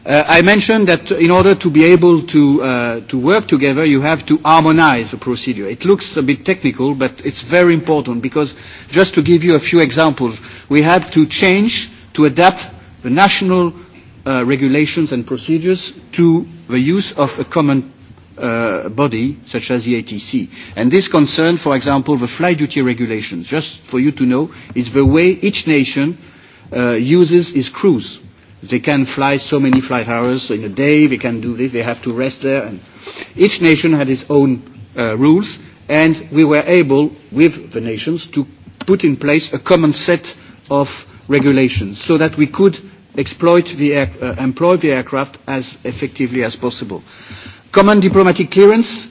Uh, I mentioned that in order to be able to, uh, to work together, you have to harmonize the procedure. It looks a bit technical, but it's very important because just to give you a few examples, we had to change, to adapt the national uh, regulations and procedures to the use of a common uh, body such as the ATC. And this concern, for example, the fly duty regulations. Just for you to know, it's the way each nation uh, uses its crews. They can fly so many flight hours in a day, they can do this, they have to rest there. And each nation had its own uh, rules, and we were able, with the nations, to put in place a common set of regulations so that we could uh, exploit the air, uh, employ the aircraft as effectively as possible. Common diplomatic clearance,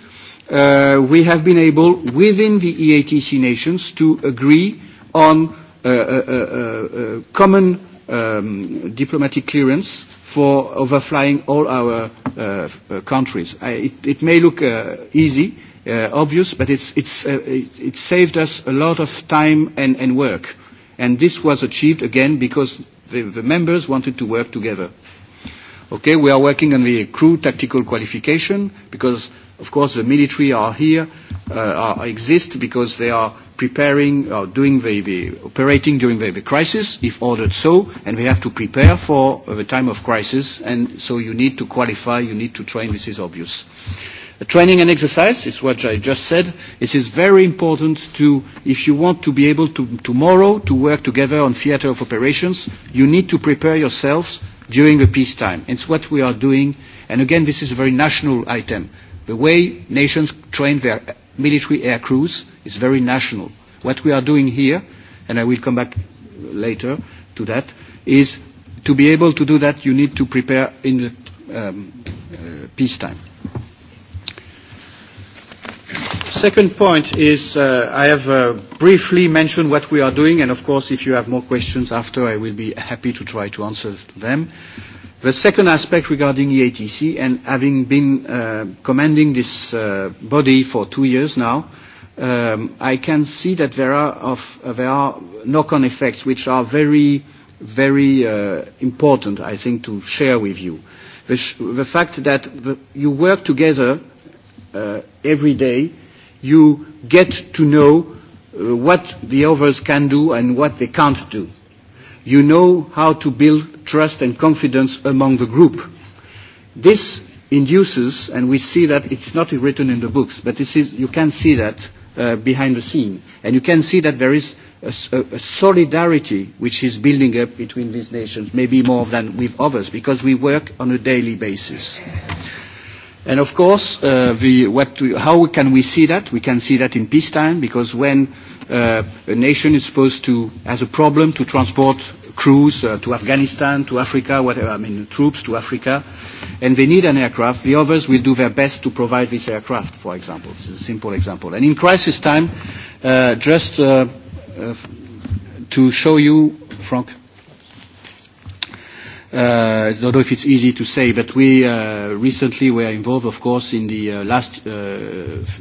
uh, we have been able, within the EATC nations, to agree on uh, uh, uh, uh, common um, diplomatic clearance for overflying all our uh, uh, countries. I, it, it may look uh, easy, uh, obvious, but it's, it's, uh, it, it saved us a lot of time and, and work. And this was achieved, again, because the, the members wanted to work together. Okay, we are working on the crew tactical qualification because, of course, the military are here, uh, are, exist because they are preparing or uh, doing the, the operating during the, the crisis, if ordered so, and we have to prepare for the time of crisis, and so you need to qualify, you need to train. This is obvious. Uh, Training and exercise is what I just said. It is very important to, if you want to be able to tomorrow to work together on theater of operations, you need to prepare yourselves during the peacetime. It's what we are doing. And again, this is a very national item. The way nations train their military air crews is very national. What we are doing here, and I will come back later to that, is to be able to do that, you need to prepare in the um, uh, peacetime. Second point is uh, I have uh, briefly mentioned what we are doing, and of course, if you have more questions after, I will be happy to try to answer to them. The second aspect regarding EATC, and having been uh, commanding this uh, body for two years now, um, I can see that there are, of, uh, there are knock-on effects which are very, very uh, important, I think, to share with you. The, sh- the fact that the, you work together uh, every day uh, you get to know uh, what the others can do and what they can't do. You know how to build trust and confidence among the group. This induces, and we see that it's not written in the books, but this is, you can see that uh, behind the scene. And you can see that there is a, a solidarity which is building up between these nations, maybe more than with others, because we work on a daily basis. Uh, And of course, uh, the, what we, how can we see that? We can see that in peacetime, because when uh, a nation is supposed to, has a problem to transport crews uh, to Afghanistan, to Africa, whatever, I mean, troops to Africa, and they need an aircraft, the others will do their best to provide this aircraft, for example. It's a simple example. And in crisis time, uh, just uh, uh, to show you, Frank, Uh, I don't know if it's easy to say, but we uh, recently were involved, of course, in the uh, last, uh,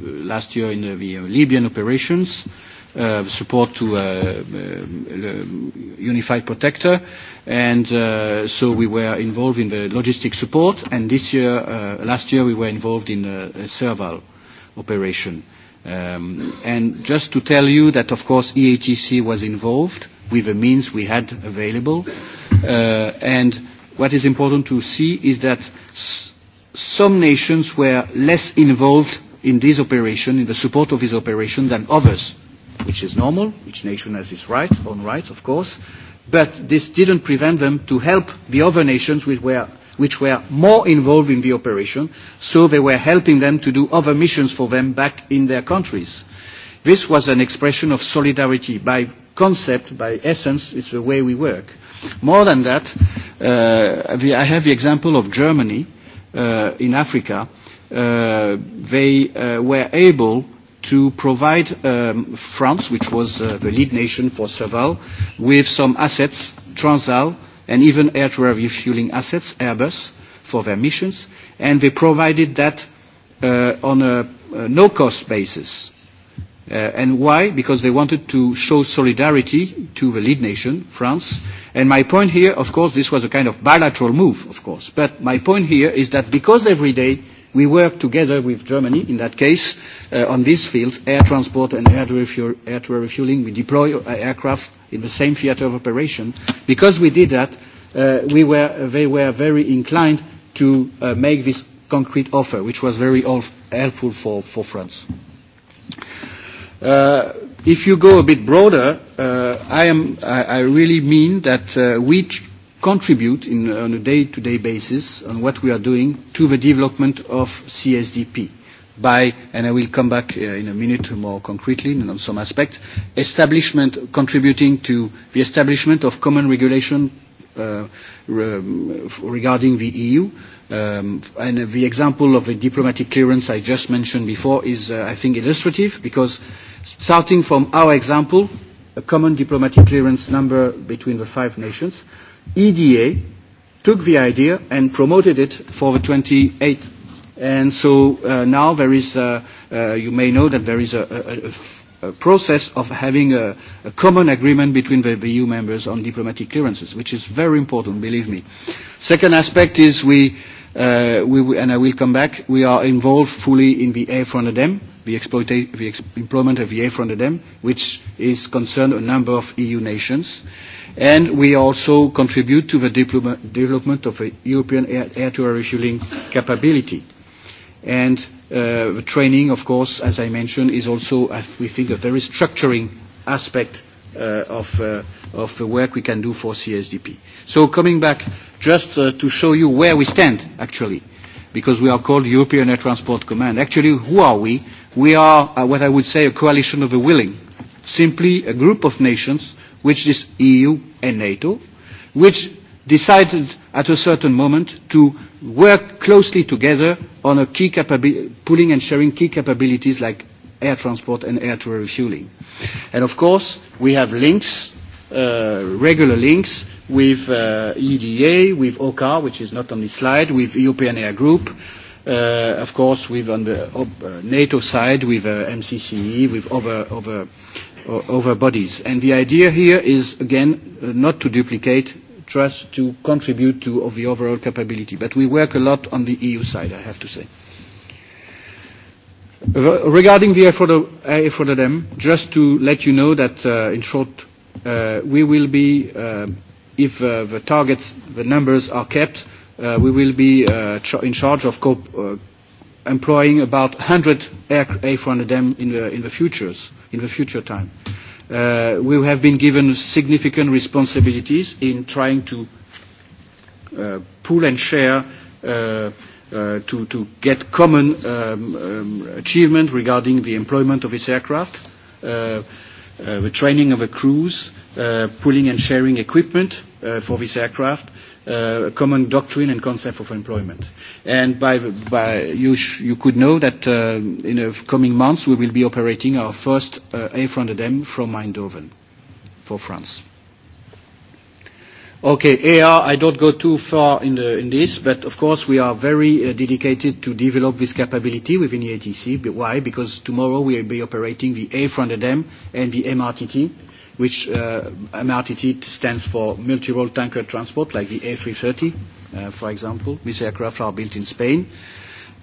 last year in the, the uh, Libyan operations, uh, support to uh, um, uh, um, Unified Protector, and uh, so we were involved in the logistic support, and this year, uh, last year we were involved in uh, a Serval operation. Um, and just to tell you that, of course, EATC was involved, uh, with the means we had available. Uh, and what is important to see is that s- some nations were less involved in this operation, in the support of this operation, than others, which is normal. Each nation has its right, own right, of course. But this didn't prevent them to help the other nations which were which were more involved in the operation, so they were helping them to do other missions for them back in their countries. This was an expression of solidarity by concept, by essence, it's the way we work. More than that, uh, the, I have the example of Germany uh, in Africa. Uh, they uh, were able to provide um, France, which was uh, the lead nation for Serval, with some assets, Transal, and even air to air refueling assets, Airbus, for their missions, and they provided that uh, on a, a no cost basis. Uh, and why? Because they wanted to show solidarity to the lead nation, France. And my point here, of course, this was a kind of bilateral move, of course. But my point here is that because every day we work together with Germany, in that case, uh, on this field, air transport and air to, refuel, air to refueling, we deploy uh, aircraft in the same theater of operation. Because we did that, uh, we were, uh, they were very inclined to uh, make this concrete offer, which was very helpful for, for France. Uh, if you go a bit broader, uh, I, am, I, I really mean that uh, we ch- contribute in, on a day-to-day -day basis on what we are doing to the development of CSDP by, and I will come back uh, in a minute more concretely on some aspect, establishment contributing to the establishment of common regulation uh, re regarding the EU. Um, and uh, the example of a diplomatic clearance I just mentioned before is, uh, I think, illustrative because uh, starting from our example, a common diplomatic clearance number between the five nations, EDA took the idea and promoted it for the 28. And so uh, now there is, uh, uh, you may know that there is a, a, a, a process of having a, a common agreement between the, the EU members on diplomatic clearances, which is very important, believe me. Second aspect is we, uh, we, and I will come back, we are involved fully in the A front of them the, exploita- the ex- employment of the A400M, which is concerned a number of EU nations. And we also contribute to the diploma- development of a European air-to-air -air refueling capability. And uh, the training, of course, as I mentioned, is also, I th- we think, a very structuring aspect uh, of, uh, of the work we can do for CSDP. So coming back just uh, to show you where we stand, actually, because we are called European Air Transport Command. Actually, who are we? We are uh, what I would say a coalition of the willing, simply a group of nations, which is EU and NATO, which decided at a certain moment to work closely together on a key pooling and sharing key capabilities like air transport and air to air refueling. And of course, we have links, uh, regular links with uh, EDA, with OCAR, which is not on this slide, with European Air Group, uh, of course, with on the uh, NATO side, with uh, MCCE, with other, other, uh, other bodies. And the idea here is, again, uh, not to duplicate trust to contribute to of the overall capability. But we work a lot on the EU side, I have to say. Re uh, regarding the A4M, just to let you know that, uh, in short, uh, we will be, uh, if uh, the targets, the numbers are kept, uh, uh, we will be uh, ch in charge of co uh, employing about 100 A400M in the, in, the futures, in the future time. Uh, we have been given significant responsibilities in trying to uh, pool and share uh, uh, to, to get common um, um, achievement regarding the employment of its aircraft, uh, uh, the training of the crews, uh, pooling and sharing equipment uh, for this aircraft, uh, common doctrine and concept of employment. And by, by you, sh- you could know that uh, in the coming months we will be operating our first uh, A-Frondedem from Eindhoven for France. Okay, AR, I don't go too far in, the, in this, but of course we are very uh, dedicated to develop this capability within the ATC. Why? Because tomorrow we will be operating the A-Frondedem and the MRTT which uh, MRTT stands for multi-role tanker transport, like the A330, uh, for example. These aircraft are built in Spain.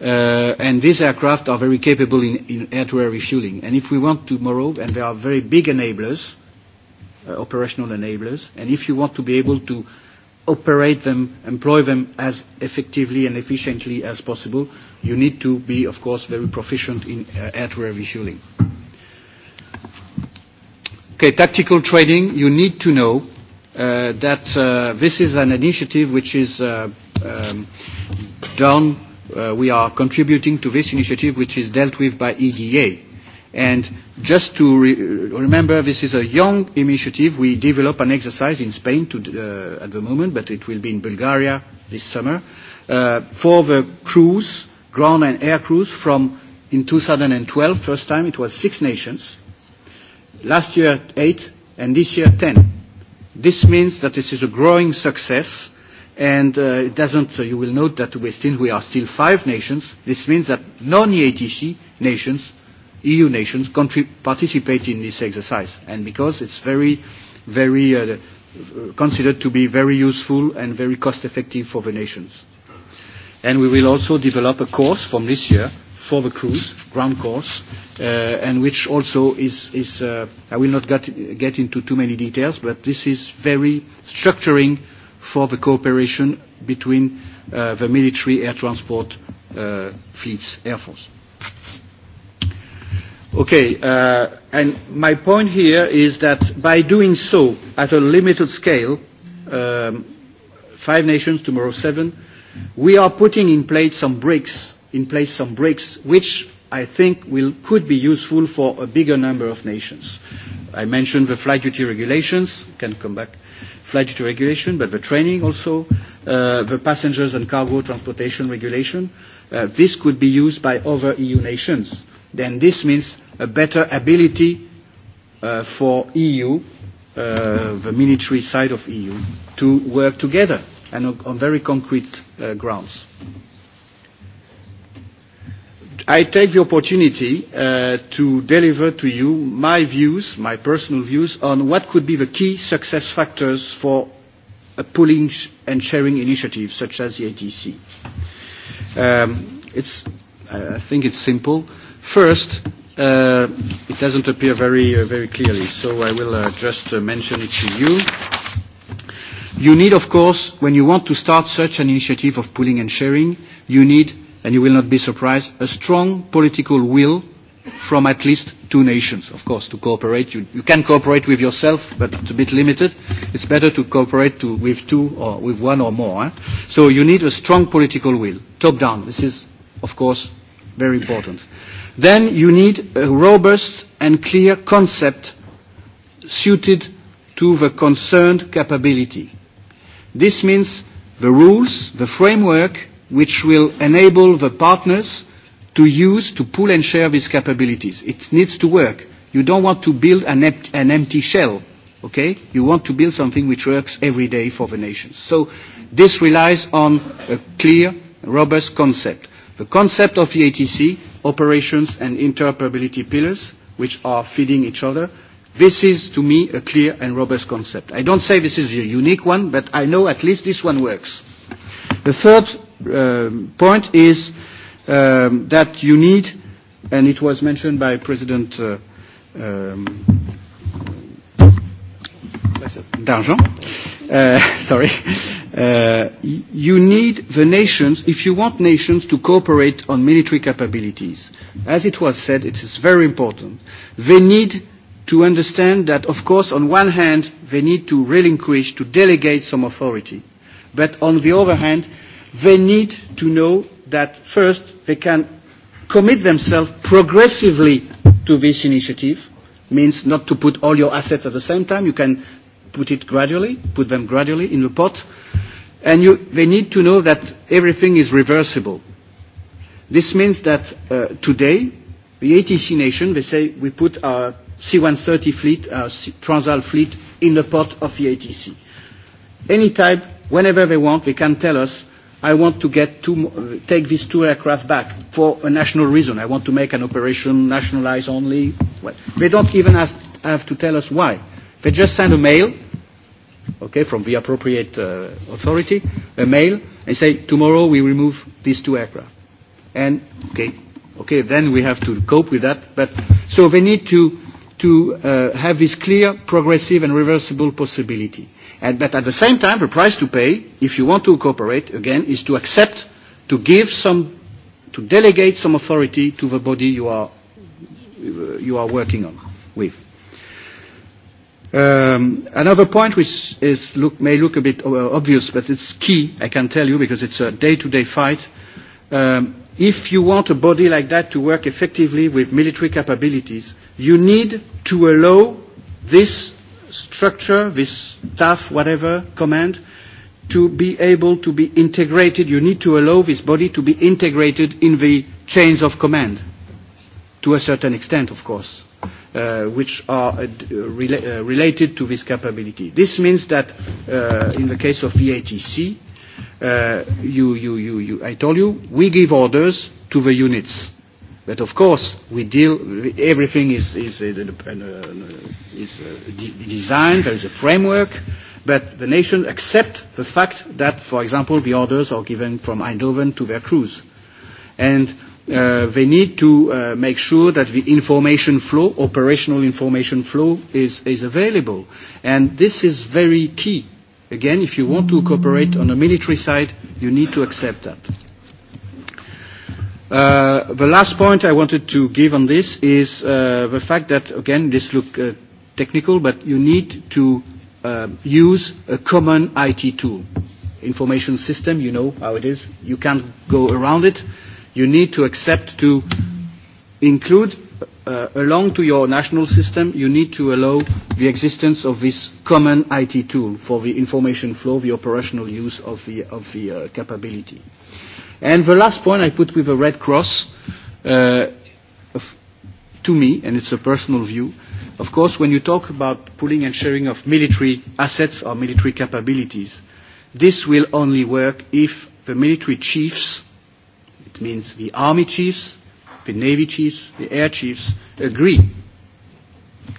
Uh, and these aircraft are very capable in, in air-to-air -air refueling. And if we want tomorrow, and they are very big enablers, uh, operational enablers, and if you want to be able to operate them, employ them as effectively and efficiently as possible, you need to be, of course, very proficient in uh, air-to-air -air refueling. Uh, Okay, tactical trading, you need to know uh, that uh, this is an initiative which is uh, um, done, uh, we are contributing to this initiative which is dealt with by EDA. And just to re remember, this is a young initiative. We develop an exercise in Spain to, uh, at the moment, but it will be in Bulgaria this summer, uh, for the crews, ground and air crews from in 2012, first time, it was six nations last year 8, and this year 10. This means that this is a growing success, and uh, it doesn't, uh, you will note that we, still, we are still five nations. This means that non-EATC nations, EU nations, country, participate in this exercise, and because it's very, very uh, considered to be very useful and very cost-effective for the nations. And we will also develop a course from this year for the cruise, ground course, uh, and which also is, is uh, I will not get, get into too many details, but this is very structuring for the cooperation between uh, the military air transport uh, fleets, air force. Okay, uh, and my point here is that by doing so at a limited scale, um, five nations, tomorrow seven, we are putting in place some bricks in place some breaks, which I think will, could be useful for a bigger number of nations. I mentioned the flight duty regulations, can come back, flight duty regulation, but the training also, uh, the passengers and cargo transportation regulation. Uh, this could be used by other EU nations. Then this means a better ability uh, for EU, uh, the military side of EU, to work together and on, on very concrete uh, grounds. Mm-hmm. I take the opportunity uh, to deliver to you my views, my personal views, on what could be the key success factors for a pooling and sharing initiative such as the ATC. Um, it's, uh, I think it's simple. First, uh, it doesn't appear very, uh, very clearly, so I will uh, just uh, mention it to you. You need, of course, when you want to start such an initiative of pooling and sharing, you need and you will not be surprised, a strong political will from at least two nations, of course, to cooperate. You, you can cooperate with yourself, but it's a bit limited. It's better to cooperate to, with two or with one or more. Eh? So you need a strong political will, top down. This is, of course, very important. Then you need a robust and clear concept suited to the concerned capability. This means the rules, the framework which will enable the partners to use, to pool and share these capabilities. It needs to work. You don't want to build an, ept- an empty shell, okay? You want to build something which works every day for the nations. So this relies on a clear, robust concept. The concept of the ATC, operations and interoperability pillars, which are feeding each other, This is, to me, a clear and robust concept. I don't say this is a unique one, but I know at least this one works. The third uh, point is um, that you need, and it was mentioned by President uh, um, D'Argent, uh, sorry, uh, you need the nations, if you want nations to cooperate on military capabilities, as it was said, it is very important. They need to understand that, of course, on one hand, they need to relinquish, to delegate some authority. But on the other hand, they need to know that first they can commit themselves progressively to this initiative, means not to put all your assets at the same time. You can put it gradually, put them gradually in the pot, and you, they need to know that everything is reversible. This means that uh, today, the ATC nation, they say we put our C-130 fleet, our C- Transal fleet, in the pot of the ATC. Any type, whenever they want, they can tell us I want to get two, take these two aircraft back for a national reason. I want to make an operation nationalized only. Well, they don't even ask, have to tell us why. They just send a mail, okay, from the appropriate uh, authority, a mail, and say, tomorrow we remove these two aircraft. And, okay, okay, then we have to cope with that. But, so they need to, to uh, have this clear, progressive, and reversible possibility. And, but at the same time, the price to pay, if you want to cooperate, again, is to accept to give some, to delegate some authority to the body you are, you are working on with. Um, another point which is look, may look a bit uh, obvious, but it's key, I can tell you, because it's a day-to-day -day fight. Um, if you want a body like that to work effectively with military capabilities, you need to allow this structure, this staff, whatever, command, to be able to be integrated. You need to allow this body to be integrated in the chains of command, to a certain extent, of course, uh, which are uh, uh rela- uh, related to this capability. This means that uh, in the case of VATC, uh, you, you, you, you, I told you, we give orders to the units But of course, we deal. Everything is is, uh, uh, is uh, designed. There is a framework, but the nations accept the fact that, for example, the orders are given from Eindhoven to their crews, and uh, they need to uh, make sure that the information flow, operational information flow, is is available, and this is very key. Again, if you want to cooperate on the military side, you need to accept that. Uh, the last point I wanted to give on this is uh, the fact that, again, this look uh, technical, but you need to uh, use a common IT tool. Information system, you know how it is. You can't go around it. You need to accept to include uh, along to your national system, you need to allow the existence of this common IT tool for the information flow, the operational use of the, of the uh, capability. Uh, And the last point I put with the Red Cross, uh, to me, and it's a personal view, of course, when you talk about pooling and sharing of military assets or military capabilities, this will only work if the military chiefs, it means the army chiefs, the navy chiefs, the air chiefs, agree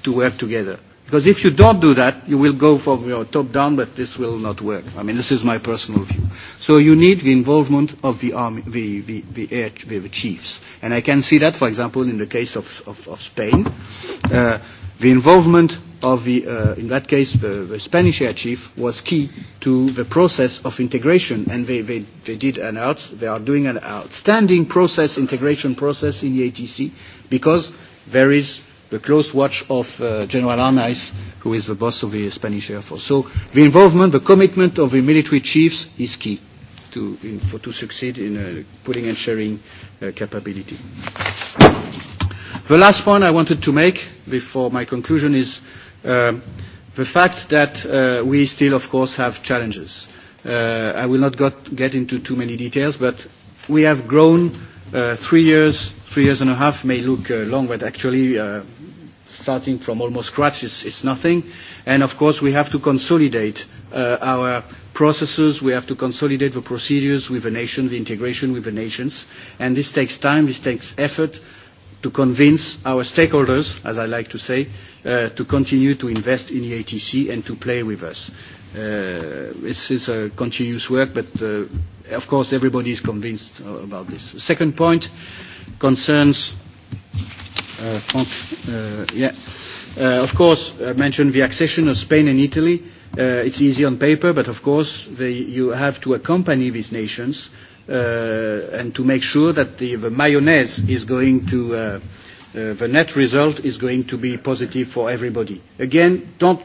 to work together. Because if you don't do that, you will go from your top down, but this will not work. I mean, this is my personal view. So you need the involvement of the army, the, the, the, air, the, the chiefs. And I can see that, for example, in the case of, of, of Spain, uh, the involvement of the, uh, in that case, the, the Spanish air chief was key to the process of integration, and they, they, they did an out, they are doing an outstanding process, integration process in the ATC, because there is the close watch of uh, General Arnaiz, who is the boss of the Spanish Air Force. So the involvement, the commitment of the military chiefs is key to, in, for, to succeed in uh, putting and sharing uh, capability. The last point I wanted to make before my conclusion is uh, the fact that uh, we still, of course, have challenges. Uh, I will not got, get into too many details, but we have grown Uh, three years, three years and a half may look uh, long, but actually, uh, starting from almost scratch, it's, it's nothing. And of course, we have to consolidate uh, our processes. We have to consolidate the procedures with the nation, the integration with the nations. And this takes time, this takes effort to convince our stakeholders, as I like to say, uh, to continue to invest in the ATC and to play with us uh, it's, it's a continuous work, but uh, of course everybody is convinced uh, about this. The second point concerns, uh, Frank, uh, yeah, uh, of course I uh, mentioned the accession of Spain and Italy. Uh, it's easy on paper, but of course they, you have to accompany these nations uh, and to make sure that the, the mayonnaise is going to, uh, uh, the net result is going to be positive for everybody. Again, don't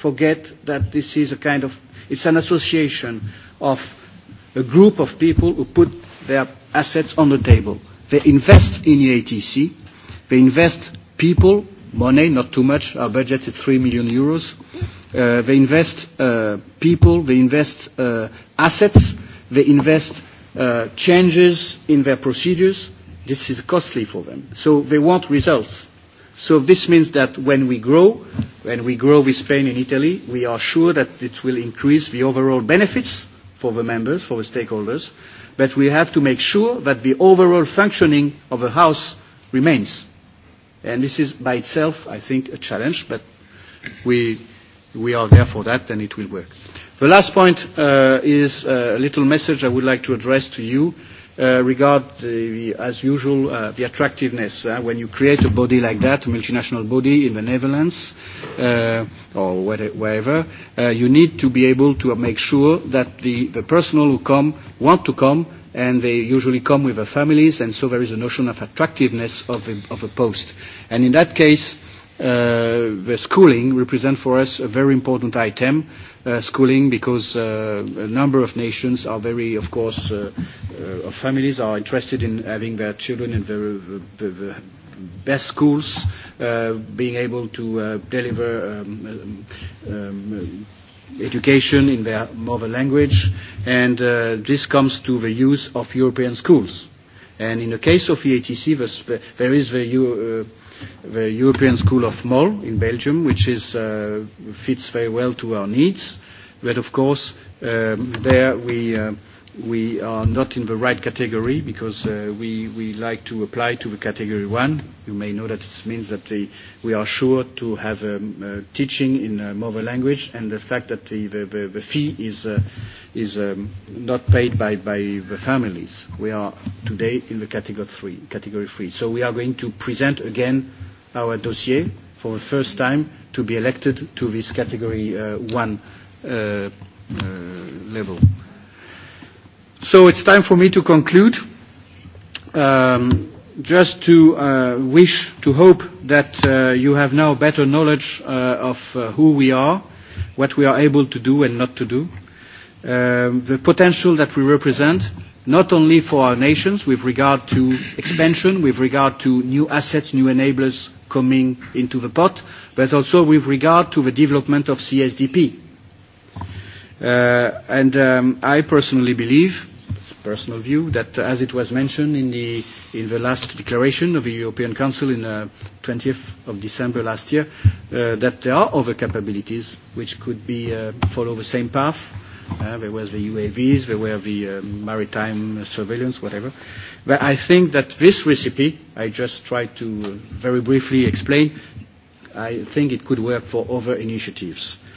forget that this is a kind of, it's an association of a group of people who put their assets on the table. They invest in EATC, they invest people, money, not too much, our budget is 3 million euros. Uh, they invest uh, people, they invest uh, assets, they invest uh, changes in their procedures. This is costly for them. So they want results So this means that when we grow, when we grow with Spain and Italy, we are sure that it will increase the overall benefits for the members, for the stakeholders, but we have to make sure that the overall functioning of the house remains. And this is by itself, I think, a challenge, but we, we are there for that, and it will work. The last point uh, is uh, a little message I would like to address to you. Uh, uh, regard, the, as usual, uh, the attractiveness. Uh, when you create a body like that, a multinational body in the Netherlands uh, or wherever, uh, you need to be able to make sure that the, the personnel who come want to come and they usually come with their families, and so there is a notion of attractiveness of the, of the post. And in that case, uh, the schooling represents for us a very important item uh, schooling because uh, a number of nations are very, of course, uh, uh, families are interested in having their children in very, very, best schools, uh, being able to uh, deliver um, um, um, education in their mother language, and uh, this comes to the use of European schools. And in the case of EATC, there is the uh, the European School of Mol in Belgium, which is, uh, fits very well to our needs. But of course, um, there we uh, we are not in the right category because uh, we, we like to apply to the category one. You may know that it means that the, we are sure to have um, uh, teaching in uh, mother language and the fact that the, the, the, the fee is, uh, is um, not paid by, by the families. We are today in the category three, category three. So we are going to present again our dossier for the first time to be elected to this category uh, one uh, uh, level. Uh, So it's time for me to conclude. Um, just to uh, wish, to hope that uh, you have now better knowledge uh, of uh, who we are, what we are able to do and not to do, um, the potential that we represent, not only for our nations with regard to expansion, with regard to new assets, new enablers coming into the pot, but also with regard to the development of CSDP Uh, and um, I personally believe, it's a personal view, that uh, as it was mentioned in the, in the last declaration of the European Council in uh, 20th of December last year, uh, that there are other capabilities which could be uh, follow the same path. Uh, there was the UAVs, there were the uh, maritime surveillance, whatever. But I think that this recipe, I just tried to uh, very briefly explain, I think it could work for other initiatives. Uh,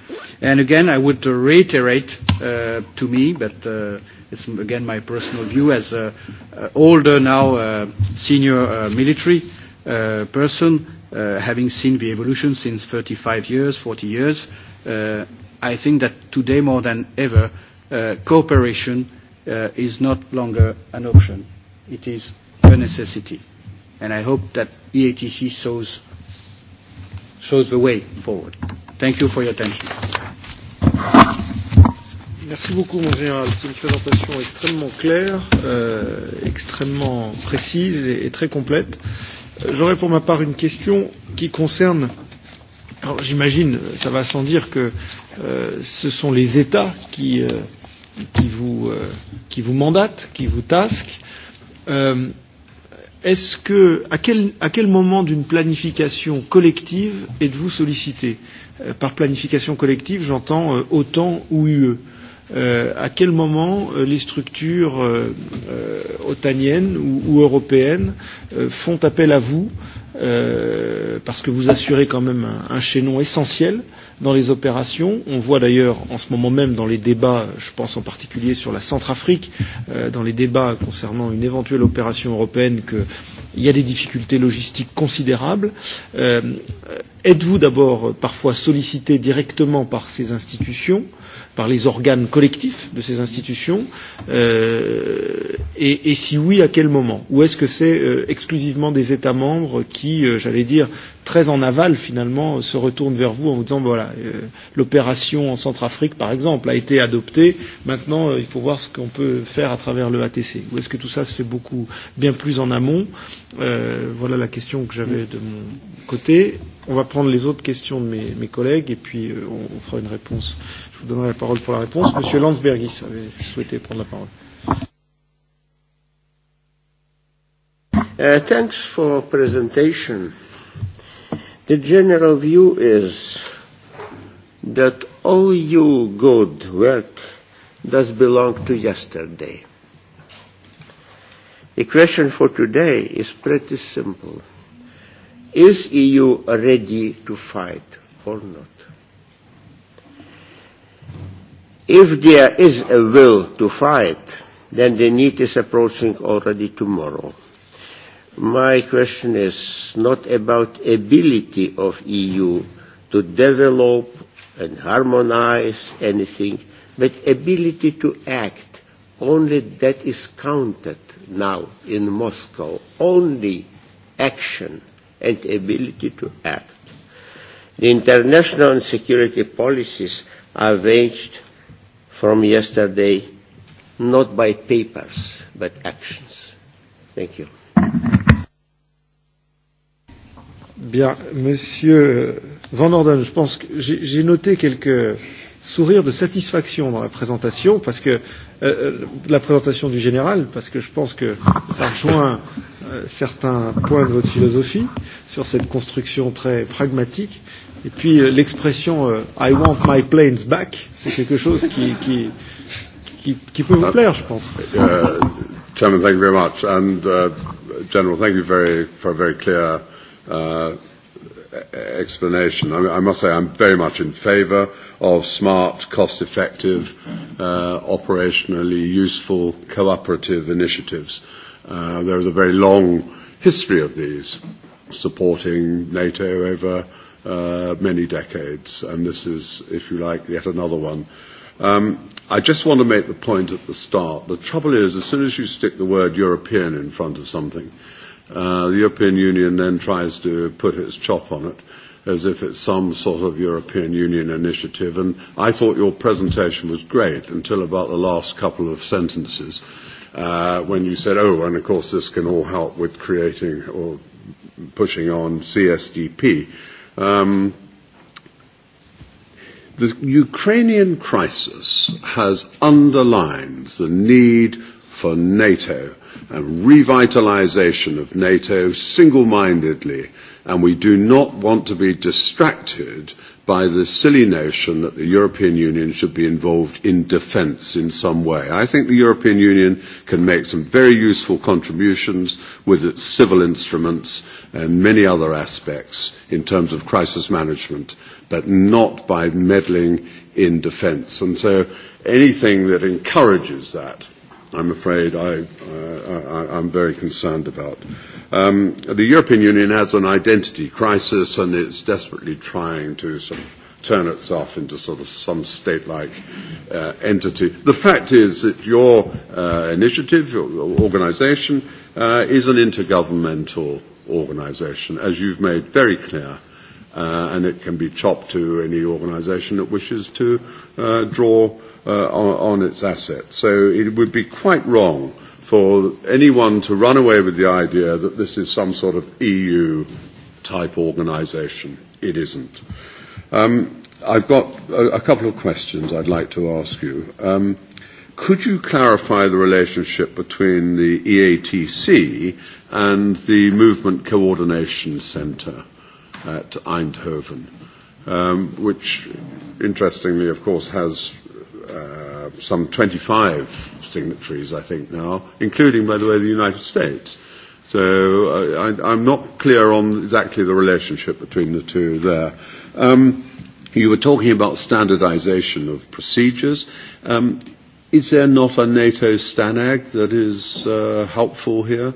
And again, I would uh, reiterate uh, to me, but uh, it's again my personal view as an uh, older now uh, senior uh, military uh, person, uh, having seen the evolution since 35 years, 40 years, uh, I think that today more than ever, uh, cooperation uh, is not longer an option. It is a necessity. And I hope that EATC shows, shows the way forward. Thank you for your attention. Merci beaucoup, mon général. C'est une présentation extrêmement claire, euh, extrêmement précise et, et très complète. Euh, j'aurais pour ma part une question qui concerne. Alors, j'imagine, ça va sans dire que euh, ce sont les États qui, euh, qui, vous, euh, qui vous mandatent, qui vous tasquent. Euh, est-ce que, à quel, à quel moment d'une planification collective êtes-vous sollicité euh, Par planification collective, j'entends euh, OTAN ou UE. Euh, à quel moment euh, les structures euh, euh, otaniennes ou, ou européennes euh, font appel à vous euh, euh, parce que vous assurez quand même un, un chaînon essentiel dans les opérations. On voit d'ailleurs en ce moment même dans les débats, je pense en particulier sur la Centrafrique, euh, dans les débats concernant une éventuelle opération européenne, qu'il y a des difficultés logistiques considérables. Euh, Êtes-vous d'abord parfois sollicité directement par ces institutions euh, par les organes collectifs de ces institutions euh, et, et si oui, à quel moment Ou est-ce que c'est euh, exclusivement des États membres qui, euh, j'allais dire, très en aval finalement, se retournent vers vous en vous disant ben voilà, euh, l'opération en Centrafrique, par exemple, a été adoptée, maintenant euh, il faut voir ce qu'on peut faire à travers le ATC Ou est-ce que tout ça se fait beaucoup bien plus en amont euh, Voilà la question que j'avais de mon côté on va prendre les autres questions de mes, mes collègues et puis euh, on, on fera une réponse. Je vous donnerai la parole pour la réponse. Ah. Monsieur Landsbergis avait souhaité prendre la parole. Uh, thanks for presentation. The general view is that all your good work does belong to yesterday. The question for today is pretty simple Is EU ready to fight or not? If there is a will to fight, then the need is approaching already tomorrow. My question is not about ability of EU to develop and harmonize anything, but ability to act. Only that is counted now in Moscow. Only action and ability to act. The international and security policies are waged from yesterday not by papers but actions. Thank you. Bien, Monsieur Van Orden, je pense que j'ai noté quelques sourire de satisfaction dans la présentation, parce que euh, euh, la présentation du général, parce que je pense que ça rejoint euh, certains points de votre philosophie sur cette construction très pragmatique. Et puis euh, l'expression euh, "I want my planes back", c'est quelque chose qui, qui, qui, qui peut vous euh, plaire, je pense. Uh, Chairman, thank you very much, and uh, General, thank you very for a very clear. Uh, explanation. I, mean, I must say I'm very much in favour of smart, cost-effective, uh, operationally useful cooperative initiatives. Uh, there is a very long history of these supporting NATO over uh, many decades, and this is, if you like, yet another one. Um, I just want to make the point at the start. The trouble is, as soon as you stick the word European in front of something, uh, uh, the European Union then tries to put its chop on it as if it's some sort of European Union initiative. And I thought your presentation was great until about the last couple of sentences uh, when you said, oh, and of course this can all help with creating or pushing on CSDP. Um, the Ukrainian crisis has underlined the need for NATO a revitalization of NATO single-mindedly, and we do not want to be distracted by the silly notion that the European Union should be involved in defence in some way. I think the European Union can make some very useful contributions with its civil instruments and many other aspects in terms of crisis management, but not by meddling in defence. And so anything that encourages that I'm afraid I, uh, I, I'm very concerned about. Um, the European Union has an identity crisis and it's desperately trying to sort of turn itself into sort of some state-like uh, entity. The fact is that your uh, initiative, your organization, uh, is an intergovernmental organization, as you've made very clear uh, and it can be chopped to any organisation that wishes to uh, draw uh, on, on its assets. So it would be quite wrong for anyone to run away with the idea that this is some sort of EU type organisation. It isn't. Um, I've got a, a couple of questions I'd like to ask you. Um, could you clarify the relationship between the EATC and the Movement Coordination Centre at Eindhoven, um, which, interestingly, of course, has uh, some 25 signatories, I think, now, including, by the way, the United States. So uh, I, I'm not clear on exactly the relationship between the two there. Um, you were talking about standardization of procedures. Um, is there not a NATO STANAG that is uh, helpful here?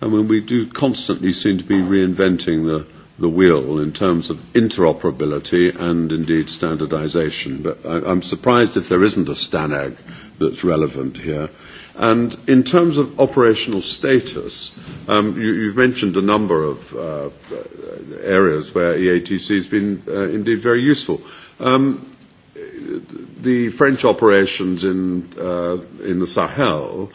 I mean, we do constantly seem to be reinventing the the wheel in terms of interoperability and indeed standardization. But I, I'm surprised if there isn't a STANAG that's relevant here. And in terms of operational status, um, you, you've mentioned a number of uh, areas where EATC has been uh, indeed very useful. Um, the French operations in, uh, in the Sahel,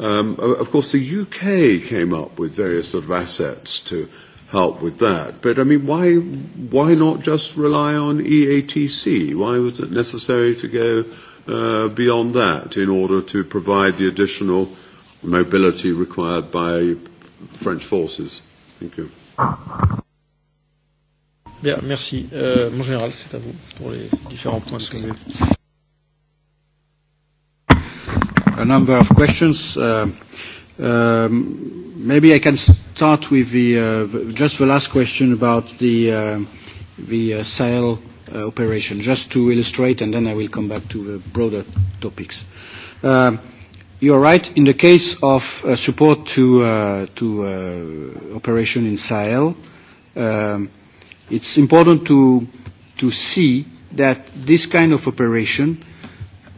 um, of course the UK came up with various sort of assets to help with that. But I mean, why why not just rely on EATC? Why was it necessary to go uh, beyond that in order to provide the additional mobility required by French forces? Thank you. Bien, merci. Euh, mon général, c'est à vous pour les différents points soulevés. A number of questions. Uh, Um, maybe I can start with the, uh, just the last question about the, uh, the uh, Sahel uh, operation, just to illustrate, and then I will come back to the broader topics. Um, you're right. In the case of uh, support to, uh, to uh, operation in Sahel, um, it's important to, to see that this kind of operation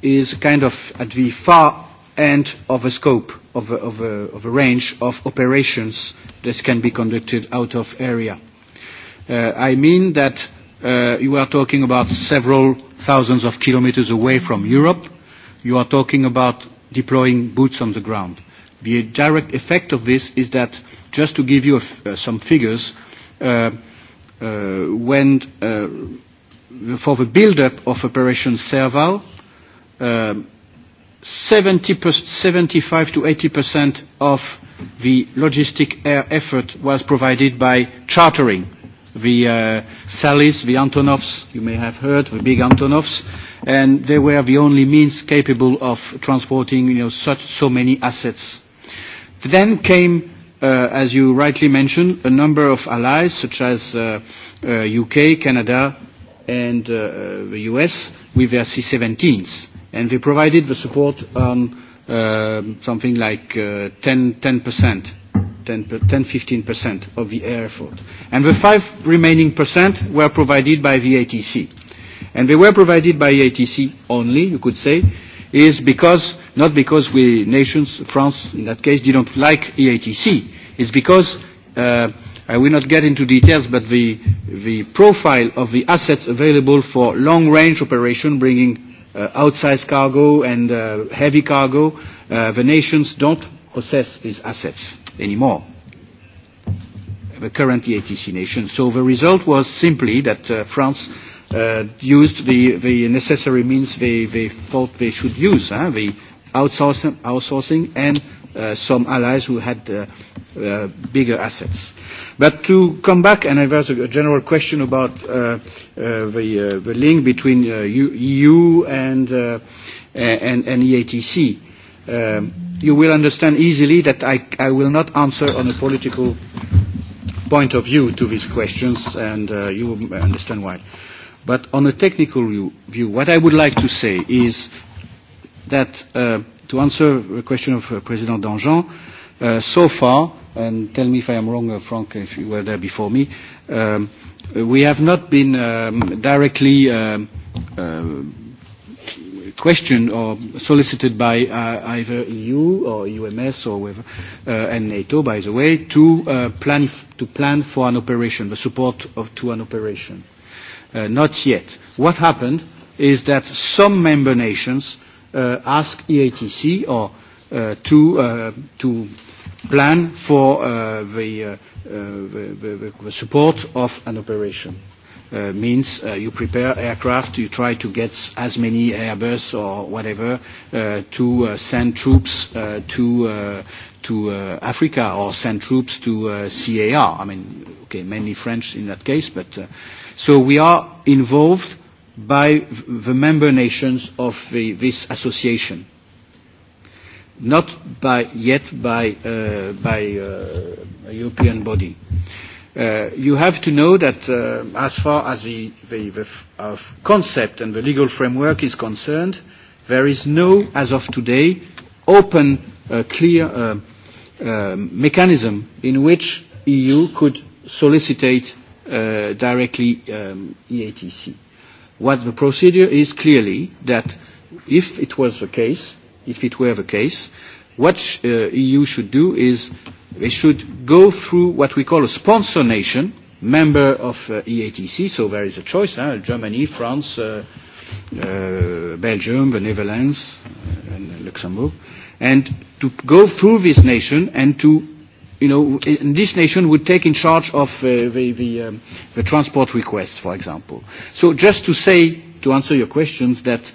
is kind of at the far end of a scope. Uh, of a, of, a, of a range of operations that can be conducted out of area. Uh, I mean that uh, you are talking about several thousands of kilometers away from Europe. You are talking about deploying boots on the ground. The direct effect of this is that, just to give you a f uh, some figures, uh, uh, when uh, for the build-up of Operation Serval, um, 70 75 to 80 percent of the logistic air effort was provided by chartering the uh, Salis, the Antonovs, you may have heard, the big Antonovs, and they were the only means capable of transporting you know, such so many assets. Then came, uh, as you rightly mentioned, a number of allies such as uh, uh, UK, Canada, and uh, uh the US with their C-17s and they provided the support on um, uh, something like uh, 10, 10%. 10-15% of the air effort. And the five remaining percent were provided by the ATC. And they were provided by ATC only, you could say, is because, not because we nations, France in that case, didn't like EATC. It's because, uh, I will not get into details, but the, the profile of the assets available for long-range operation bringing uh, outsize cargo and uh, heavy cargo, uh, the nations don't possess these assets anymore, the current EATC nations. So the result was simply that uh, France uh, used the, the necessary means they, they thought they should use, huh? the outsourcing, outsourcing and uh, some allies who had uh, uh, bigger assets. But to come back, and there was a, a general question about uh, uh, the, uh, the link between uh, EU e and, uh, and, and EATC. Um, you will understand easily that I, I will not answer on a political point of view to these questions, and uh, you will understand why. But on a technical view, view, what I would like to say is that uh, to answer a question of uh, President Danjean, uh, so far, and tell me if I am wrong, uh, Frank, if you were there before me, um, we have not been um, directly um, uh, questioned or solicited by uh, either EU or UMS or whatever, uh, and NATO, by the way, to, uh, plan, f- to plan for an operation, the support of, to an operation. Uh, not yet. What happened is that some member nations uh, uh, ask EATC or uh, to uh, to plan for uh, the, uh, uh, the, the, the support of an operation. Uh, means uh, you prepare aircraft, you try to get as many Airbus or whatever uh, to uh, send troops uh, to uh, to uh, Africa or send troops to uh, CAR. I mean, okay, mainly French in that case, but uh, so we are involved by the member nations of the, this association. Not by, yet by, uh, by uh, a European body. Uh, you have to know that uh, as far as the, the, the f- of concept and the legal framework is concerned, there is no, as of today, open, uh, clear uh, uh, mechanism in which EU could solicit uh, directly um, EATC. What the procedure is clearly that if it was the case, if it were the case, what sh- uh, EU should do is they should go through what we call a sponsor nation, member of uh, EATC, so there is a choice, huh? Germany, France, uh, uh, Belgium, the Netherlands, uh, and Luxembourg, and to go through this nation and to you know, this nation would take in charge of uh, the, the, um, the transport requests, for example. So just to say, to answer your questions, that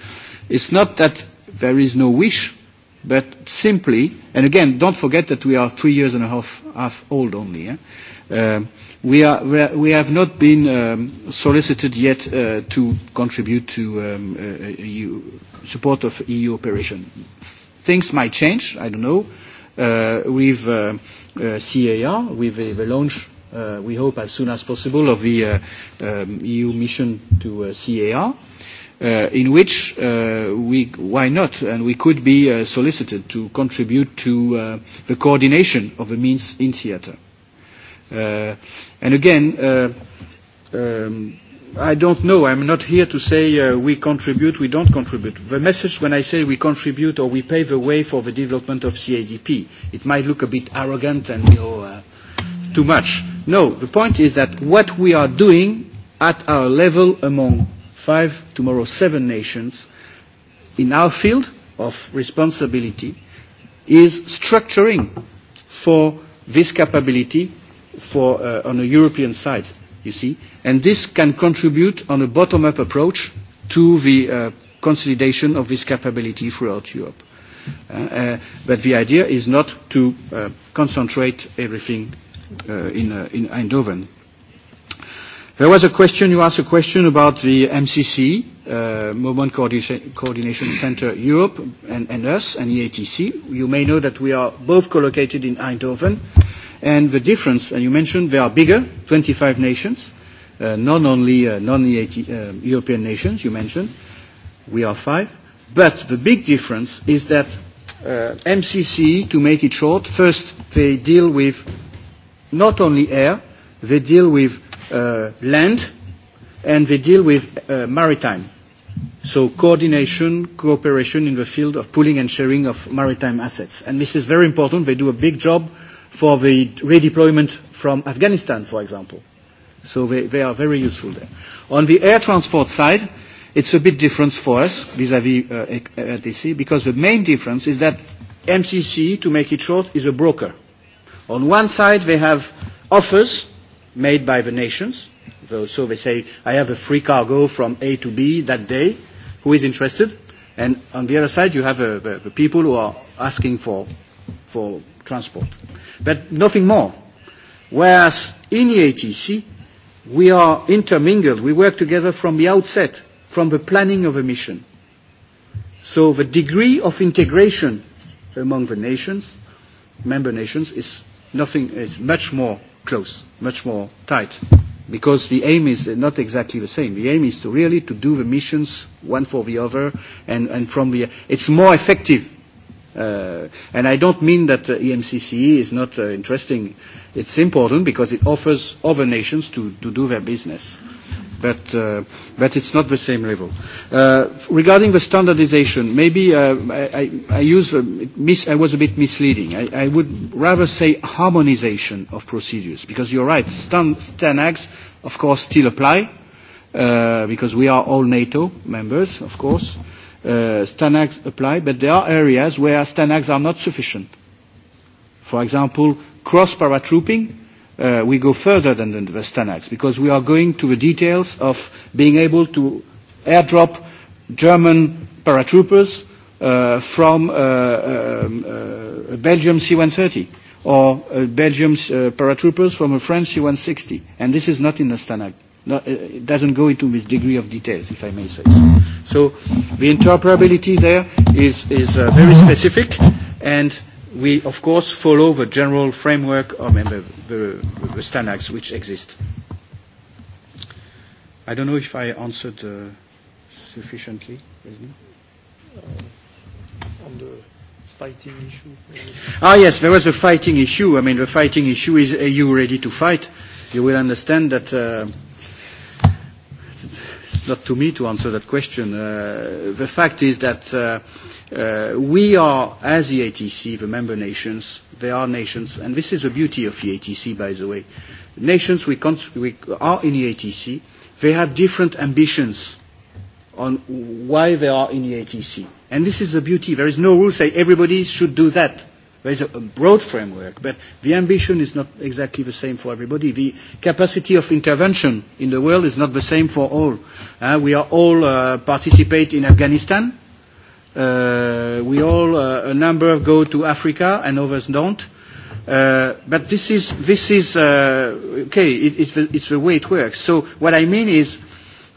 it's not that there is no wish, but simply, and again, don't forget that we are three years and a half, half old only. Eh? Um, we, are, we, are, we have not been um, solicited yet uh, to contribute to um, uh, EU support of EU operation. Things might change, I don't know. Uh, we've... Uh, uh, CAR with the, the launch, uh, we hope, as soon as possible of the uh, um, EU mission to uh, CAR. Uh, in which uh, we, why not, and we could be uh, solicited to contribute to uh, the coordination of the means in theatre. Uh, and again, uh, um, I don't know. I'm not here to say uh, we contribute, we don't contribute. The message when I say we contribute or we pave the way for the development of CADP, it might look a bit arrogant and you know, uh, too much. No, the point is that what we are doing at our level among five, tomorrow seven nations, in our field of responsibility, is structuring for this capability for, uh, on a European side, you see and this can contribute on a bottom-up approach to the uh, consolidation of this capability throughout Europe. Uh, uh, but the idea is not to uh, concentrate everything uh, in, uh, in Eindhoven. There was a question, you asked a question about the MCC, uh, Movement Coordination, Coordination Center Europe, and, and us, and EATC. You may know that we are both collocated in Eindhoven, and the difference, and you mentioned they are bigger, 25 nations, uh, uh, non only uh, non-EU uh, European nations, you mentioned, we are five, but the big difference is that uh, MCC, to make it short, first they deal with not only air, they deal with uh, land, and they deal with uh, maritime. So coordination, cooperation in the field of pooling and sharing of maritime assets. And this is very important. They do a big job for the redeployment from Afghanistan, for example. So they, they are very useful there. On the air transport side, it's a bit different for us vis-à-vis -vis, uh, RTC uh, because the main difference is that MCC, to make it short, is a broker. On one side, they have offers made by the nations. So they say, I have a free cargo from A to B that day. Who is interested? And on the other side, you have uh, the, the people who are asking for, for transport. But nothing more. Whereas in the ATC, we are intermingled. We work together from the outset, from the planning of a mission. So the degree of integration among the nations, member nations, is nothing is much more close, much more tight, because the aim is not exactly the same. The aim is to really to do the missions one for the other, and, and from the it's more effective. Uh, and I don't mean that uh, EMCCE is not uh, interesting. Uh, It's important because it offers other nations to, to do their business. But, uh, but it's not the same level. Uh, regarding the standardization, maybe uh, I, I, I, use, uh, mis- I was a bit misleading. I, I would rather say harmonization of procedures because you're right, Stan, STANAGs, of course, still apply uh, because we are all NATO members, of course. Uh, STANAGs apply, but there are areas where STANAGs are not sufficient. For example, cross paratrooping, uh, we go further than the, the standards because we are going to the details of being able to airdrop German paratroopers uh, from uh, um, uh, Belgium C-130 or uh, Belgium uh, paratroopers from a French C-160. And this is not in the standard. No, uh, it doesn't go into this degree of details, if I may say so. So the interoperability there is, is uh, very specific and uh, we of course follow the general framework of the, the, the standards which exist. I don't know if I answered uh, sufficiently. Uh, on the fighting issue. Ah yes, there was a fighting issue. I mean, the fighting issue is: Are you ready to fight? You will understand that. Uh, it's not to me to answer that question. Uh, the fact is that uh, uh, we are, as the ATC, the member nations, they are nations, and this is the beauty of the ATC, by the way. Nations we, cons- we are in the ATC, they have different ambitions on why they are in the ATC. And this is the beauty. There is no rule say everybody should do that There is a, a broad framework, but the ambition is not exactly the same for everybody. The capacity of intervention in the world is not the same for all. Uh, we are all uh, participate in Afghanistan. Uh, we all, uh, a number go to Africa and others don't. Uh, but this is, this is uh, okay, it, it's, the, it's the way it works. So what I mean is,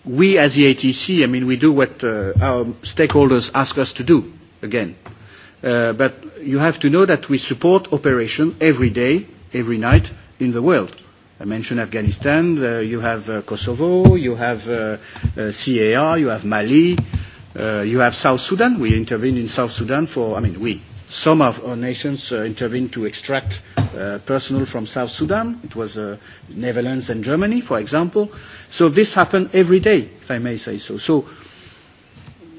we as the ATC, I mean, we do what uh, our stakeholders ask us to do, again. Uh, but you have to know that we support operation every day, every night in the world. I mentioned Afghanistan, uh, you have uh, Kosovo, you have uh, uh, CAR, you have Mali, uh, you have South Sudan. We intervened in South Sudan for, I mean, we, some of our nations uh, intervened to extract uh, personnel from South Sudan. It was uh, Netherlands and Germany, for example. So this happened every day, if I may say so. So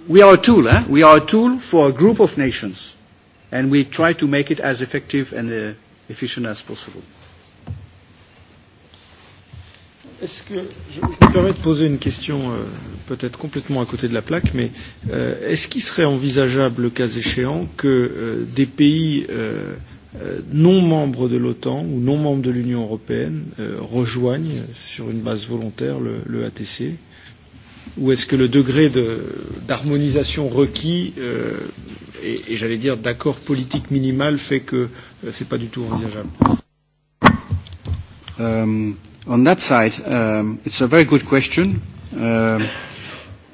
we are a tool. Eh? We are a tool for a group of nations and we try to make it as effective and uh, efficient as possible. Est-ce que je, je me permets de poser une question euh, peut-être complètement à côté de la plaque, mais euh, est-ce qu'il serait envisageable, le cas échéant, que euh, des pays euh, euh non membres de l'OTAN ou non membres de l'Union européenne euh, rejoignent sur une base volontaire le, le ATC ou est-ce que le degré d'harmonisation de, requis euh, et, et j'allais dire d'accord politique minimal fait que euh, c'est pas du tout envisageable um, On that side, um, it's a very good question. Um,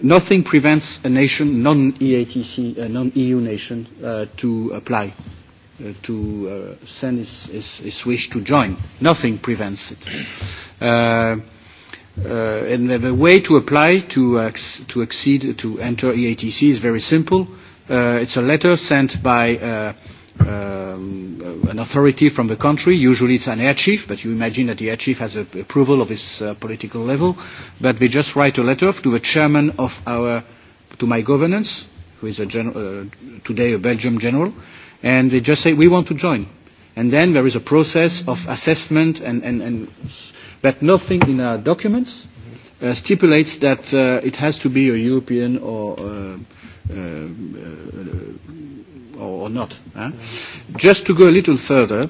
nothing prevents a nation, non-EATC, a uh, non-EU nation, uh, to apply, uh, to uh, send its, its, its wish to join. Nothing prevents it. Uh, Uh, and the, the way to apply to, uh, to exceed, to enter EATC is very simple. Uh, it's a letter sent by uh, um, uh, an authority from the country. Usually it's an air chief, but you imagine that the air chief has a, approval of his uh, political level. But they just write a letter to the chairman of our, to my governance, who is a gen- uh, today a Belgium general, and they just say, we want to join. And then there is a process of assessment and, and, and but nothing in our documents uh, stipulates that uh, it has to be a European or uh, uh, uh, or not. Huh? Just to go a little further,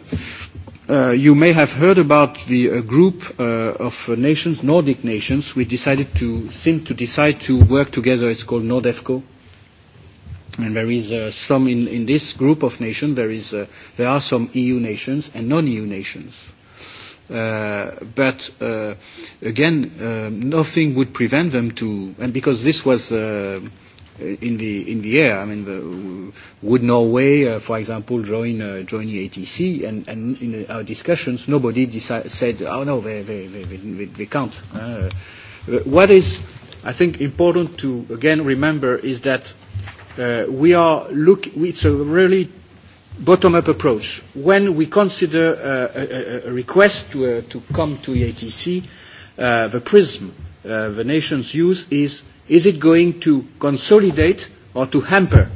uh, you may have heard about the uh, group uh, of uh, nations, Nordic nations, which decided to seem to decide to work together. It's called Nordefco. And there is uh, some in, in this group of nations. There is uh, there are some EU nations and non-EU nations. Uh, Uh, but uh, again, uh, nothing would prevent them to, and because this was uh, in the in the air. I mean, the, would Norway, uh, for example, join uh, join the ATC? And, and in our discussions, nobody decide, said, "Oh no, they they they they, they can't." Uh, uh, what is, I think, important to again remember is that uh, we are look. It's a really bottom-up approach. When we consider uh, a, a request to, uh, to come to EATC, uh, the prism uh, the nations use is, is it going to consolidate or to hamper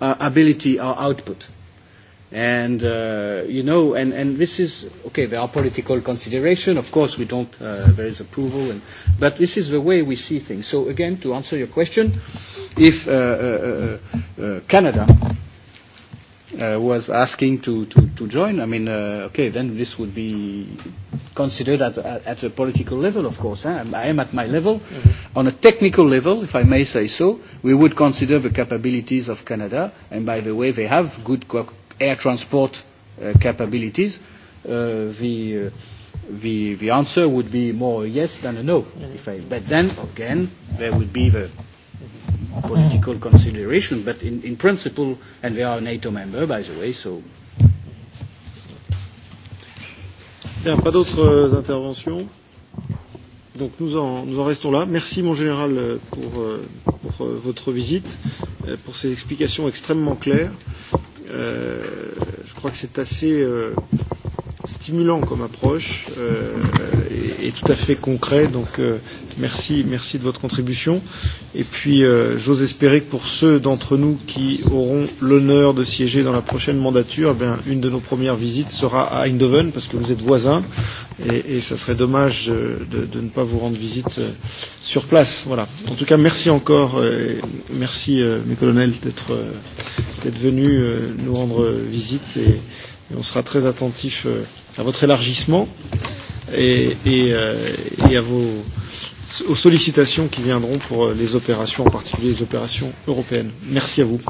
our ability, our output? And, uh, you know, and, and this is, okay, there are political consideration. Of course, we don't, uh, there is approval. And, but this is the way we see things. So, again, to answer your question, if uh, uh, uh, uh, uh Canada uh, was asking to, to, to join, I mean, uh, okay, then this would be considered at, at, at a political level, of course. Eh? I am at my level. Mm-hmm. On a technical level, if I may say so, we would consider the capabilities of Canada, and by the way, they have good air transport uh, capabilities. Uh, the, uh, the, the answer would be more a yes than a no. Mm-hmm. If I, but then, again, there would be the political consideration, but in, in principle, and they are a NATO member, by the way, so. Bien, pas d'autres euh, interventions. Donc nous en, nous en restons là. Merci mon général euh, pour, euh, pour votre visite, pour ces explications extrêmement claires. Euh, je crois que c'est assez euh, stimulant comme approche euh, et, et tout à fait concret. Donc euh, merci, merci de votre contribution. Et puis euh, j'ose espérer que pour ceux d'entre nous qui auront l'honneur de siéger dans la prochaine mandature, eh bien, une de nos premières visites sera à Eindhoven parce que vous êtes voisins et, et ça serait dommage euh, de, de ne pas vous rendre visite euh, sur place. Voilà. En tout cas, merci encore. Euh, merci euh, mes colonels d'être euh, venus euh, nous rendre visite. Et, et on sera très attentif euh, à votre élargissement et, et, euh, et à vos, aux sollicitations qui viendront pour euh, les opérations, en particulier les opérations européennes. Merci à vous.